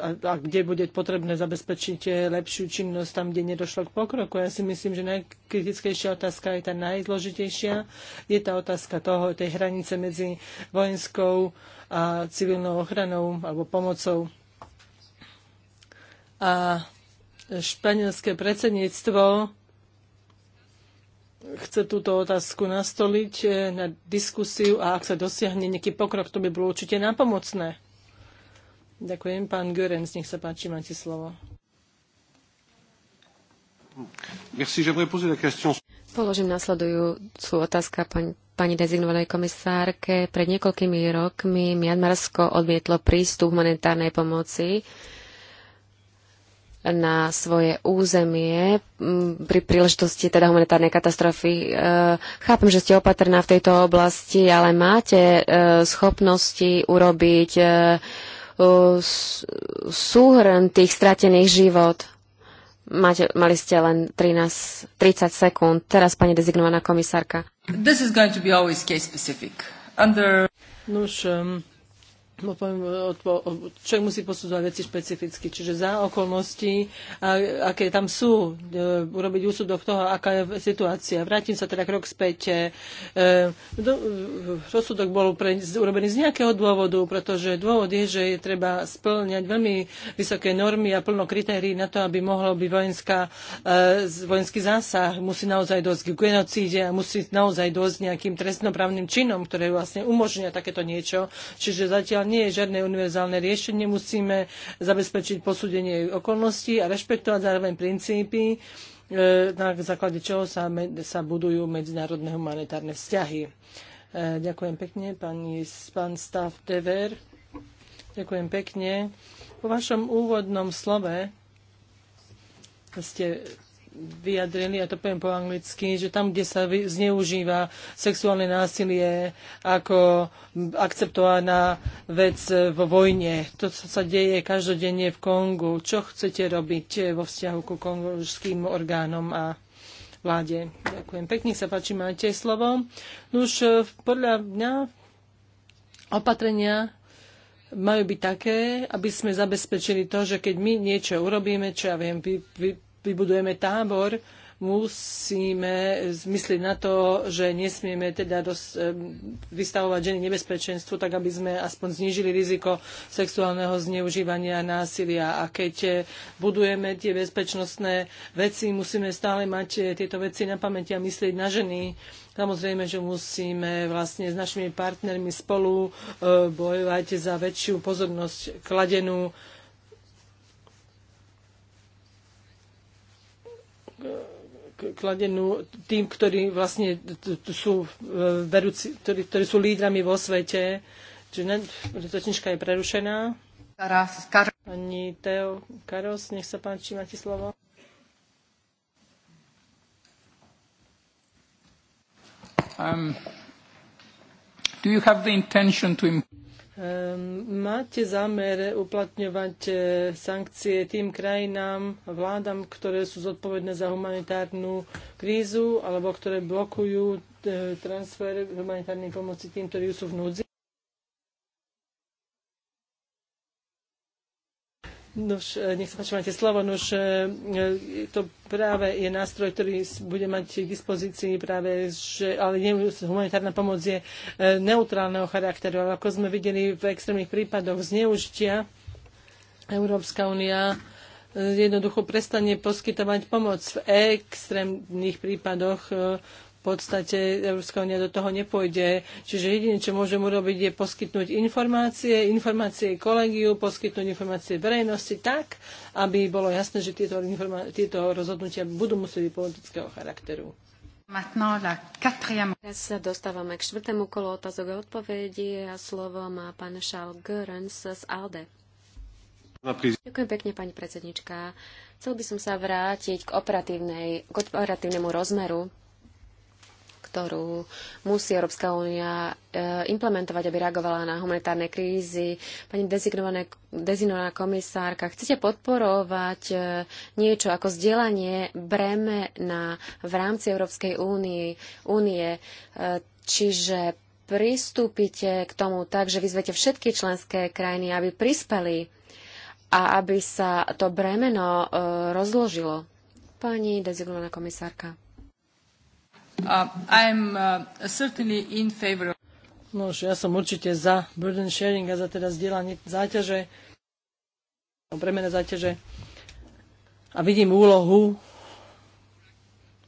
Speaker 3: a, a kde bude potrebné zabezpečiť lepšiu činnosť tam, kde nedošlo k pokroku. Ja si myslím, že najkritickejšia otázka je tá najzložitejšia. Je tá otázka toho, tej hranice medzi vojenskou a civilnou ochranou alebo pomocou a španielské predsedníctvo chce túto otázku nastoliť eh, na diskusiu a ak sa dosiahne nejaký pokrok, to by bolo určite napomocné. Ďakujem. Pán Görens, nech sa páči, máte slovo.
Speaker 1: Položím nasledujúcu otázka pani, pani dezignovanej komisárke. Pred niekoľkými rokmi Mianmarsko odmietlo prístup humanitárnej pomoci na svoje územie pri príležitosti teda humanitárnej katastrofy. E, chápem, že ste opatrná v tejto oblasti, ale máte e, schopnosti urobiť e, súhrn tých stratených život. Máte, mali ste len 13, 30 sekúnd. Teraz, pani dezignovaná komisárka. This
Speaker 3: is going to be always case specific. Under... Nož, um, No, človek musí posudzovať veci špecificky, čiže za okolnosti, a, aké tam sú, e, urobiť úsudok toho, aká je situácia. Vrátim sa teda krok späť. E, rozsudok bol pre, urobený z nejakého dôvodu, pretože dôvod je, že je treba splňať veľmi vysoké normy a plno kritérií na to, aby mohlo byť vojenská, e, vojenský zásah. Musí naozaj dosť k genocíde a musí naozaj dosť nejakým trestnoprávnym činom, ktoré vlastne umožňujú takéto niečo. Čiže zatiaľ nie je žiadne univerzálne riešenie. Musíme zabezpečiť posúdenie okolností a rešpektovať zároveň princípy, e, na základe čoho sa, sa budujú medzinárodné humanitárne vzťahy. E, ďakujem pekne, pani, pán Stav Dever. Ďakujem pekne. Po vašom úvodnom slove ste vyjadrili, a to poviem po anglicky, že tam, kde sa zneužíva sexuálne násilie ako akceptovaná vec vo vojne. To, sa deje každodenne v Kongu. Čo chcete robiť vo vzťahu ku kongolským orgánom a vláde? Ďakujem. Pekne sa páči, máte slovo. Už podľa mňa opatrenia majú byť také, aby sme zabezpečili to, že keď my niečo urobíme, čo ja viem, vy, vy, vybudujeme tábor, musíme zmysliť na to, že nesmieme teda dos- vystavovať ženy nebezpečenstvu, tak aby sme aspoň znížili riziko sexuálneho zneužívania a násilia. A keď e, budujeme tie bezpečnostné veci, musíme stále mať e, tieto veci na pamäti a myslieť na ženy. Samozrejme, že musíme vlastne s našimi partnermi spolu e, bojovať za väčšiu pozornosť kladenú kladenú tým, ktorí vlastne sú, e, vedúci, ktorí, ktorí sú lídrami vo svete. Čiže rečnička je prerušená. Pani Teo Karos, nech sa páči, máte slovo. Um, do you have the intention to Ehm, máte zámer uplatňovať e, sankcie tým krajinám, vládam, ktoré sú zodpovedné za humanitárnu krízu alebo ktoré blokujú e, transfer humanitárnej pomoci tým, ktorí sú v núdzi? Nož, e, nech sa páči, máte slovo. Nož, e, e, to práve je nástroj, ktorý bude mať k dispozícii práve, že, ale nie, humanitárna pomoc je neutrálneho charakteru. Ale ako sme videli v extrémnych prípadoch zneužitia, Európska únia jednoducho prestane poskytovať pomoc v extrémnych prípadoch podstate Európska únia do toho nepôjde. Čiže jediné, čo môžem urobiť, je poskytnúť informácie, informácie kolegiu, poskytnúť informácie verejnosti tak, aby bolo jasné, že tieto, tieto rozhodnutia budú musieť byť politického charakteru.
Speaker 1: Teraz sa dostávame k štvrtému kolu otázok a odpovedí a slovo má pán Charles Görens z ALDE. Ďakujem pekne, pani predsednička. Chcel by som sa vrátiť k, operatívnej, k operatívnemu rozmeru ktorú musí Európska únia e, implementovať, aby reagovala na humanitárne krízy. Pani dezignovaná komisárka, chcete podporovať e, niečo ako zdieľanie bremena v rámci Európskej únie, únie čiže pristúpite k tomu tak, že vyzvete všetky členské krajiny, aby prispeli a aby sa to bremeno e, rozložilo. Pani dezignovaná komisárka.
Speaker 3: Uh, uh, no, ja som určite za burden sharing a za teda zdieľanie záťaže, premene záťaže. A vidím úlohu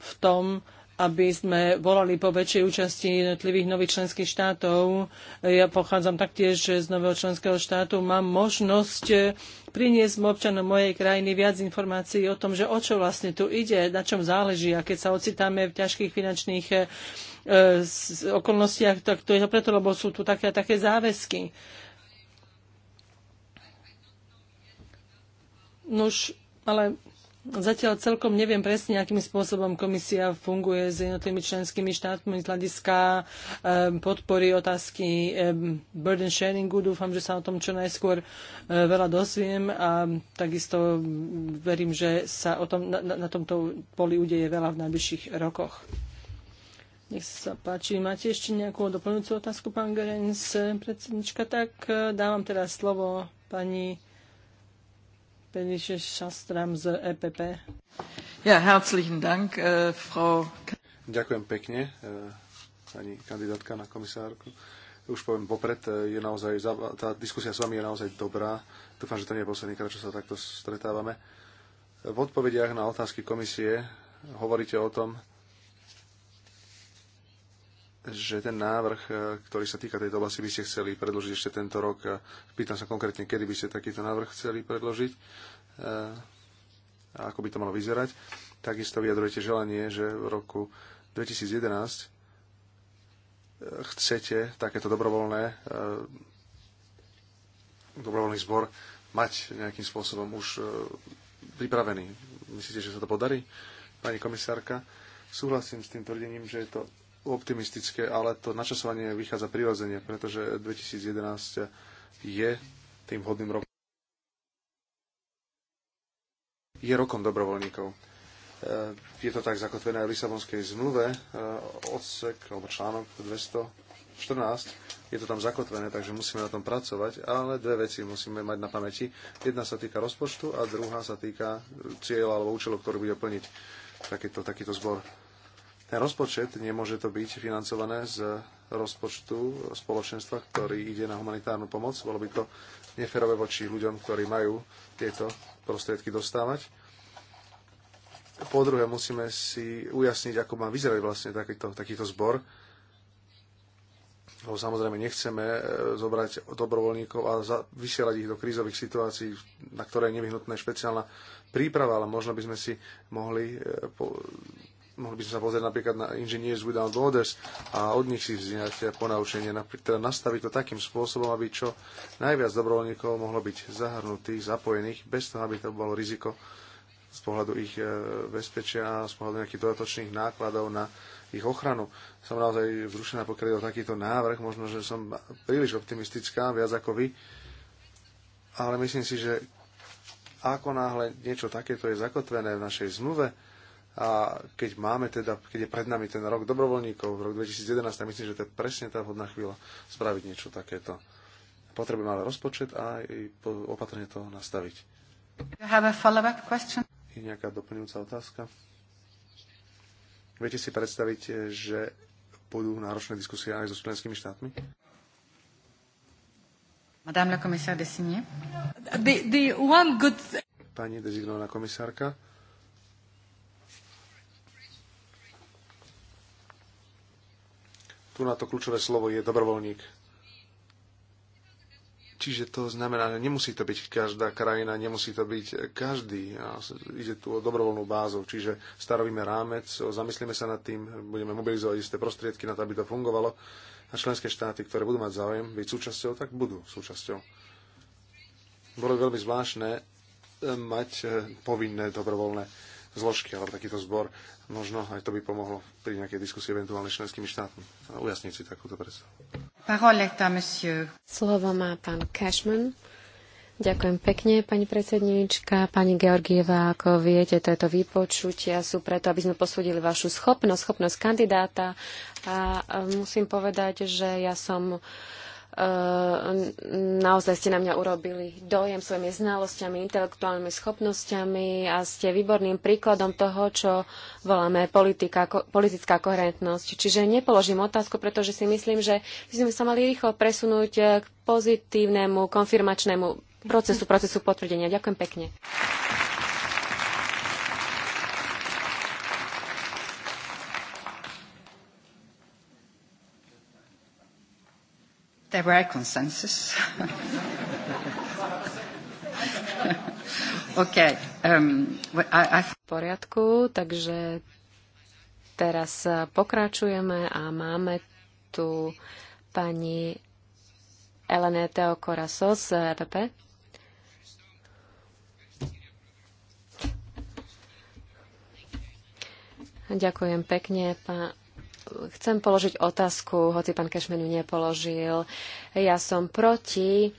Speaker 3: v tom, aby sme volali po väčšej účasti jednotlivých nových členských štátov. Ja pochádzam taktiež z nového členského štátu. Mám možnosť priniesť občanom mojej krajiny viac informácií o tom, že o čo vlastne tu ide, na čom záleží. A keď sa ocitáme v ťažkých finančných e, okolnostiach, tak to je preto, lebo sú tu také a také záväzky. Nuž, ale Zatiaľ celkom neviem presne, akým spôsobom komisia funguje s jednotlivými členskými štátmi z hľadiska eh, podpory otázky eh, burden sharingu. Dúfam, že sa o tom čo najskôr eh, veľa dosviem a takisto mm, verím, že sa o tom, na, na tomto poli udeje veľa v najbližších rokoch. Nech sa páči, máte ešte nejakú doplňujúcu otázku, pán Gerens, predsednička? Tak dávam teraz slovo pani z EPP. Ja, herzlichen Dank, äh, Frau...
Speaker 2: Ďakujem pekne, äh, pani kandidátka na komisárku. Už poviem popred, äh, je naozaj, tá diskusia s vami je naozaj dobrá. Dúfam, že to nie je posledný krát, čo sa takto stretávame. V odpovediach na otázky komisie hovoríte o tom, že ten návrh, e, ktorý sa týka tejto oblasti, by ste chceli predložiť ešte tento rok. Pýtam sa konkrétne, kedy by ste takýto návrh chceli predložiť e, a ako by to malo vyzerať. Takisto vyjadrujete želanie, že v roku 2011 e, chcete takéto dobrovoľné dobrovoľný zbor mať nejakým spôsobom už pripravený. Myslíte, že sa to podarí? Pani komisárka, súhlasím s tým tvrdením, že je to optimistické, ale to načasovanie vychádza prirodzene, pretože 2011 je tým hodným rokom. Je rokom dobrovoľníkov. E, je to tak zakotvené v Lisabonskej zmluve, e, odsek alebo článok 214. Je to tam zakotvené, takže musíme na tom pracovať, ale dve veci musíme mať na pamäti. Jedna sa týka rozpočtu a druhá sa týka cieľa alebo účelu, ktorý bude plniť takýto, takýto zbor ten rozpočet, nemôže to byť financované z rozpočtu spoločenstva, ktorý ide na humanitárnu pomoc. Bolo by to neferové voči ľuďom, ktorí majú tieto prostriedky dostávať. Po druhé, musíme si ujasniť, ako má vyzerať vlastne takýto, takýto zbor. Lebo samozrejme nechceme e, zobrať dobrovoľníkov a vysielať ich do krízových situácií, na ktoré je nevyhnutná špeciálna príprava, ale možno by sme si mohli e, mohli by sme sa pozrieť napríklad na Engineers Without Borders a od nich si vziať ponaučenie, teda nastaviť to takým spôsobom, aby čo najviac dobrovoľníkov mohlo byť zahrnutých, zapojených, bez toho, aby to bolo riziko z pohľadu ich e, bezpečia a z pohľadu nejakých dodatočných nákladov na ich ochranu. Som naozaj vzrušená, pokiaľ o takýto návrh. Možno, že som príliš optimistická, viac ako vy. Ale myslím si, že ako náhle niečo takéto je zakotvené v našej zmluve, a keď máme teda, keď je pred nami ten rok dobrovoľníkov, rok 2011, tak myslím, že to je presne tá vhodná chvíľa spraviť niečo takéto. Potrebujeme ale rozpočet a aj opatrne to nastaviť. Je nejaká doplňujúca otázka? Viete si predstaviť, že budú náročné diskusie aj so členskými štátmi?
Speaker 1: Madame la commissaire Dessigné. The, the one good...
Speaker 2: Pani dezignovaná komisárka, Tu na to kľúčové slovo je dobrovoľník. Čiže to znamená, že nemusí to byť každá krajina, nemusí to byť každý. A ide tu o dobrovoľnú bázu. Čiže starovíme rámec, zamyslíme sa nad tým, budeme mobilizovať isté prostriedky na to, aby to fungovalo. A členské štáty, ktoré budú mať záujem byť súčasťou, tak budú súčasťou. Bolo veľmi zvláštne eh, mať eh, povinné dobrovoľné zložky alebo takýto zbor. Možno aj to by pomohlo pri nejakej diskusii eventuálne členskými štátmi. ujasniť si takúto predstavu.
Speaker 1: Slovo má pán Cashman. Ďakujem pekne, pani predsedníčka. Pani Georgieva, ako viete, tieto vypočutia sú preto, aby sme posúdili vašu schopnosť, schopnosť kandidáta. A e, musím povedať, že ja som uh, Ehm, naozaj ste na mňa urobili dojem svojimi znalosťami, intelektuálnymi schopnosťami a ste výborným príkladom toho, čo voláme politika, ko, politická koherentnosť. Čiže nepoložím otázku, pretože si myslím, že by sme sa mali rýchlo presunúť eh, k pozitívnemu konfirmačnému procesu, procesu potvrdenia. Ďakujem pekne. There were a consensus. okay. um, I, I... V poriadku, takže teraz pokračujeme a máme tu pani Elene Teokoraso z EPP. Ďakujem pekne, pán chcem položiť otázku, hoci pán Kešmenu nepoložil. Ja som proti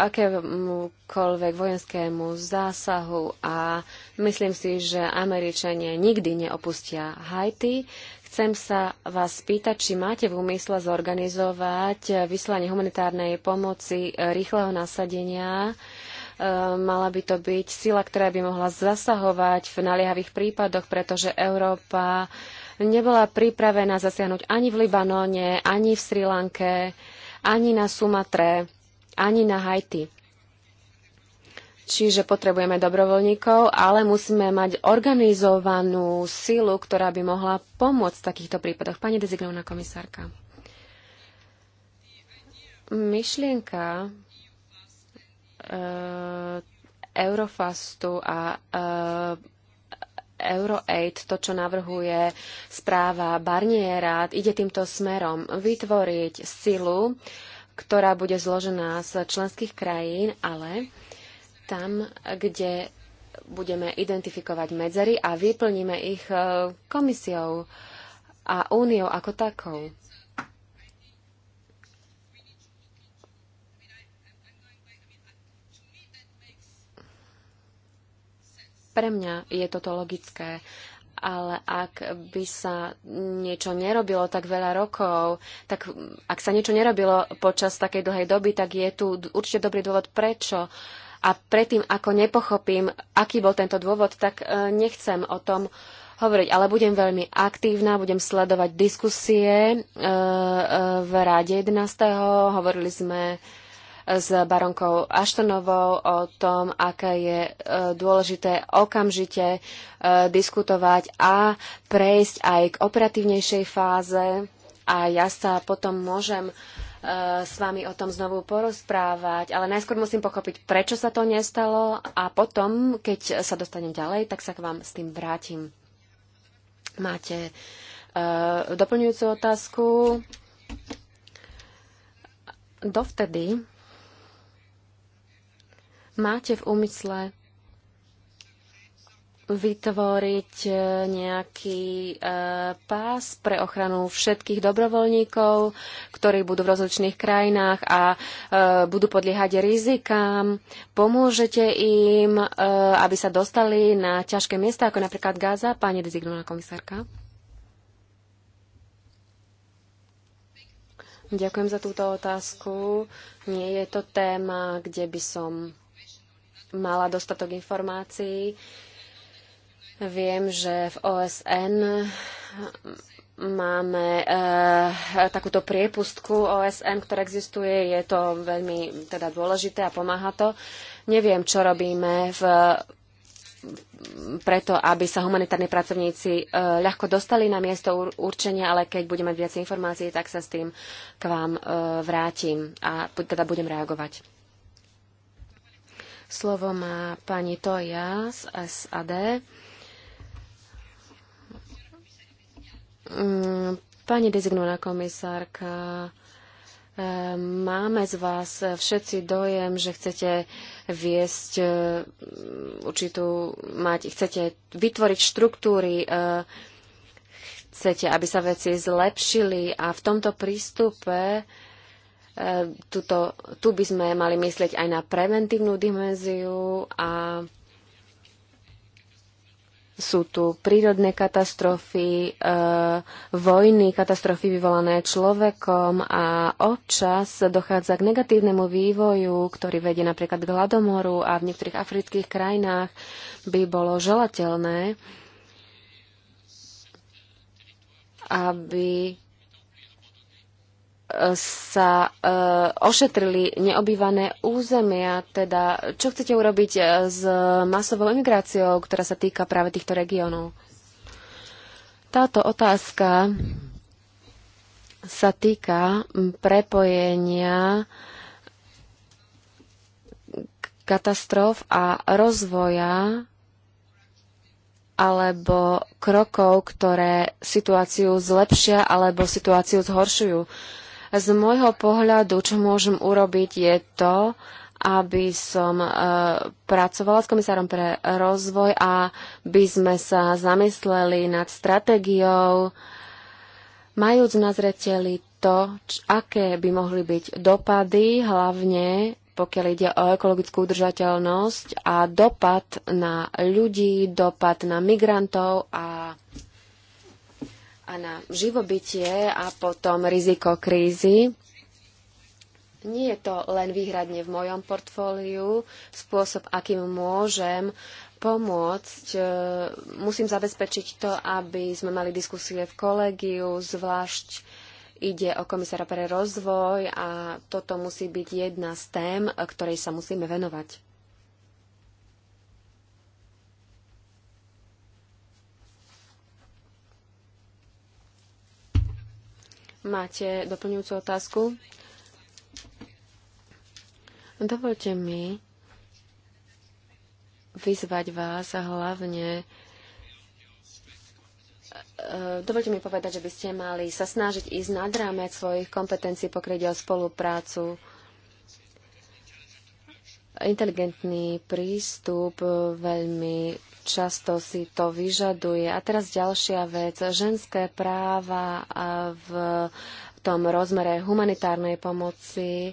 Speaker 1: akémukoľvek vojenskému zásahu a myslím si, že Američania nikdy neopustia Haiti. Chcem sa vás spýtať, či máte v úmysle zorganizovať vyslanie humanitárnej pomoci rýchleho nasadenia Eh, mala by to byť sila, ktorá by mohla zasahovať v naliehavých prípadoch, pretože Európa nebola pripravená zasiahnuť ani v Libanone, ani v Sri Lanke, ani na Sumatre, ani na Haiti. Čiže potrebujeme dobrovoľníkov, ale musíme mať organizovanú silu, ktorá by mohla pomôcť v takýchto prípadoch. Pani dezignovaná komisárka. Myšlienka E, Eurofastu a e, EuroAid, to, čo navrhuje správa Barniera, ide týmto smerom vytvoriť silu, ktorá bude zložená z členských krajín, ale tam, kde budeme identifikovať medzery a vyplníme ich e, komisiou a úniou ako takou. Pre mňa je toto logické ale ak by sa niečo nerobilo tak veľa rokov, tak ak sa niečo nerobilo počas takej dlhej doby, tak je tu určite dobrý dôvod prečo. A predtým, ako nepochopím, aký bol tento dôvod, tak e, nechcem o tom hovoriť, ale budem veľmi aktívna, budem sledovať diskusie e, e, v Rade 11. Hovorili sme s baronkou Aštonovou o tom, aké je e, dôležité okamžite e, diskutovať a prejsť aj k operatívnejšej fáze. A ja sa potom môžem e, s vami o tom znovu porozprávať, ale najskôr musím pochopiť, prečo sa to nestalo a potom, keď sa dostanem ďalej, tak sa k vám s tým vrátim. Máte uh, doplňujúcu otázku? Dovtedy máte v úmysle vytvoriť e, nejaký e, pás pre ochranu všetkých dobrovoľníkov, ktorí budú v rozličných krajinách a e, budú podliehať rizikám. Pomôžete im, aby sa dostali na ťažké miesta, ako napríklad Gaza, pani dezignovaná komisárka? Ďakujem za túto otázku. Nie je to téma, kde by som mala dostatok informácií. Viem, že v OSN máme e, takúto priepustku OSN, ktorá existuje. Je to veľmi teda dôležité a pomáha to. Neviem, čo robíme v, preto, aby sa humanitárni pracovníci eh, ľahko dostali na miesto určenia, ale keď budeme mať viac informácií, tak sa s tým k vám eh, vrátim a teda budem reagovať. Slovo má pani Toja z SAD. Mm, pani dezignovaná komisárka, eh, Máme z vás všetci dojem, že chcete viesť eh, určitú, mať, chcete vytvoriť štruktúry, eh, chcete, aby sa veci zlepšili a v tomto prístupe Tuto, tu by sme mali myslieť aj na preventívnu dimenziu a sú tu prírodné katastrofy, e, vojny, katastrofy vyvolané človekom a občas dochádza k negatívnemu vývoju, ktorý vedie napríklad k hladomoru a v niektorých afrických krajinách by bolo želateľné, aby sa e, ošetrili neobývané územia. Teda, čo chcete urobiť e, s masovou imigráciou, ktorá sa týka práve týchto regiónov? Táto otázka sa týka prepojenia katastrof a rozvoja alebo krokov, ktoré situáciu zlepšia alebo situáciu zhoršujú. Z môjho pohľadu, čo môžem urobiť, je to, aby som e, pracovala s komisárom pre rozvoj a by sme sa zamysleli nad stratégiou, majúc na zreteli to, č, aké by mohli byť dopady, hlavne pokiaľ ide o ekologickú udržateľnosť a dopad na ľudí, dopad na migrantov a a na živobytie a potom riziko krízy. Nie je to len výhradne v mojom portfóliu, spôsob, akým môžem pomôcť. E, musím zabezpečiť to, aby sme mali diskusie v kolegiu, zvlášť ide o komisára pre rozvoj a toto musí byť jedna z tém, ktorej sa musíme venovať. Máte doplňujúcu otázku? Dovolte mi vyzvať vás a hlavne e, Dovolte mi povedať, že by ste mali sa snažiť ísť nad rámec svojich kompetencií, pokryť o spoluprácu, inteligentný prístup, e, veľmi Často si to vyžaduje. A teraz ďalšia vec. Ženské práva v tom rozmere humanitárnej pomoci e,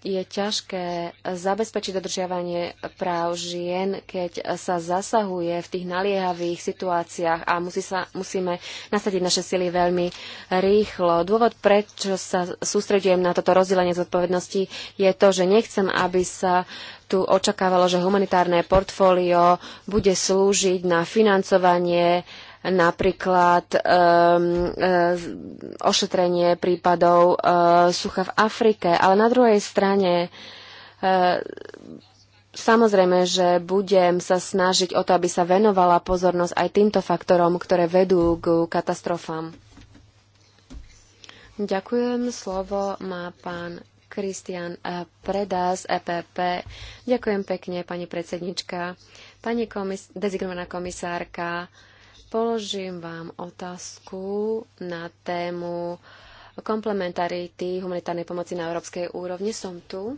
Speaker 1: je ťažké zabezpečiť dodržiavanie práv žien, keď sa zasahuje v tých naliehavých situáciách a musí sa, musíme nasadiť naše sily veľmi rýchlo. Dôvod, prečo sa sústredujem na toto rozdelenie zodpovednosti, je to, že nechcem, aby sa tu očakávalo, že humanitárne portfólio bude slúžiť na financovanie napríklad um, um, ošetrenie prípadov uh, sucha v Afrike. Ale na druhej strane uh, Samozrejme, že budem sa snažiť o to, aby sa venovala pozornosť aj týmto faktorom, ktoré vedú k katastrofám. Ďakujem. Slovo má pán Kristian eh, Predás, EPP. Ďakujem pekne, pani predsednička, pani komis- dezignovaná komisárka. Položím vám otázku na tému komplementarity humanitárnej pomoci na európskej úrovni. Som tu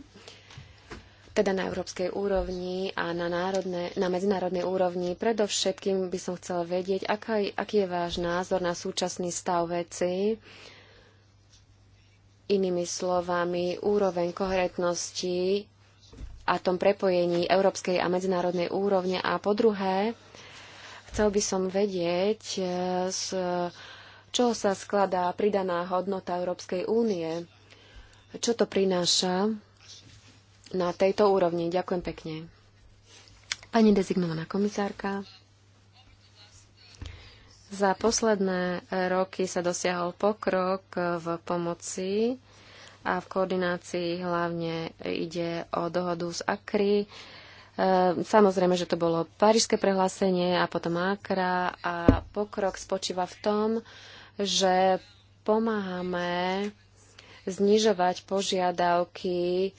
Speaker 1: teda na európskej úrovni a na, národne, na medzinárodnej úrovni. Predovšetkým by som chcela vedieť, aká, aký je váš názor na súčasný stav veci. Inými slovami, úroveň koherentnosti a tom prepojení európskej a medzinárodnej úrovne. A po druhé, Chcel by som vedieť, e, z čoho sa skladá pridaná hodnota Európskej únie. Čo to prináša na tejto úrovni? Ďakujem pekne. Pani dezignovaná komisárka, za posledné roky sa dosiahol pokrok v pomoci a v koordinácii hlavne ide o dohodu z Akry Ehm, samozrejme, že to bolo Parížske prehlásenie a potom Akra a pokrok spočíva v tom, že pomáhame znižovať požiadavky e,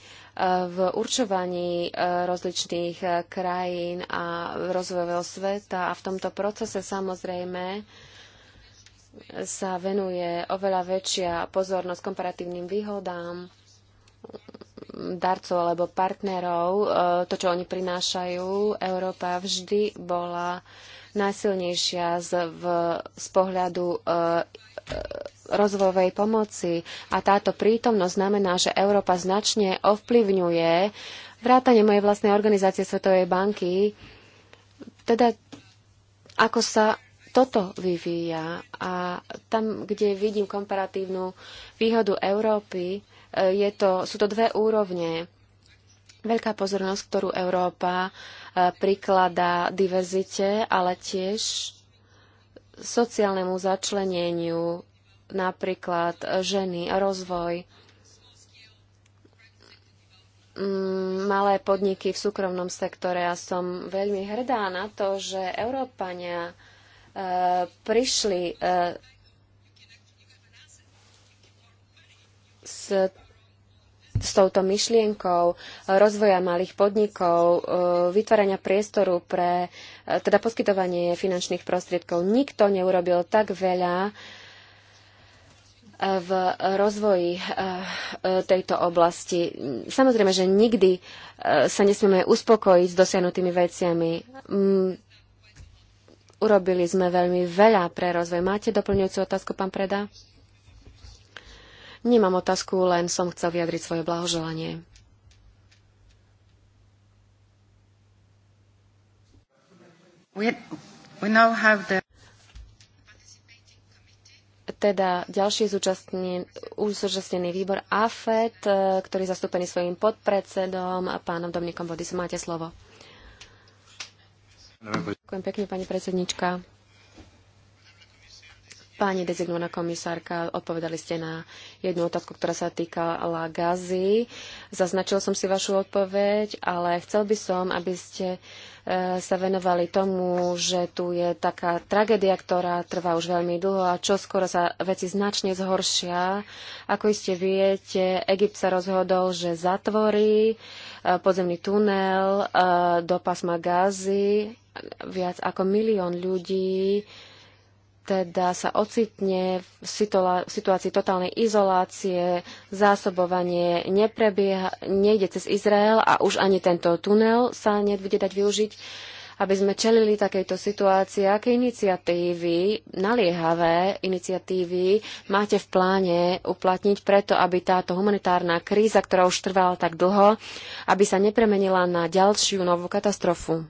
Speaker 1: v určovaní e, rozličných e, krajín a rozvojového sveta a v tomto procese samozrejme sa venuje oveľa väčšia pozornosť komparatívnym výhodám darcov alebo partnerov, e, to, čo oni prinášajú, Európa vždy bola najsilnejšia z, v, z pohľadu e, e, rozvojovej pomoci a táto prítomnosť znamená, že Európa značne ovplyvňuje vrátanie mojej vlastnej organizácie Svetovej banky, teda ako sa toto vyvíja a tam, kde vidím komparatívnu výhodu Európy, Eh, je to, sú to dve úrovne. Veľká pozornosť, ktorú Európa eh, prikladá diverzite, ale tiež sociálnemu začleneniu, napríklad eh, ženy, rozvoj, mm, malé podniky v súkromnom sektore a som veľmi hrdá na to, že Európania prišli s s touto myšlienkou rozvoja malých podnikov, e, vytvárania priestoru pre e, teda poskytovanie finančných prostriedkov. Nikto neurobil tak veľa e, v rozvoji tejto oblasti. Samozrejme, že nikdy sa nesmieme uspokojiť s dosiahnutými veciami. Mm, urobili sme veľmi veľa pre rozvoj. Máte doplňujúcu otázku, pán Preda? Nemám otázku, len som chcel vyjadriť svoje blahoželanie. Teda ďalší zúčastnený, výbor AFET, e, ktorý je zastúpený svojim podpredsedom a pánom Domnikom Bodisom. Máte slovo. Ďakujem pekne, pani predsednička. Pani dezignovaná komisárka, odpovedali ste na jednu otázku, ktorá sa týkala gazy. Zaznačil som si vašu odpoveď, ale chcel by som, aby ste e, sa venovali tomu, že tu je taká tragédia, ktorá trvá už veľmi dlho a čo skoro sa veci značne zhoršia. Ako iste viete, Egypt sa rozhodol, že zatvorí e, podzemný tunel e, do pasma gazy. Viac ako milión ľudí teda sa ocitne v situácii totálnej izolácie, zásobovanie neprebieha, nejde cez Izrael a už ani tento tunel sa nebude dať využiť. Aby sme čelili takejto situácii, aké iniciatívy, naliehavé iniciatívy máte v pláne uplatniť preto, aby táto humanitárna kríza, ktorá už trvala tak dlho, aby sa nepremenila na ďalšiu novú katastrofu?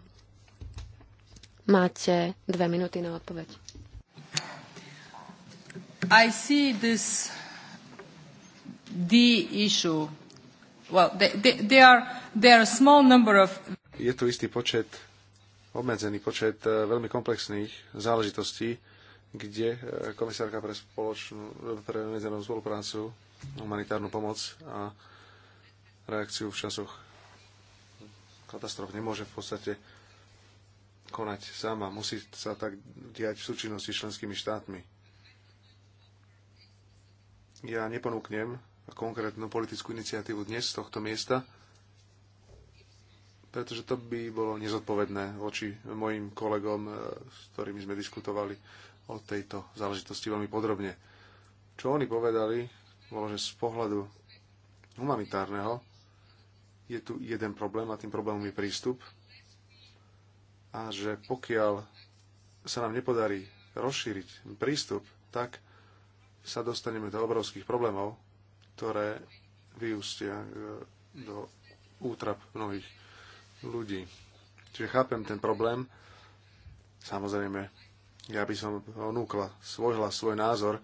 Speaker 1: Máte dve minúty na odpoveď. I
Speaker 3: see this the issue. Well, they, are, there are a small number of...
Speaker 2: Je tu istý počet, obmedzený počet eh, veľmi komplexných záležitostí, kde eh, komisárka pre, spoločnú, pre medzinárodnú spoluprácu, humanitárnu pomoc a reakciu v časoch katastrof nemôže v podstate konať sama. Musí sa tak diať v súčinnosti s členskými štátmi ja neponúknem konkrétnu politickú iniciatívu dnes z tohto miesta, pretože to by bolo nezodpovedné voči mojim kolegom, eh, s ktorými sme diskutovali o tejto záležitosti veľmi podrobne. Čo oni povedali, bolo, že z pohľadu humanitárneho je tu jeden problém a tým problémom je prístup a že pokiaľ sa nám nepodarí rozšíriť prístup tak, sa dostaneme do obrovských problémov, ktoré vyústia e, do útrap mnohých ľudí. Čiže chápem ten problém. Samozrejme, ja by som onúkla svoj hlas, svoj názor,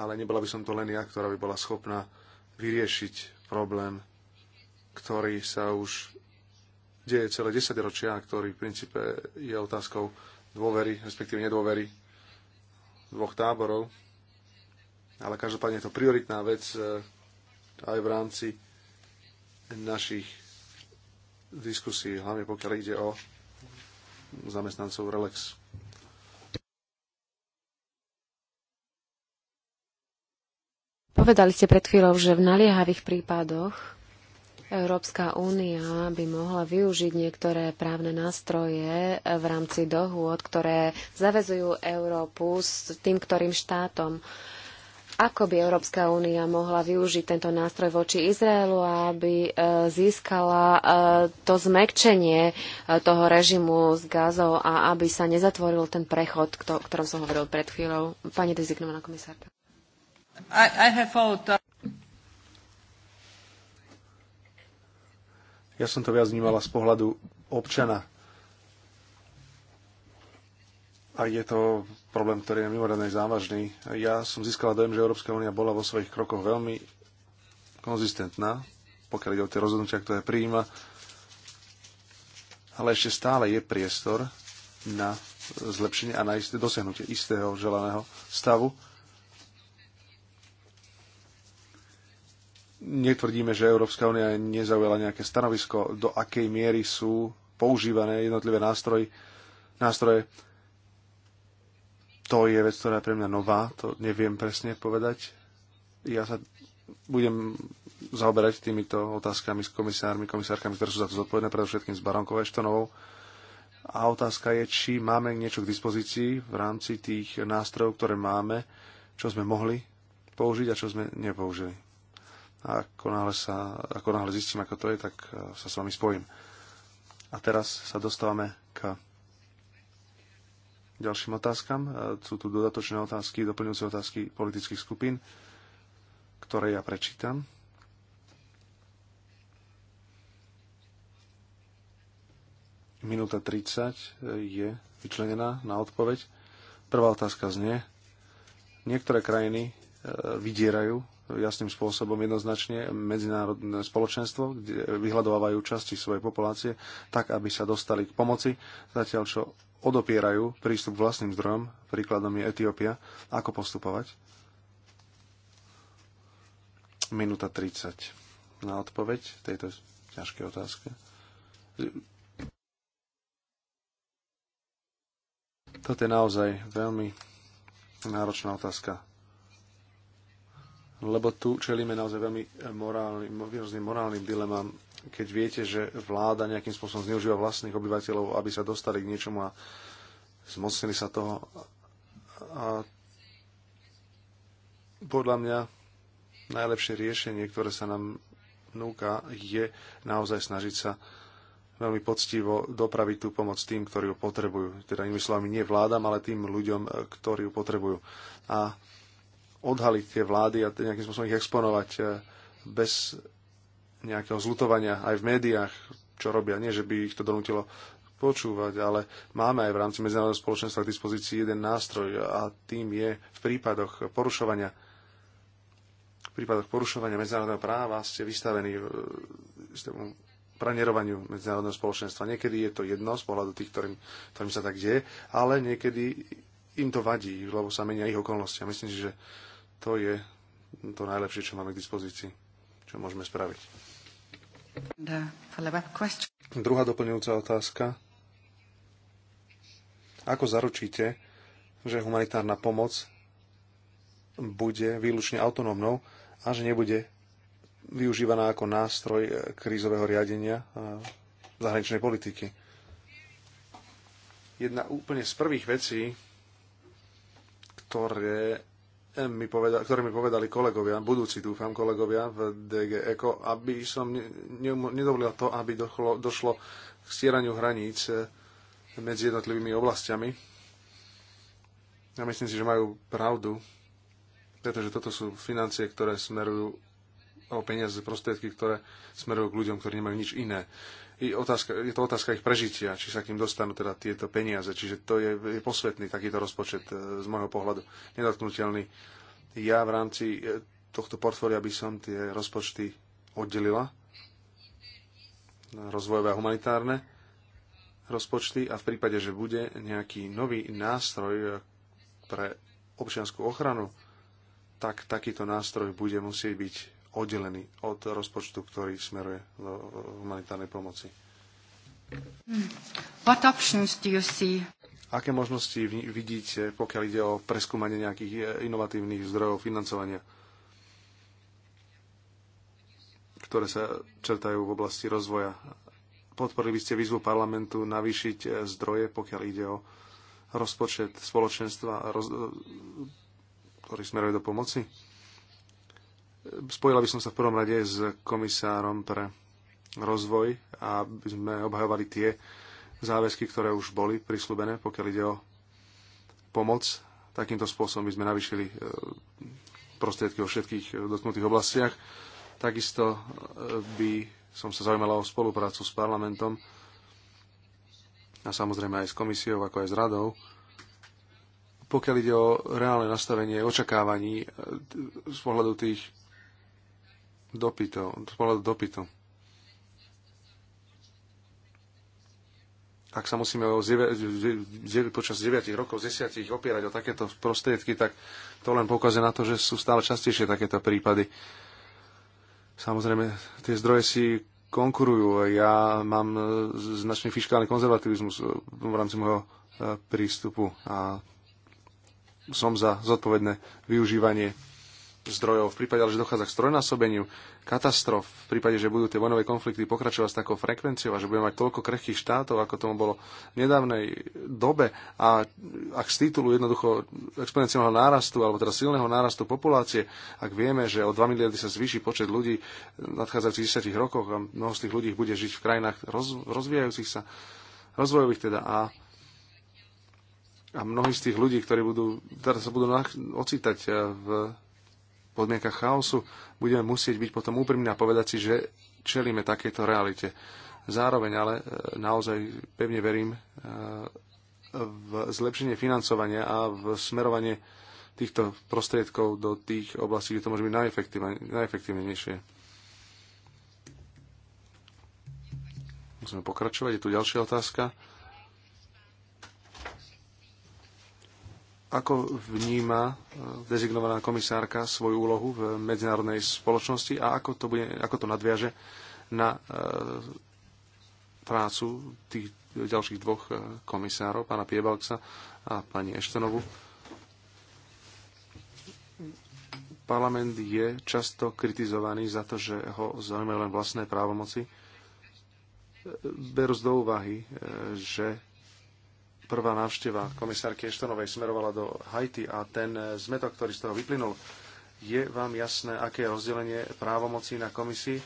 Speaker 2: ale nebola by som to len ja, ktorá by bola schopná vyriešiť problém, ktorý sa už deje celé 10 ročia, ktorý v princípe je otázkou dôvery, respektíve nedôvery dvoch táborov, ale každopádne je to prioritná vec e, aj v rámci našich diskusí, hlavne pokiaľ ide o zamestnancov Relax.
Speaker 1: Povedali ste pred chvíľou, že v naliehavých prípadoch Európska únia by mohla využiť niektoré právne nástroje v rámci dohôd, ktoré zavezujú Európu s tým, ktorým štátom. Uh, ako by Európska únia mohla využiť tento nástroj voči Izraelu, aby e, získala e, to zmekčenie e, toho režimu s gázou a aby sa nezatvoril ten prechod, o ktorom som hovoril pred chvíľou. Pani dezignovaná komisárka.
Speaker 3: I, I
Speaker 2: ja som to viac vnímala z pohľadu občana a je to problém, ktorý je mimoriadne závažný. Ja som získala dojem, že Európska únia bola vo svojich krokoch veľmi konzistentná, pokiaľ ide o tie rozhodnutia, ktoré prijíma, ale ešte stále je priestor na zlepšenie a na isté dosiahnutie istého želaného stavu. Netvrdíme, že Európska únia nezaujala nejaké stanovisko, do akej miery sú používané jednotlivé nástroje, nástroje to je vec, ktorá je pre mňa nová, to neviem presne povedať. Ja sa budem zaoberať týmito otázkami s komisármi, komisárkami, ktoré sú za to zodpovedné, predovšetkým s Baronkou Eštonovou. A otázka je, či máme niečo k dispozícii v rámci tých nástrojov, ktoré máme, čo sme mohli použiť a čo sme nepoužili. A ako náhle, sa, ako náhle zistím, ako to je, tak sa s vami spojím. A teraz sa dostávame ďalším otázkam. E, sú tu dodatočné otázky, doplňujúce otázky politických skupín, ktoré ja prečítam. Minúta 30 e, je vyčlenená na odpoveď. Prvá otázka znie. Niektoré krajiny e, vydierajú jasným spôsobom jednoznačne medzinárodné spoločenstvo, kde vyhľadovávajú časti svojej populácie, tak aby sa dostali k pomoci, zatiaľ čo odopierajú prístup k vlastným zdrojom, príkladom je Etiópia, ako postupovať? Minúta 30 na odpoveď tejto ťažkej otázke. Toto je naozaj veľmi náročná otázka lebo tu čelíme naozaj veľmi morálnym, výrazným morálnym dilemám, keď viete, že vláda nejakým spôsobom zneužíva vlastných obyvateľov, aby sa dostali k niečomu a zmocnili sa toho. A podľa mňa najlepšie riešenie, ktoré sa nám núka, je naozaj snažiť sa veľmi poctivo dopraviť tú pomoc tým, ktorí ju potrebujú. Teda inými slovami nie vládam, ale tým ľuďom, ktorí ju potrebujú. A odhaliť tie vlády a nejakým spôsobom ich exponovať e, bez nejakého zlutovania aj v médiách, čo robia. Nie, že by ich to donútilo počúvať, ale máme aj v rámci medzinárodného spoločenstva k dispozícii jeden nástroj a tým je v prípadoch porušovania v prípadoch porušovania medzinárodného práva ste vystavení e, pranierovaniu medzinárodného spoločenstva. Niekedy je to jedno z pohľadu tých, ktorým, ktorým sa tak deje, ale niekedy im to vadí, lebo sa menia ich okolnosti. A myslím si, že to je to najlepšie, čo máme k dispozícii, čo môžeme spraviť. Uh, Druhá doplňujúca otázka. Ako zaručíte, že humanitárna pomoc bude výlučne autonómnou a že nebude využívaná ako nástroj eh, krízového riadenia a eh, zahraničnej politiky. Jedna úplne z prvých vecí, ktoré mi poveda- ktoré mi povedali kolegovia, budúci dúfam kolegovia v DG ECO, aby som ne- nedovolil to, aby dochlo, došlo k stieraniu hraníc eh, medzi jednotlivými oblastiami. Ja myslím si, že majú pravdu, pretože toto sú financie, ktoré smerujú o peniaze, prostriedky, ktoré smerujú k ľuďom, ktorí nemajú nič iné je, otázka, je to otázka ich prežitia, či sa k ním dostanú teda tieto peniaze. Čiže to je, je posvetný takýto rozpočet e, z môjho pohľadu, nedotknutelný. Ja v rámci e, tohto portfólia by som tie rozpočty oddelila na rozvojové a humanitárne rozpočty a v prípade, že bude nejaký nový nástroj e, pre občianskú ochranu, tak takýto nástroj bude musieť byť oddelený od rozpočtu, ktorý smeruje do humanitárnej pomoci.
Speaker 3: Hmm. What
Speaker 2: options do you see? Aké možnosti vidíte, pokiaľ ide o preskúmanie nejakých eh, inovatívnych zdrojov financovania, ktoré sa čertajú v oblasti rozvoja? Podporili by ste výzvu parlamentu navýšiť eh, zdroje, pokiaľ ide o rozpočet spoločenstva, roz, eh, ktorý smeruje do pomoci? Spojila by som sa v prvom rade s komisárom pre rozvoj a by sme obhajovali tie záväzky, ktoré už boli prislúbené, pokiaľ ide o pomoc. Takýmto spôsobom by sme navýšili e, prostriedky vo všetkých dotknutých oblastiach. Takisto e, by som sa zaujímala o spoluprácu s parlamentom a samozrejme aj s komisiou, ako aj s radou. Pokiaľ ide o reálne nastavenie očakávaní e, z pohľadu tých dopytov, z pohľadu dopytov. Ak sa musíme o zjeve, zjeve, počas 9 rokov, 10 opierať o takéto prostriedky, tak to len poukazuje na to, že sú stále častejšie takéto prípady. Samozrejme, tie zdroje si konkurujú. Ja mám e, značný fiskálny konzervativizmus e, v rámci môjho e, prístupu a som za zodpovedné využívanie zdrojov, v prípade, že dochádza k strojnásobeniu katastrof, v prípade, že budú tie vojnové konflikty pokračovať s takou frekvenciou a že budeme mať toľko krehkých štátov, ako tomu bolo v nedávnej dobe a ak z titulu jednoducho exponenciálneho nárastu alebo teda silného nárastu populácie, ak vieme, že o 2 miliardy sa zvýši počet ľudí v nadchádzajúcich 10 rokoch a mnoho z tých ľudí bude žiť v krajinách roz, rozvíjajúcich sa, rozvojových teda a a mnohí z tých ľudí, ktorí budú, teraz sa budú ocitať e, v podmienkach chaosu, budeme musieť byť potom úprimní a povedať si, že čelíme takéto realite. Zároveň ale e, naozaj pevne verím e, v zlepšenie financovania a v smerovanie týchto prostriedkov do tých oblastí, kde to môže byť najefektívnejšie. Musíme pokračovať. Je tu ďalšia otázka. Ako vníma e, dezignovaná komisárka svoju úlohu v medzinárodnej spoločnosti a ako to, bude, ako to nadviaže na e, prácu tých ďalších dvoch e, komisárov, pána Piebalksa a pani Eštenovu? Parlament je často kritizovaný za to, že ho zaujímajú len vlastné právomoci. Berú z do úvahy, že Prvá návšteva komisárky Eštonovej smerovala do Haiti a ten zmetok, ktorý z toho vyplynul, je vám jasné, aké je rozdelenie právomocí na komisii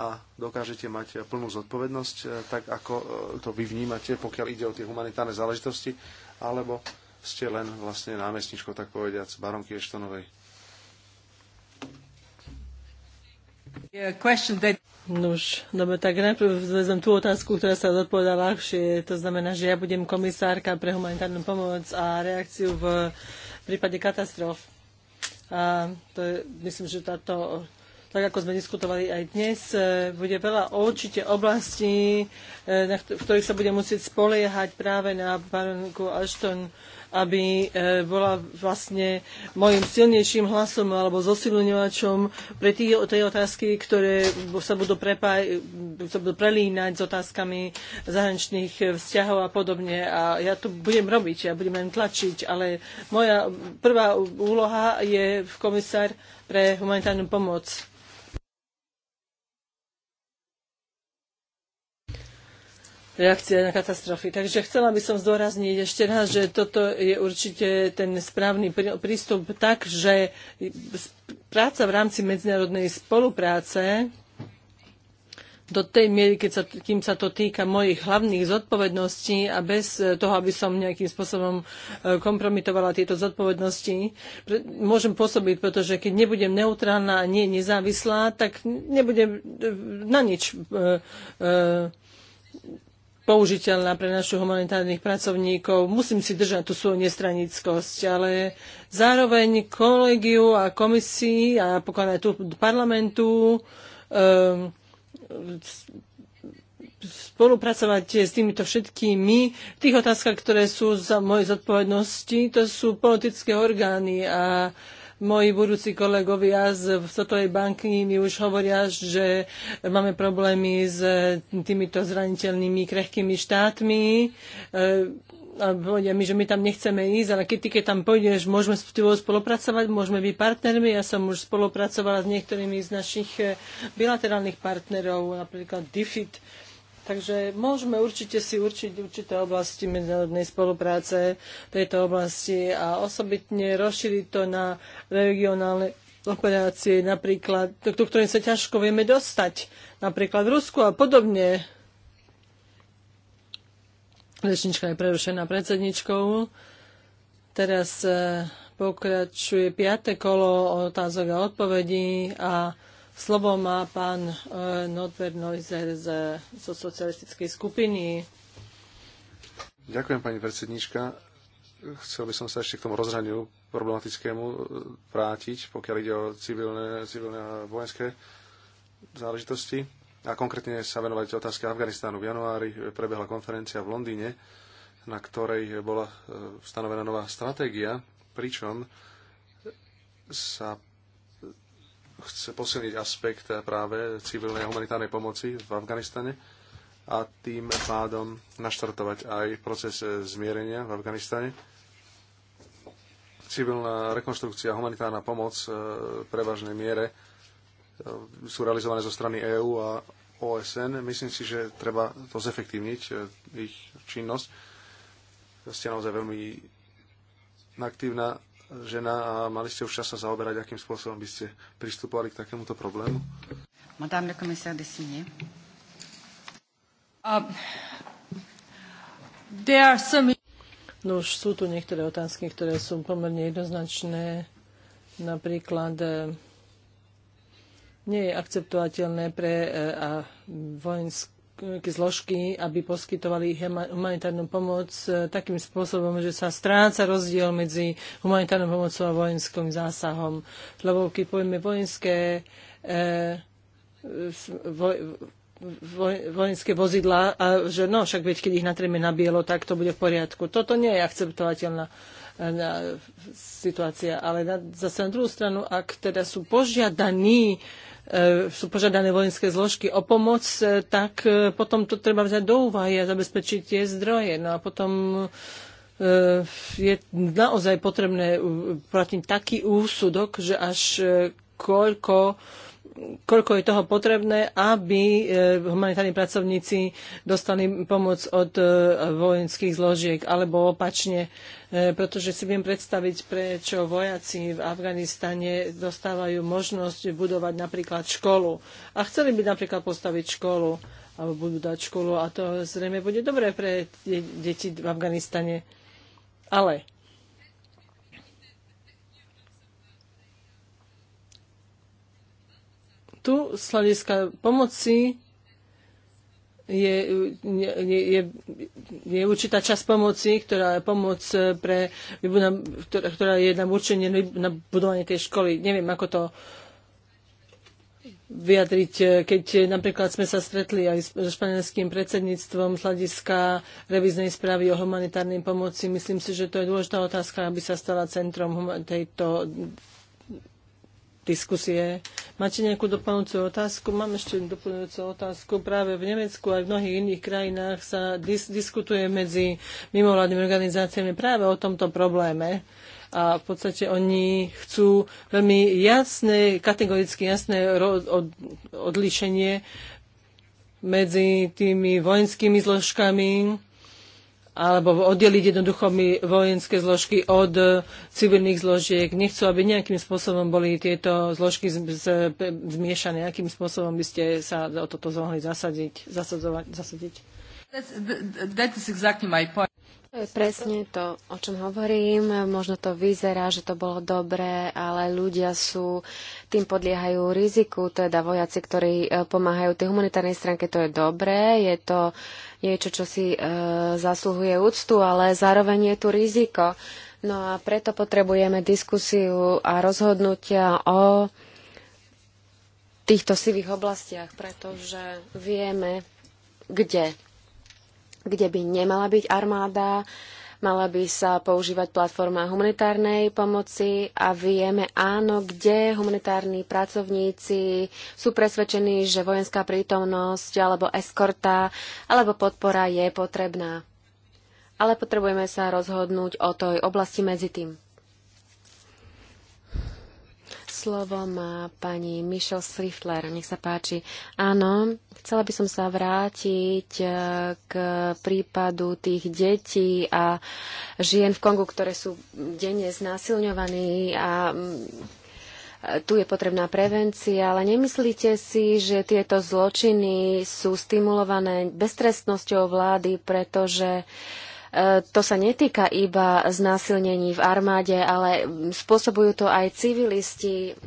Speaker 2: a dokážete mať plnú zodpovednosť, eh, tak ako eh, to vy vnímate, pokiaľ ide o tie humanitárne záležitosti, alebo ste len vlastne námestničko, tak povediac, baronky Eštonovej.
Speaker 3: Nuž, dobre, tak najprv zvezem tú otázku, ktorá sa odpovedá ľahšie. To znamená, že ja budem komisárka pre humanitárnu pomoc a reakciu v prípade katastrof. A to je, myslím, že táto tak ako sme diskutovali aj dnes, e, bude veľa určite oblastí, e, v ktorých sa bude musieť spoliehať práve na baronku Ashton aby e, bola vlastne mojim silnejším hlasom alebo zosilňovačom pre tie, tie otázky, ktoré sa budú, prepaj, sa budú prelínať s otázkami zahraničných vzťahov a podobne. A ja to budem robiť, ja budem len tlačiť, ale moja prvá úloha je komisár pre humanitárnu pomoc reakcia na katastrofy. Takže chcela by som zdôrazniť ešte raz, že toto je určite ten správny prístup tak, že práca v rámci medzinárodnej spolupráce do tej miery, keď sa, kým sa to týka mojich hlavných zodpovedností a bez toho, aby som nejakým spôsobom e, kompromitovala tieto zodpovednosti, môžem pôsobiť, pretože keď nebudem neutrálna a nie nezávislá, tak nebudem e, na nič e, e použiteľná pre našich humanitárnych pracovníkov. Musím si držať tú svoju nestranickosť, ale zároveň kolegiu a komisii a napokon aj tu parlamentu um, spolupracovať s týmito všetkými v tých otázkach, ktoré sú za mojej zodpovednosti. To sú politické orgány a uh, moji budúci kolegovia z Svetovej banky mi už hovoria, že máme problémy s týmito zraniteľnými krehkými štátmi e, a povedia mi, že my tam nechceme ísť, ale keď ty keď tam pôjdeš, môžeme s tebou spolupracovať, môžeme byť partnermi. Ja som už spolupracovala s niektorými z našich e, bilaterálnych partnerov, napríklad DFID, Takže môžeme určite si určiť určité oblasti medzinárodnej spolupráce v tejto oblasti a osobitne rozšíriť to na regionálne operácie, napríklad, do ktorým sa ťažko vieme dostať, napríklad v Rusku a podobne. Rečnička je prerušená predsedničkou. Teraz eh, pokračuje piate kolo otázok a odpovedí a Slovo má pán e, Notver Neuser z, zo socialistickej skupiny.
Speaker 2: Ďakujem, pani predsednička. Chcel by som sa ešte k tomu rozhraniu problematickému e, vrátiť, pokiaľ ide o civilné, civilné a vojenské záležitosti. A konkrétne sa venovať otázke Afganistánu. V januári prebehla konferencia v Londýne, na ktorej bola e, stanovená nová stratégia, pričom sa chce posilniť aspekt eh, práve civilnej a humanitárnej pomoci v Afganistane a tým pádom naštartovať aj proces eh, zmierenia v Afganistane. Civilná rekonštrukcia a humanitárna pomoc eh, v prevažnej miere sú realizované zo strany EÚ a OSN. Myslím si, že treba to zefektívniť, ich činnosť. Ste naozaj veľmi aktívna žena a mali ste už čas sa zaoberať, akým spôsobom by ste pristupovali k takémuto problému?
Speaker 3: Madame la commissaire de Signe. Um, uh, there are some... No už sú tu niektoré otázky, ktoré sú pomerne jednoznačné. Napríklad eh, nie je akceptovateľné pre eh, a vojenské zložky, aby poskytovali humanitárnu pomoc e, takým spôsobom, že sa stráca rozdiel medzi humanitárnou pomocou a vojenským zásahom. Lebo keď povieme vojenské e, vojenské vozidlá a že no, však veď keď ich natrieme na bielo, tak to bude v poriadku. Toto nie je akceptovateľná e, situácia. Ale na, zase na druhú stranu, ak teda sú požiadaní E, sú požiadané vojenské zložky o pomoc, e, tak e, potom to treba vziať do úvahy a zabezpečiť tie zdroje. No a potom je naozaj potrebné uplatniť taký úsudok, že až koľko koľko je toho potrebné, aby eh, humanitárni pracovníci dostali pomoc od eh, vojenských zložiek, alebo opačne, eh, pretože si viem predstaviť, prečo vojaci v Afganistane dostávajú možnosť budovať napríklad školu. A chceli by napríklad postaviť školu, alebo budú dať školu a to zrejme bude dobré pre deti v Afganistane. Ale tu z hľadiska pomoci je, je, je, je určitá časť pomoci, ktorá je pomoc eh, pre, ktorá, je na určenie na budovanie tej školy. Neviem, ako to vyjadriť, eh, keď eh, napríklad sme sa stretli aj s španielským predsedníctvom z hľadiska reviznej správy o humanitárnej pomoci. Myslím si, že to je dôležitá otázka, aby sa stala centrom tejto diskusie. Máte nejakú doplňujúcu otázku? Mám ešte doplňujúcu otázku. Práve v Nemecku aj v mnohých iných krajinách sa dis- diskutuje medzi mimovládnymi organizáciami práve o tomto probléme a v podstate oni chcú veľmi jasné, kategoricky jasné odlíšenie medzi tými vojenskými zložkami alebo oddeliť jednoducho my vojenské zložky od e, civilných zložiek. Nechcú, aby nejakým spôsobom boli tieto zložky zmiešané. Akým spôsobom by ste sa o toto zohli zasadiť? zasadiť? That's, that is exactly my point.
Speaker 1: Presne to, o čom hovorím. Možno to vyzerá, že to bolo dobré, ale ľudia sú, tým podliehajú riziku, teda vojaci, ktorí e, pomáhajú tej humanitárnej stránke, to je dobré, je to niečo, čo si e, zasluhuje úctu, ale zároveň je tu riziko. No a preto potrebujeme diskusiu a rozhodnutia o týchto sivých oblastiach, pretože vieme, kde. Kde by nemala byť armáda, Mala by sa používať platforma humanitárnej pomoci a vieme áno, kde humanitárni pracovníci sú presvedčení, že vojenská prítomnosť alebo eskorta alebo podpora je potrebná. Ale potrebujeme sa rozhodnúť o tej oblasti medzi tým. Slovo má pani Michelle Schriftler. Nech sa páči. Áno, chcela by som sa vrátiť eh, k prípadu tých detí a žien v Kongu, ktoré sú denne znásilňovaní a mm, eh, tu je potrebná prevencia, ale nemyslíte si, že tieto zločiny sú stimulované beztrestnosťou vlády, pretože uh, E, to sa netýka iba znásilnení v armáde, ale spôsobujú to aj civilisti.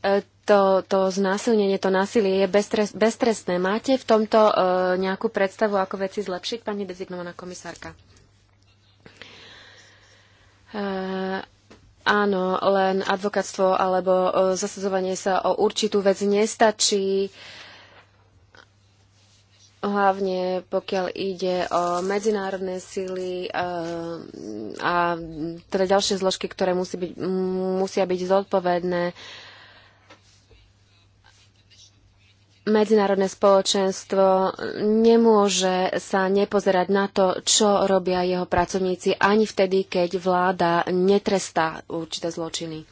Speaker 1: E, to, to znásilnenie, to násilie je beztres, beztrestné. Máte v tomto e, nejakú predstavu, ako veci zlepšiť, pani dezignovaná komisárka? Áno, len advokatstvo alebo zasadzovanie sa o určitú vec nestačí. Uh, hlavne pokiaľ ide o medzinárodné sily eh, a teda ďalšie zložky, ktoré musí byť, musia byť zodpovedné medzinárodné spoločenstvo nemôže sa nepozerať na to, čo robia jeho pracovníci ani vtedy, keď vláda netrestá určité zločiny.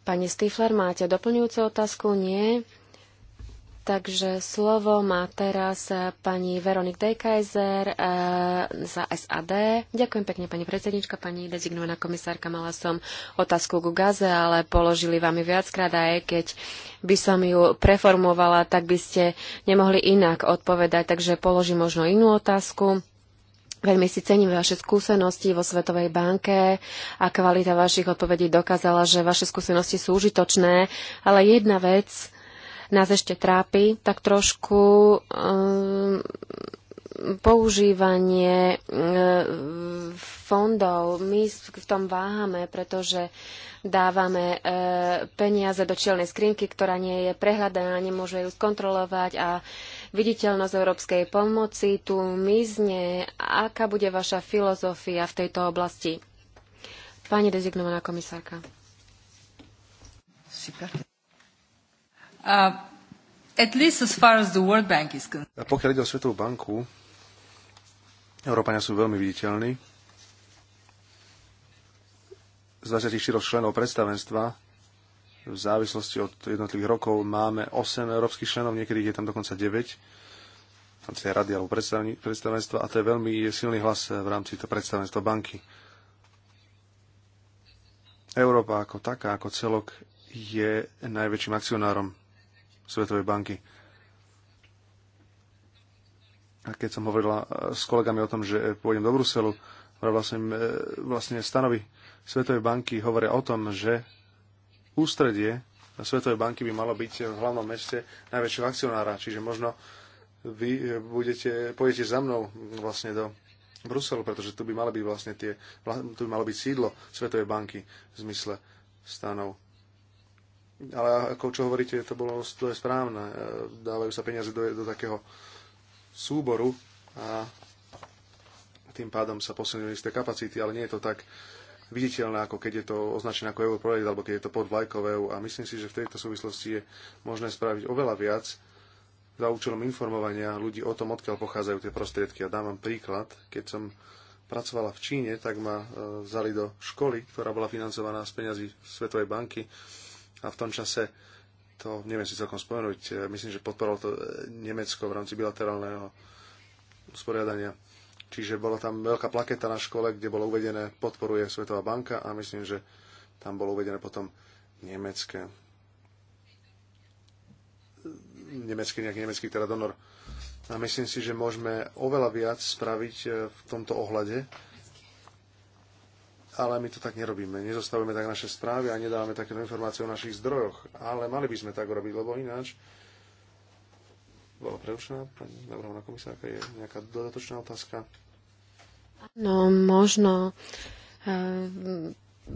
Speaker 1: Pani Stifler, máte doplňujúcu otázku? Nie. Takže slovo má teraz eh, pani Veronik Dejkajzer e, eh, za SAD. Ďakujem pekne, pani predsednička, pani dezignovaná komisárka. Mala som otázku ku Gaze, ale položili vám ju viackrát aj keď by som ju preformovala, tak by ste nemohli inak odpovedať, takže položím možno inú otázku. Veľmi si cením vaše skúsenosti vo Svetovej banke a kvalita vašich odpovedí dokázala, že vaše skúsenosti sú užitočné, ale jedna vec, nás ešte trápi, tak trošku e, používanie e, fondov. My v tom váhame, pretože dávame e, peniaze do čielnej skrinky, ktorá nie je prehľadaná, nemôže ju skontrolovať a viditeľnosť európskej pomoci tu mizne. Aká bude vaša filozofia v tejto oblasti? Pani dezignovaná komisárka. Uh,
Speaker 2: pokiaľ ide o Svetovú banku, Európania sú veľmi viditeľní. Z 24 členov predstavenstva v závislosti od jednotlivých rokov máme 8 európskych členov, niekedy je tam dokonca 9 v rámci rady alebo predstavenstva a to je veľmi silný hlas v rámci to predstavenstva banky. Európa ako taká, ako celok je najväčším akcionárom Svetovej banky. A keď som hovorila e, s kolegami o tom, že e, pôjdem do Bruselu, vlastne, vlastne stanovy Svetovej banky hovoria o tom, že ústredie Svetovej banky by malo byť v hlavnom meste najväčšieho akcionára. Čiže možno vy e, budete, pôjdete za mnou vlastne do Bruselu, pretože tu by malo byť vlastne tie, tu by malo byť sídlo Svetovej banky v zmysle stanov ale ako čo hovoríte, to bolo to je správne. E, dávajú sa peniaze do, do takého súboru a tým pádom sa posilňujú isté kapacity, ale nie je to tak viditeľné, ako keď je to označené ako europrojekt, alebo keď je to pod vlajkovou. E a myslím si, že v tejto súvislosti je možné spraviť oveľa viac za účelom informovania ľudí o tom, odkiaľ pochádzajú tie prostriedky. A dám vám príklad. Keď som pracovala v Číne, tak ma e, vzali do školy, ktorá bola financovaná z peňazí Svetovej banky a v tom čase, to neviem si celkom spomenúť, myslím, že podporovalo to Nemecko v rámci bilaterálneho usporiadania. Čiže bola tam veľká plaketa na škole, kde bolo uvedené podporuje Svetová banka a myslím, že tam bolo uvedené potom nemecké nemecký, nejaký nemecký teda donor. A myslím si, že môžeme oveľa viac spraviť v tomto ohľade, ale my to tak nerobíme. Nezostavujeme tak naše správy a nedávame takéto informácie o našich zdrojoch. Ale mali by sme tak robiť, lebo ináč bola preučená pani navrhovaná komisárka. Je nejaká dodatočná otázka?
Speaker 1: No, možno eh,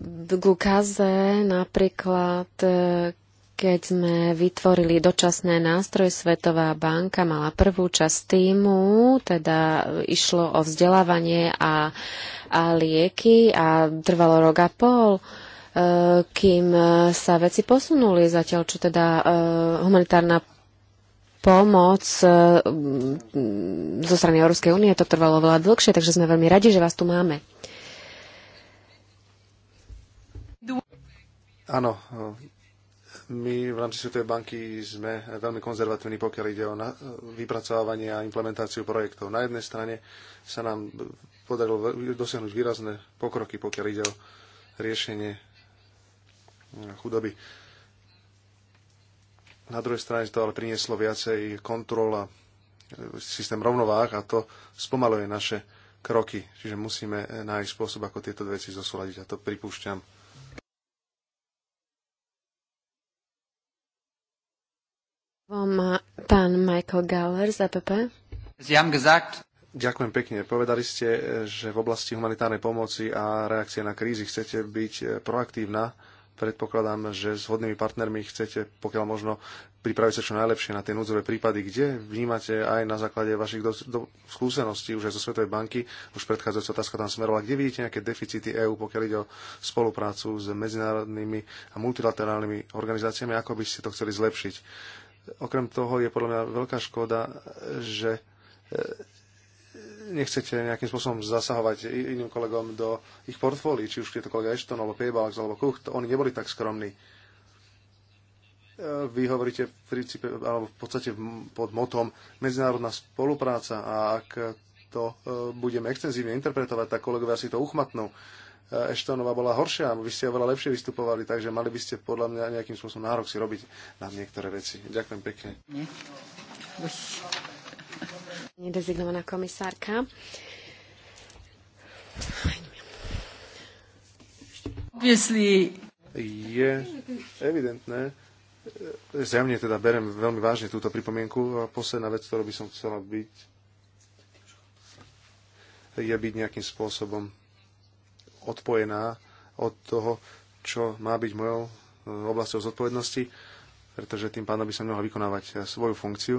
Speaker 1: v Gukaze napríklad eh, keď sme vytvorili dočasné nástroj, Svetová banka mala prvú časť týmu, teda išlo o vzdelávanie a, a lieky a trvalo rok a pol e, kým sa veci posunuli, zatiaľ čo teda e, humanitárna pomoc e, zo strany Európskej únie to trvalo veľa dlhšie, takže sme veľmi radi, že vás tu máme.
Speaker 2: Áno, my v rámci Svetovej banky sme veľmi konzervatívni, pokiaľ ide o vypracovávanie a implementáciu projektov. Na jednej strane sa nám podarilo dosiahnuť výrazné pokroky, pokiaľ ide o riešenie eh, chudoby. Na druhej strane to ale prinieslo viacej kontrol a eh, systém rovnováh a to spomaluje naše kroky. Čiže musíme eh, nájsť spôsob, ako tieto veci zosúľadiť a to pripúšťam
Speaker 1: Pán Michael Galler z APP.
Speaker 2: Ďakujem pekne. Povedali ste, že v oblasti humanitárnej pomoci a reakcie na krízy chcete byť e, proaktívna. Predpokladám, že s hodnými partnermi chcete, pokiaľ možno, pripraviť sa čo najlepšie na tie núdzové prípady, kde vnímate aj na základe vašich do, do, skúseností už aj zo Svetovej banky, už predchádzajúca otázka tam smerovala, kde vidíte nejaké deficity EÚ, pokiaľ ide o spoluprácu s medzinárodnými a multilaterálnymi organizáciami, ako by ste to chceli zlepšiť Okrem toho je podľa mňa veľká škoda, že e, nechcete nejakým spôsobom zasahovať iným kolegom do ich portfólií, či už je to kolega Ashton, alebo Piebalgs, alebo to oni neboli tak skromní. E, vy hovoríte v princípe, alebo v podstate pod motom medzinárodná spolupráca a ak to e, budeme extenzívne interpretovať, tak kolegovia si to uchmatnú. Eštonova bola horšia, vy ste oveľa lepšie vystupovali, takže mali by ste podľa mňa nejakým spôsobom nárok si robiť na niektoré veci. Ďakujem pekne.
Speaker 1: Nedezignovaná komisárka. Obviously.
Speaker 2: Je evidentné, zjavne teda berem veľmi vážne túto pripomienku a posledná vec, ktorú by som chcela byť, je byť nejakým spôsobom odpojená od toho, čo má byť mojou e, oblasťou zodpovednosti, pretože tým pádom by som mohla vykonávať e, svoju funkciu.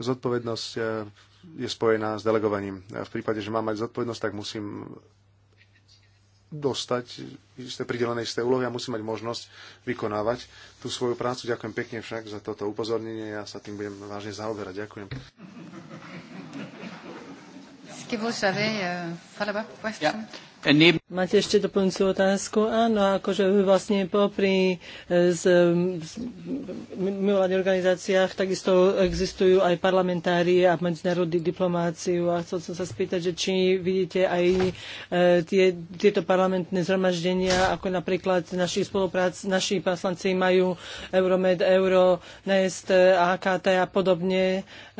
Speaker 2: Zodpovednosť e, je spojená s delegovaním. V prípade, že mám mať zodpovednosť, tak musím dostať isté pridelené isté úlohy a musím mať možnosť vykonávať tú svoju prácu. Ďakujem pekne však za toto upozornenie a ja sa tým budem vážne zaoberať. Ďakujem.
Speaker 3: Est-ce que vous savez, euh, Máte ešte doplňujúcu otázku? Áno, akože vlastne popri e, z, z mimovládnych organizáciách takisto existujú aj parlamentári a medzinárodní diplomáciu a chcel som sa spýtať, že či vidíte aj e, tie, tieto parlamentné zhromaždenia, ako napríklad naši spoluprác, naši poslanci majú Euromed, Euro, Nest, AKT a podobne. E,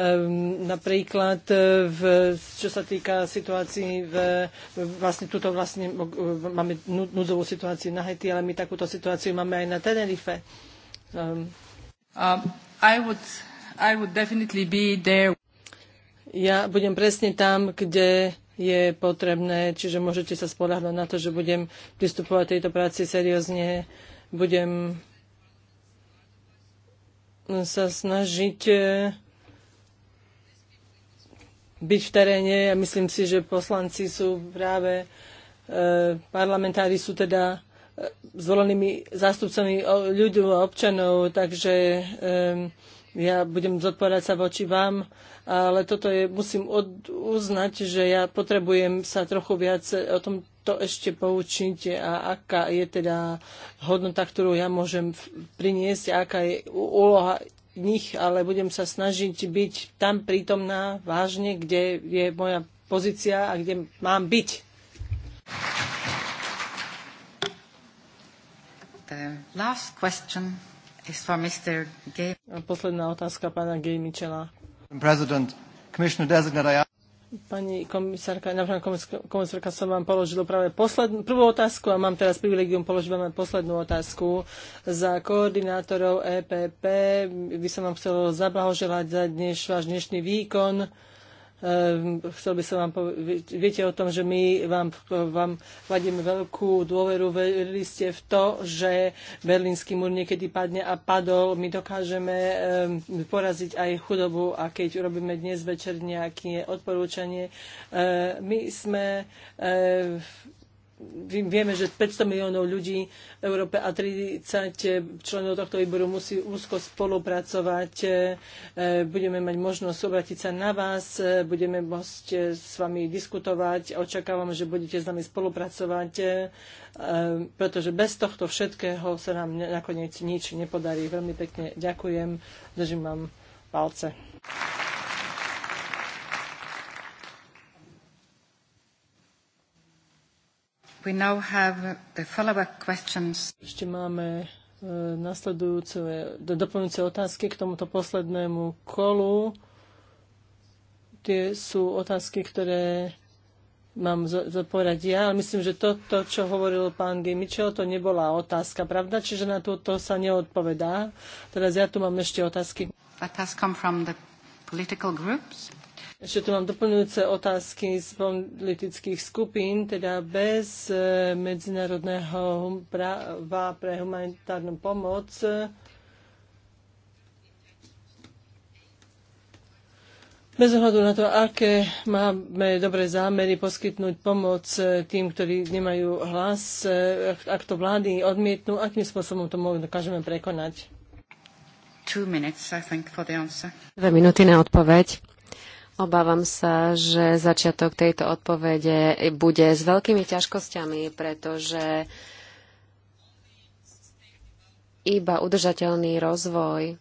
Speaker 3: napríklad, e, v, čo sa týka situácií v, vlastne tuto vlastne e, máme núdzovú situáciu na Haiti, ale my takúto situáciu máme aj na Tenerife. Ehm, um, I would, I would definitely be there. Ja budem presne tam, kde je potrebné, čiže môžete sa spolahnuť na to, že budem pristupovať tejto práci seriózne, budem sa snažiť e, byť v teréne a myslím si, že poslanci sú práve E, parlamentári sú teda e, zvolenými zástupcami ľudí a občanov, takže e, ja budem zodpovedať sa voči vám, ale toto je, musím od, uznať, že ja potrebujem sa trochu viac o tom to ešte poučiť a aká je teda hodnota, ktorú ja môžem priniesť aká je úloha nich, ale budem sa snažiť byť tam prítomná vážne, kde je moja pozícia a kde mám byť last question is for Mr. Gay. Posledná otázka pána Gay Michela. President, Commissioner Designate, I Pani komisárka, navrhná komisárka som vám položila práve poslednú, prvú otázku a mám teraz privilegium položiť vám poslednú otázku. Za koordinátorov EPP by som vám chcel zablahoželať za dneš, váš dnešný výkon. Ehm, chcel by som vám povedať, viete o tom, že my vám, vám vadíme veľkú dôveru, verili ste v to, že berlínsky múr niekedy padne a padol, my dokážeme ehm, poraziť aj chudobu a keď urobíme dnes večer nejaké odporúčanie, ehm, my sme vieme, že 500 miliónov ľudí v Európe a 30 eh, členov tohto výboru musí úzko spolupracovať. Eh, eh, budeme mať možnosť obratiť sa na vás, budeme môcť s vami diskutovať. Očakávam, že budete s nami spolupracovať, pretože bez tohto všetkého sa nám nakoniec nič nepodarí. Veľmi pekne ďakujem, držím vám palce. We now have the follow-up questions. Ešte máme e, nasledujúce, doplňujúce otázky k tomuto poslednému kolu. Tie sú otázky, ktoré mám zaporať ja, ale myslím, že to, čo hovoril pán G. Mitchell, to nebola otázka, pravda? Čiže na to sa neodpovedá. Teraz ja tu mám ešte otázky. That has come from the political groups. Ešte tu mám doplňujúce otázky z politických skupín, teda bez e, medzinárodného práva pre humanitárnu pomoc. Bez ohľadu na to, aké máme dobré zámery poskytnúť pomoc e, tým, ktorí nemajú hlas, e, ak to vlády odmietnú, akým spôsobom to dokážeme prekonať?
Speaker 1: Minutes, Dve minúty na odpoveď. Obávam sa, že začiatok tejto odpovede bude s veľkými ťažkosťami, pretože iba udržateľný rozvoj,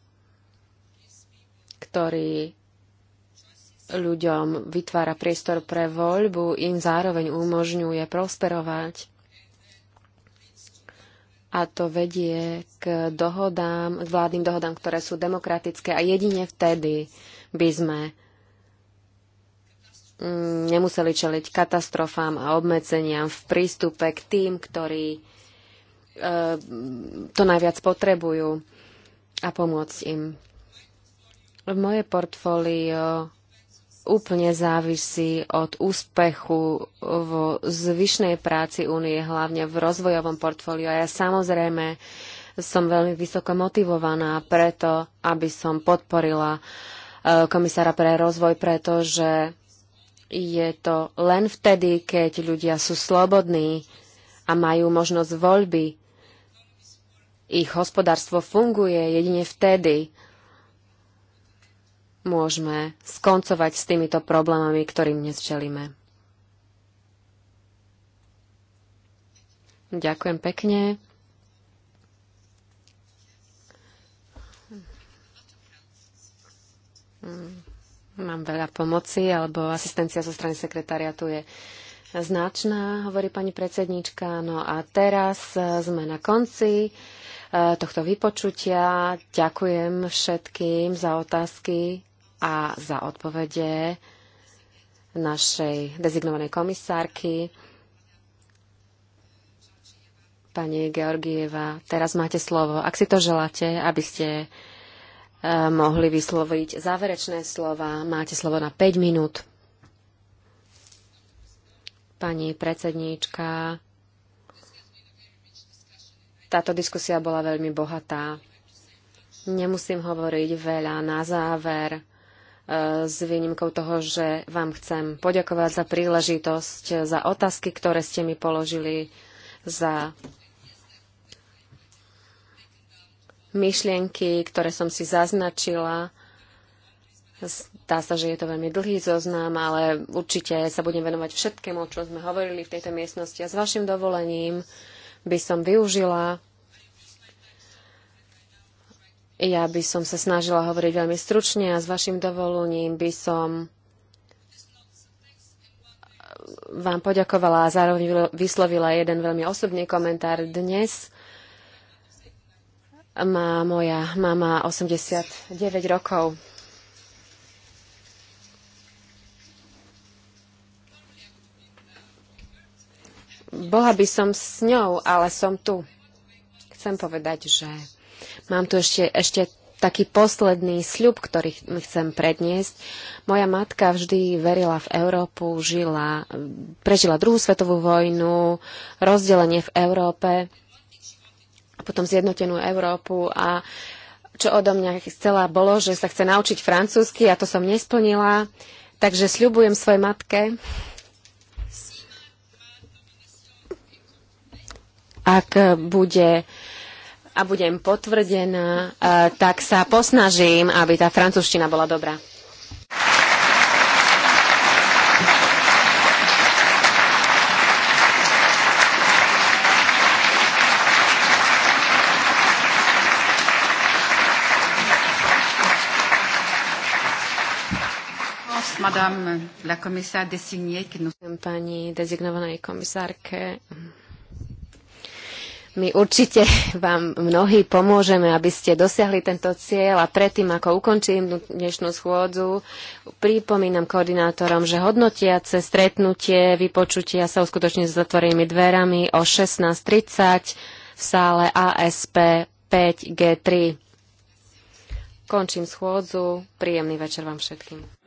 Speaker 1: ktorý ľuďom vytvára priestor pre voľbu, im zároveň umožňuje prosperovať. A to vedie k dohodám, k vládnym dohodám, ktoré sú demokratické a jedine vtedy by sme Mm, nemuseli čeliť katastrofám a obmedzeniam v prístupe k tým, ktorí e, to najviac potrebujú a pomôcť im. V moje portfólio úplne závisí od úspechu vo zvyšnej práci únie, hlavne v rozvojovom portfóliu. A ja samozrejme som veľmi vysoko motivovaná preto, aby som podporila e, komisára pre rozvoj, pretože je to len vtedy, keď ľudia sú slobodní a majú možnosť voľby. Ich hospodárstvo funguje jedine vtedy. Môžeme skoncovať s týmito problémami, ktorým dnes čelíme. Ďakujem pekne. Mm. Mám veľa pomoci, alebo asistencia zo strany sekretariatu je značná, hovorí pani predsednička. No a teraz e, sme na konci e, tohto vypočutia. Ďakujem všetkým za otázky a za odpovede našej dezignovanej komisárky pani Georgieva. Teraz máte slovo, ak si to želáte, aby ste mohli vysloviť záverečné slova. Máte slovo na 5 minút. Pani predsedníčka, táto diskusia bola veľmi bohatá. Nemusím hovoriť veľa na záver e, s výnimkou toho, že vám chcem poďakovať za príležitosť, za otázky, ktoré ste mi položili, za myšlienky, ktoré som si zaznačila. Zdá sa, že je to veľmi dlhý zoznam, ale určite sa budem venovať všetkému, čo sme hovorili v tejto miestnosti. A s vašim dovolením by som využila ja by som sa snažila hovoriť veľmi stručne a s vašim dovolením by som vám poďakovala a zároveň vyslovila jeden veľmi osobný komentár dnes má moja mama 89 rokov. Bola by som s ňou, ale som tu. Chcem povedať, že mám tu ešte, ešte taký posledný sľub, ktorý chcem predniesť. Moja matka vždy verila v Európu, žila, prežila druhú svetovú vojnu, rozdelenie v Európe potom zjednotenú Európu a čo odo mňa chcela bolo, že sa chce naučiť francúzsky a to som nesplnila, takže sľubujem svojej matke, ak bude a budem potvrdená, eh, tak sa posnažím, aby tá francúzština bola dobrá. madame la commissaire désignée qui nous... Pani dezignovanej komisárke, my určite vám mnohí pomôžeme, aby ste dosiahli tento cieľ a predtým, ako ukončím dnešnú schôdzu, pripomínam koordinátorom, že hodnotiace stretnutie, vypočutia sa uskutoční s zatvorenými dverami o 16.30 v sále ASP 5G3. Končím schôdzu. Príjemný večer vám všetkým.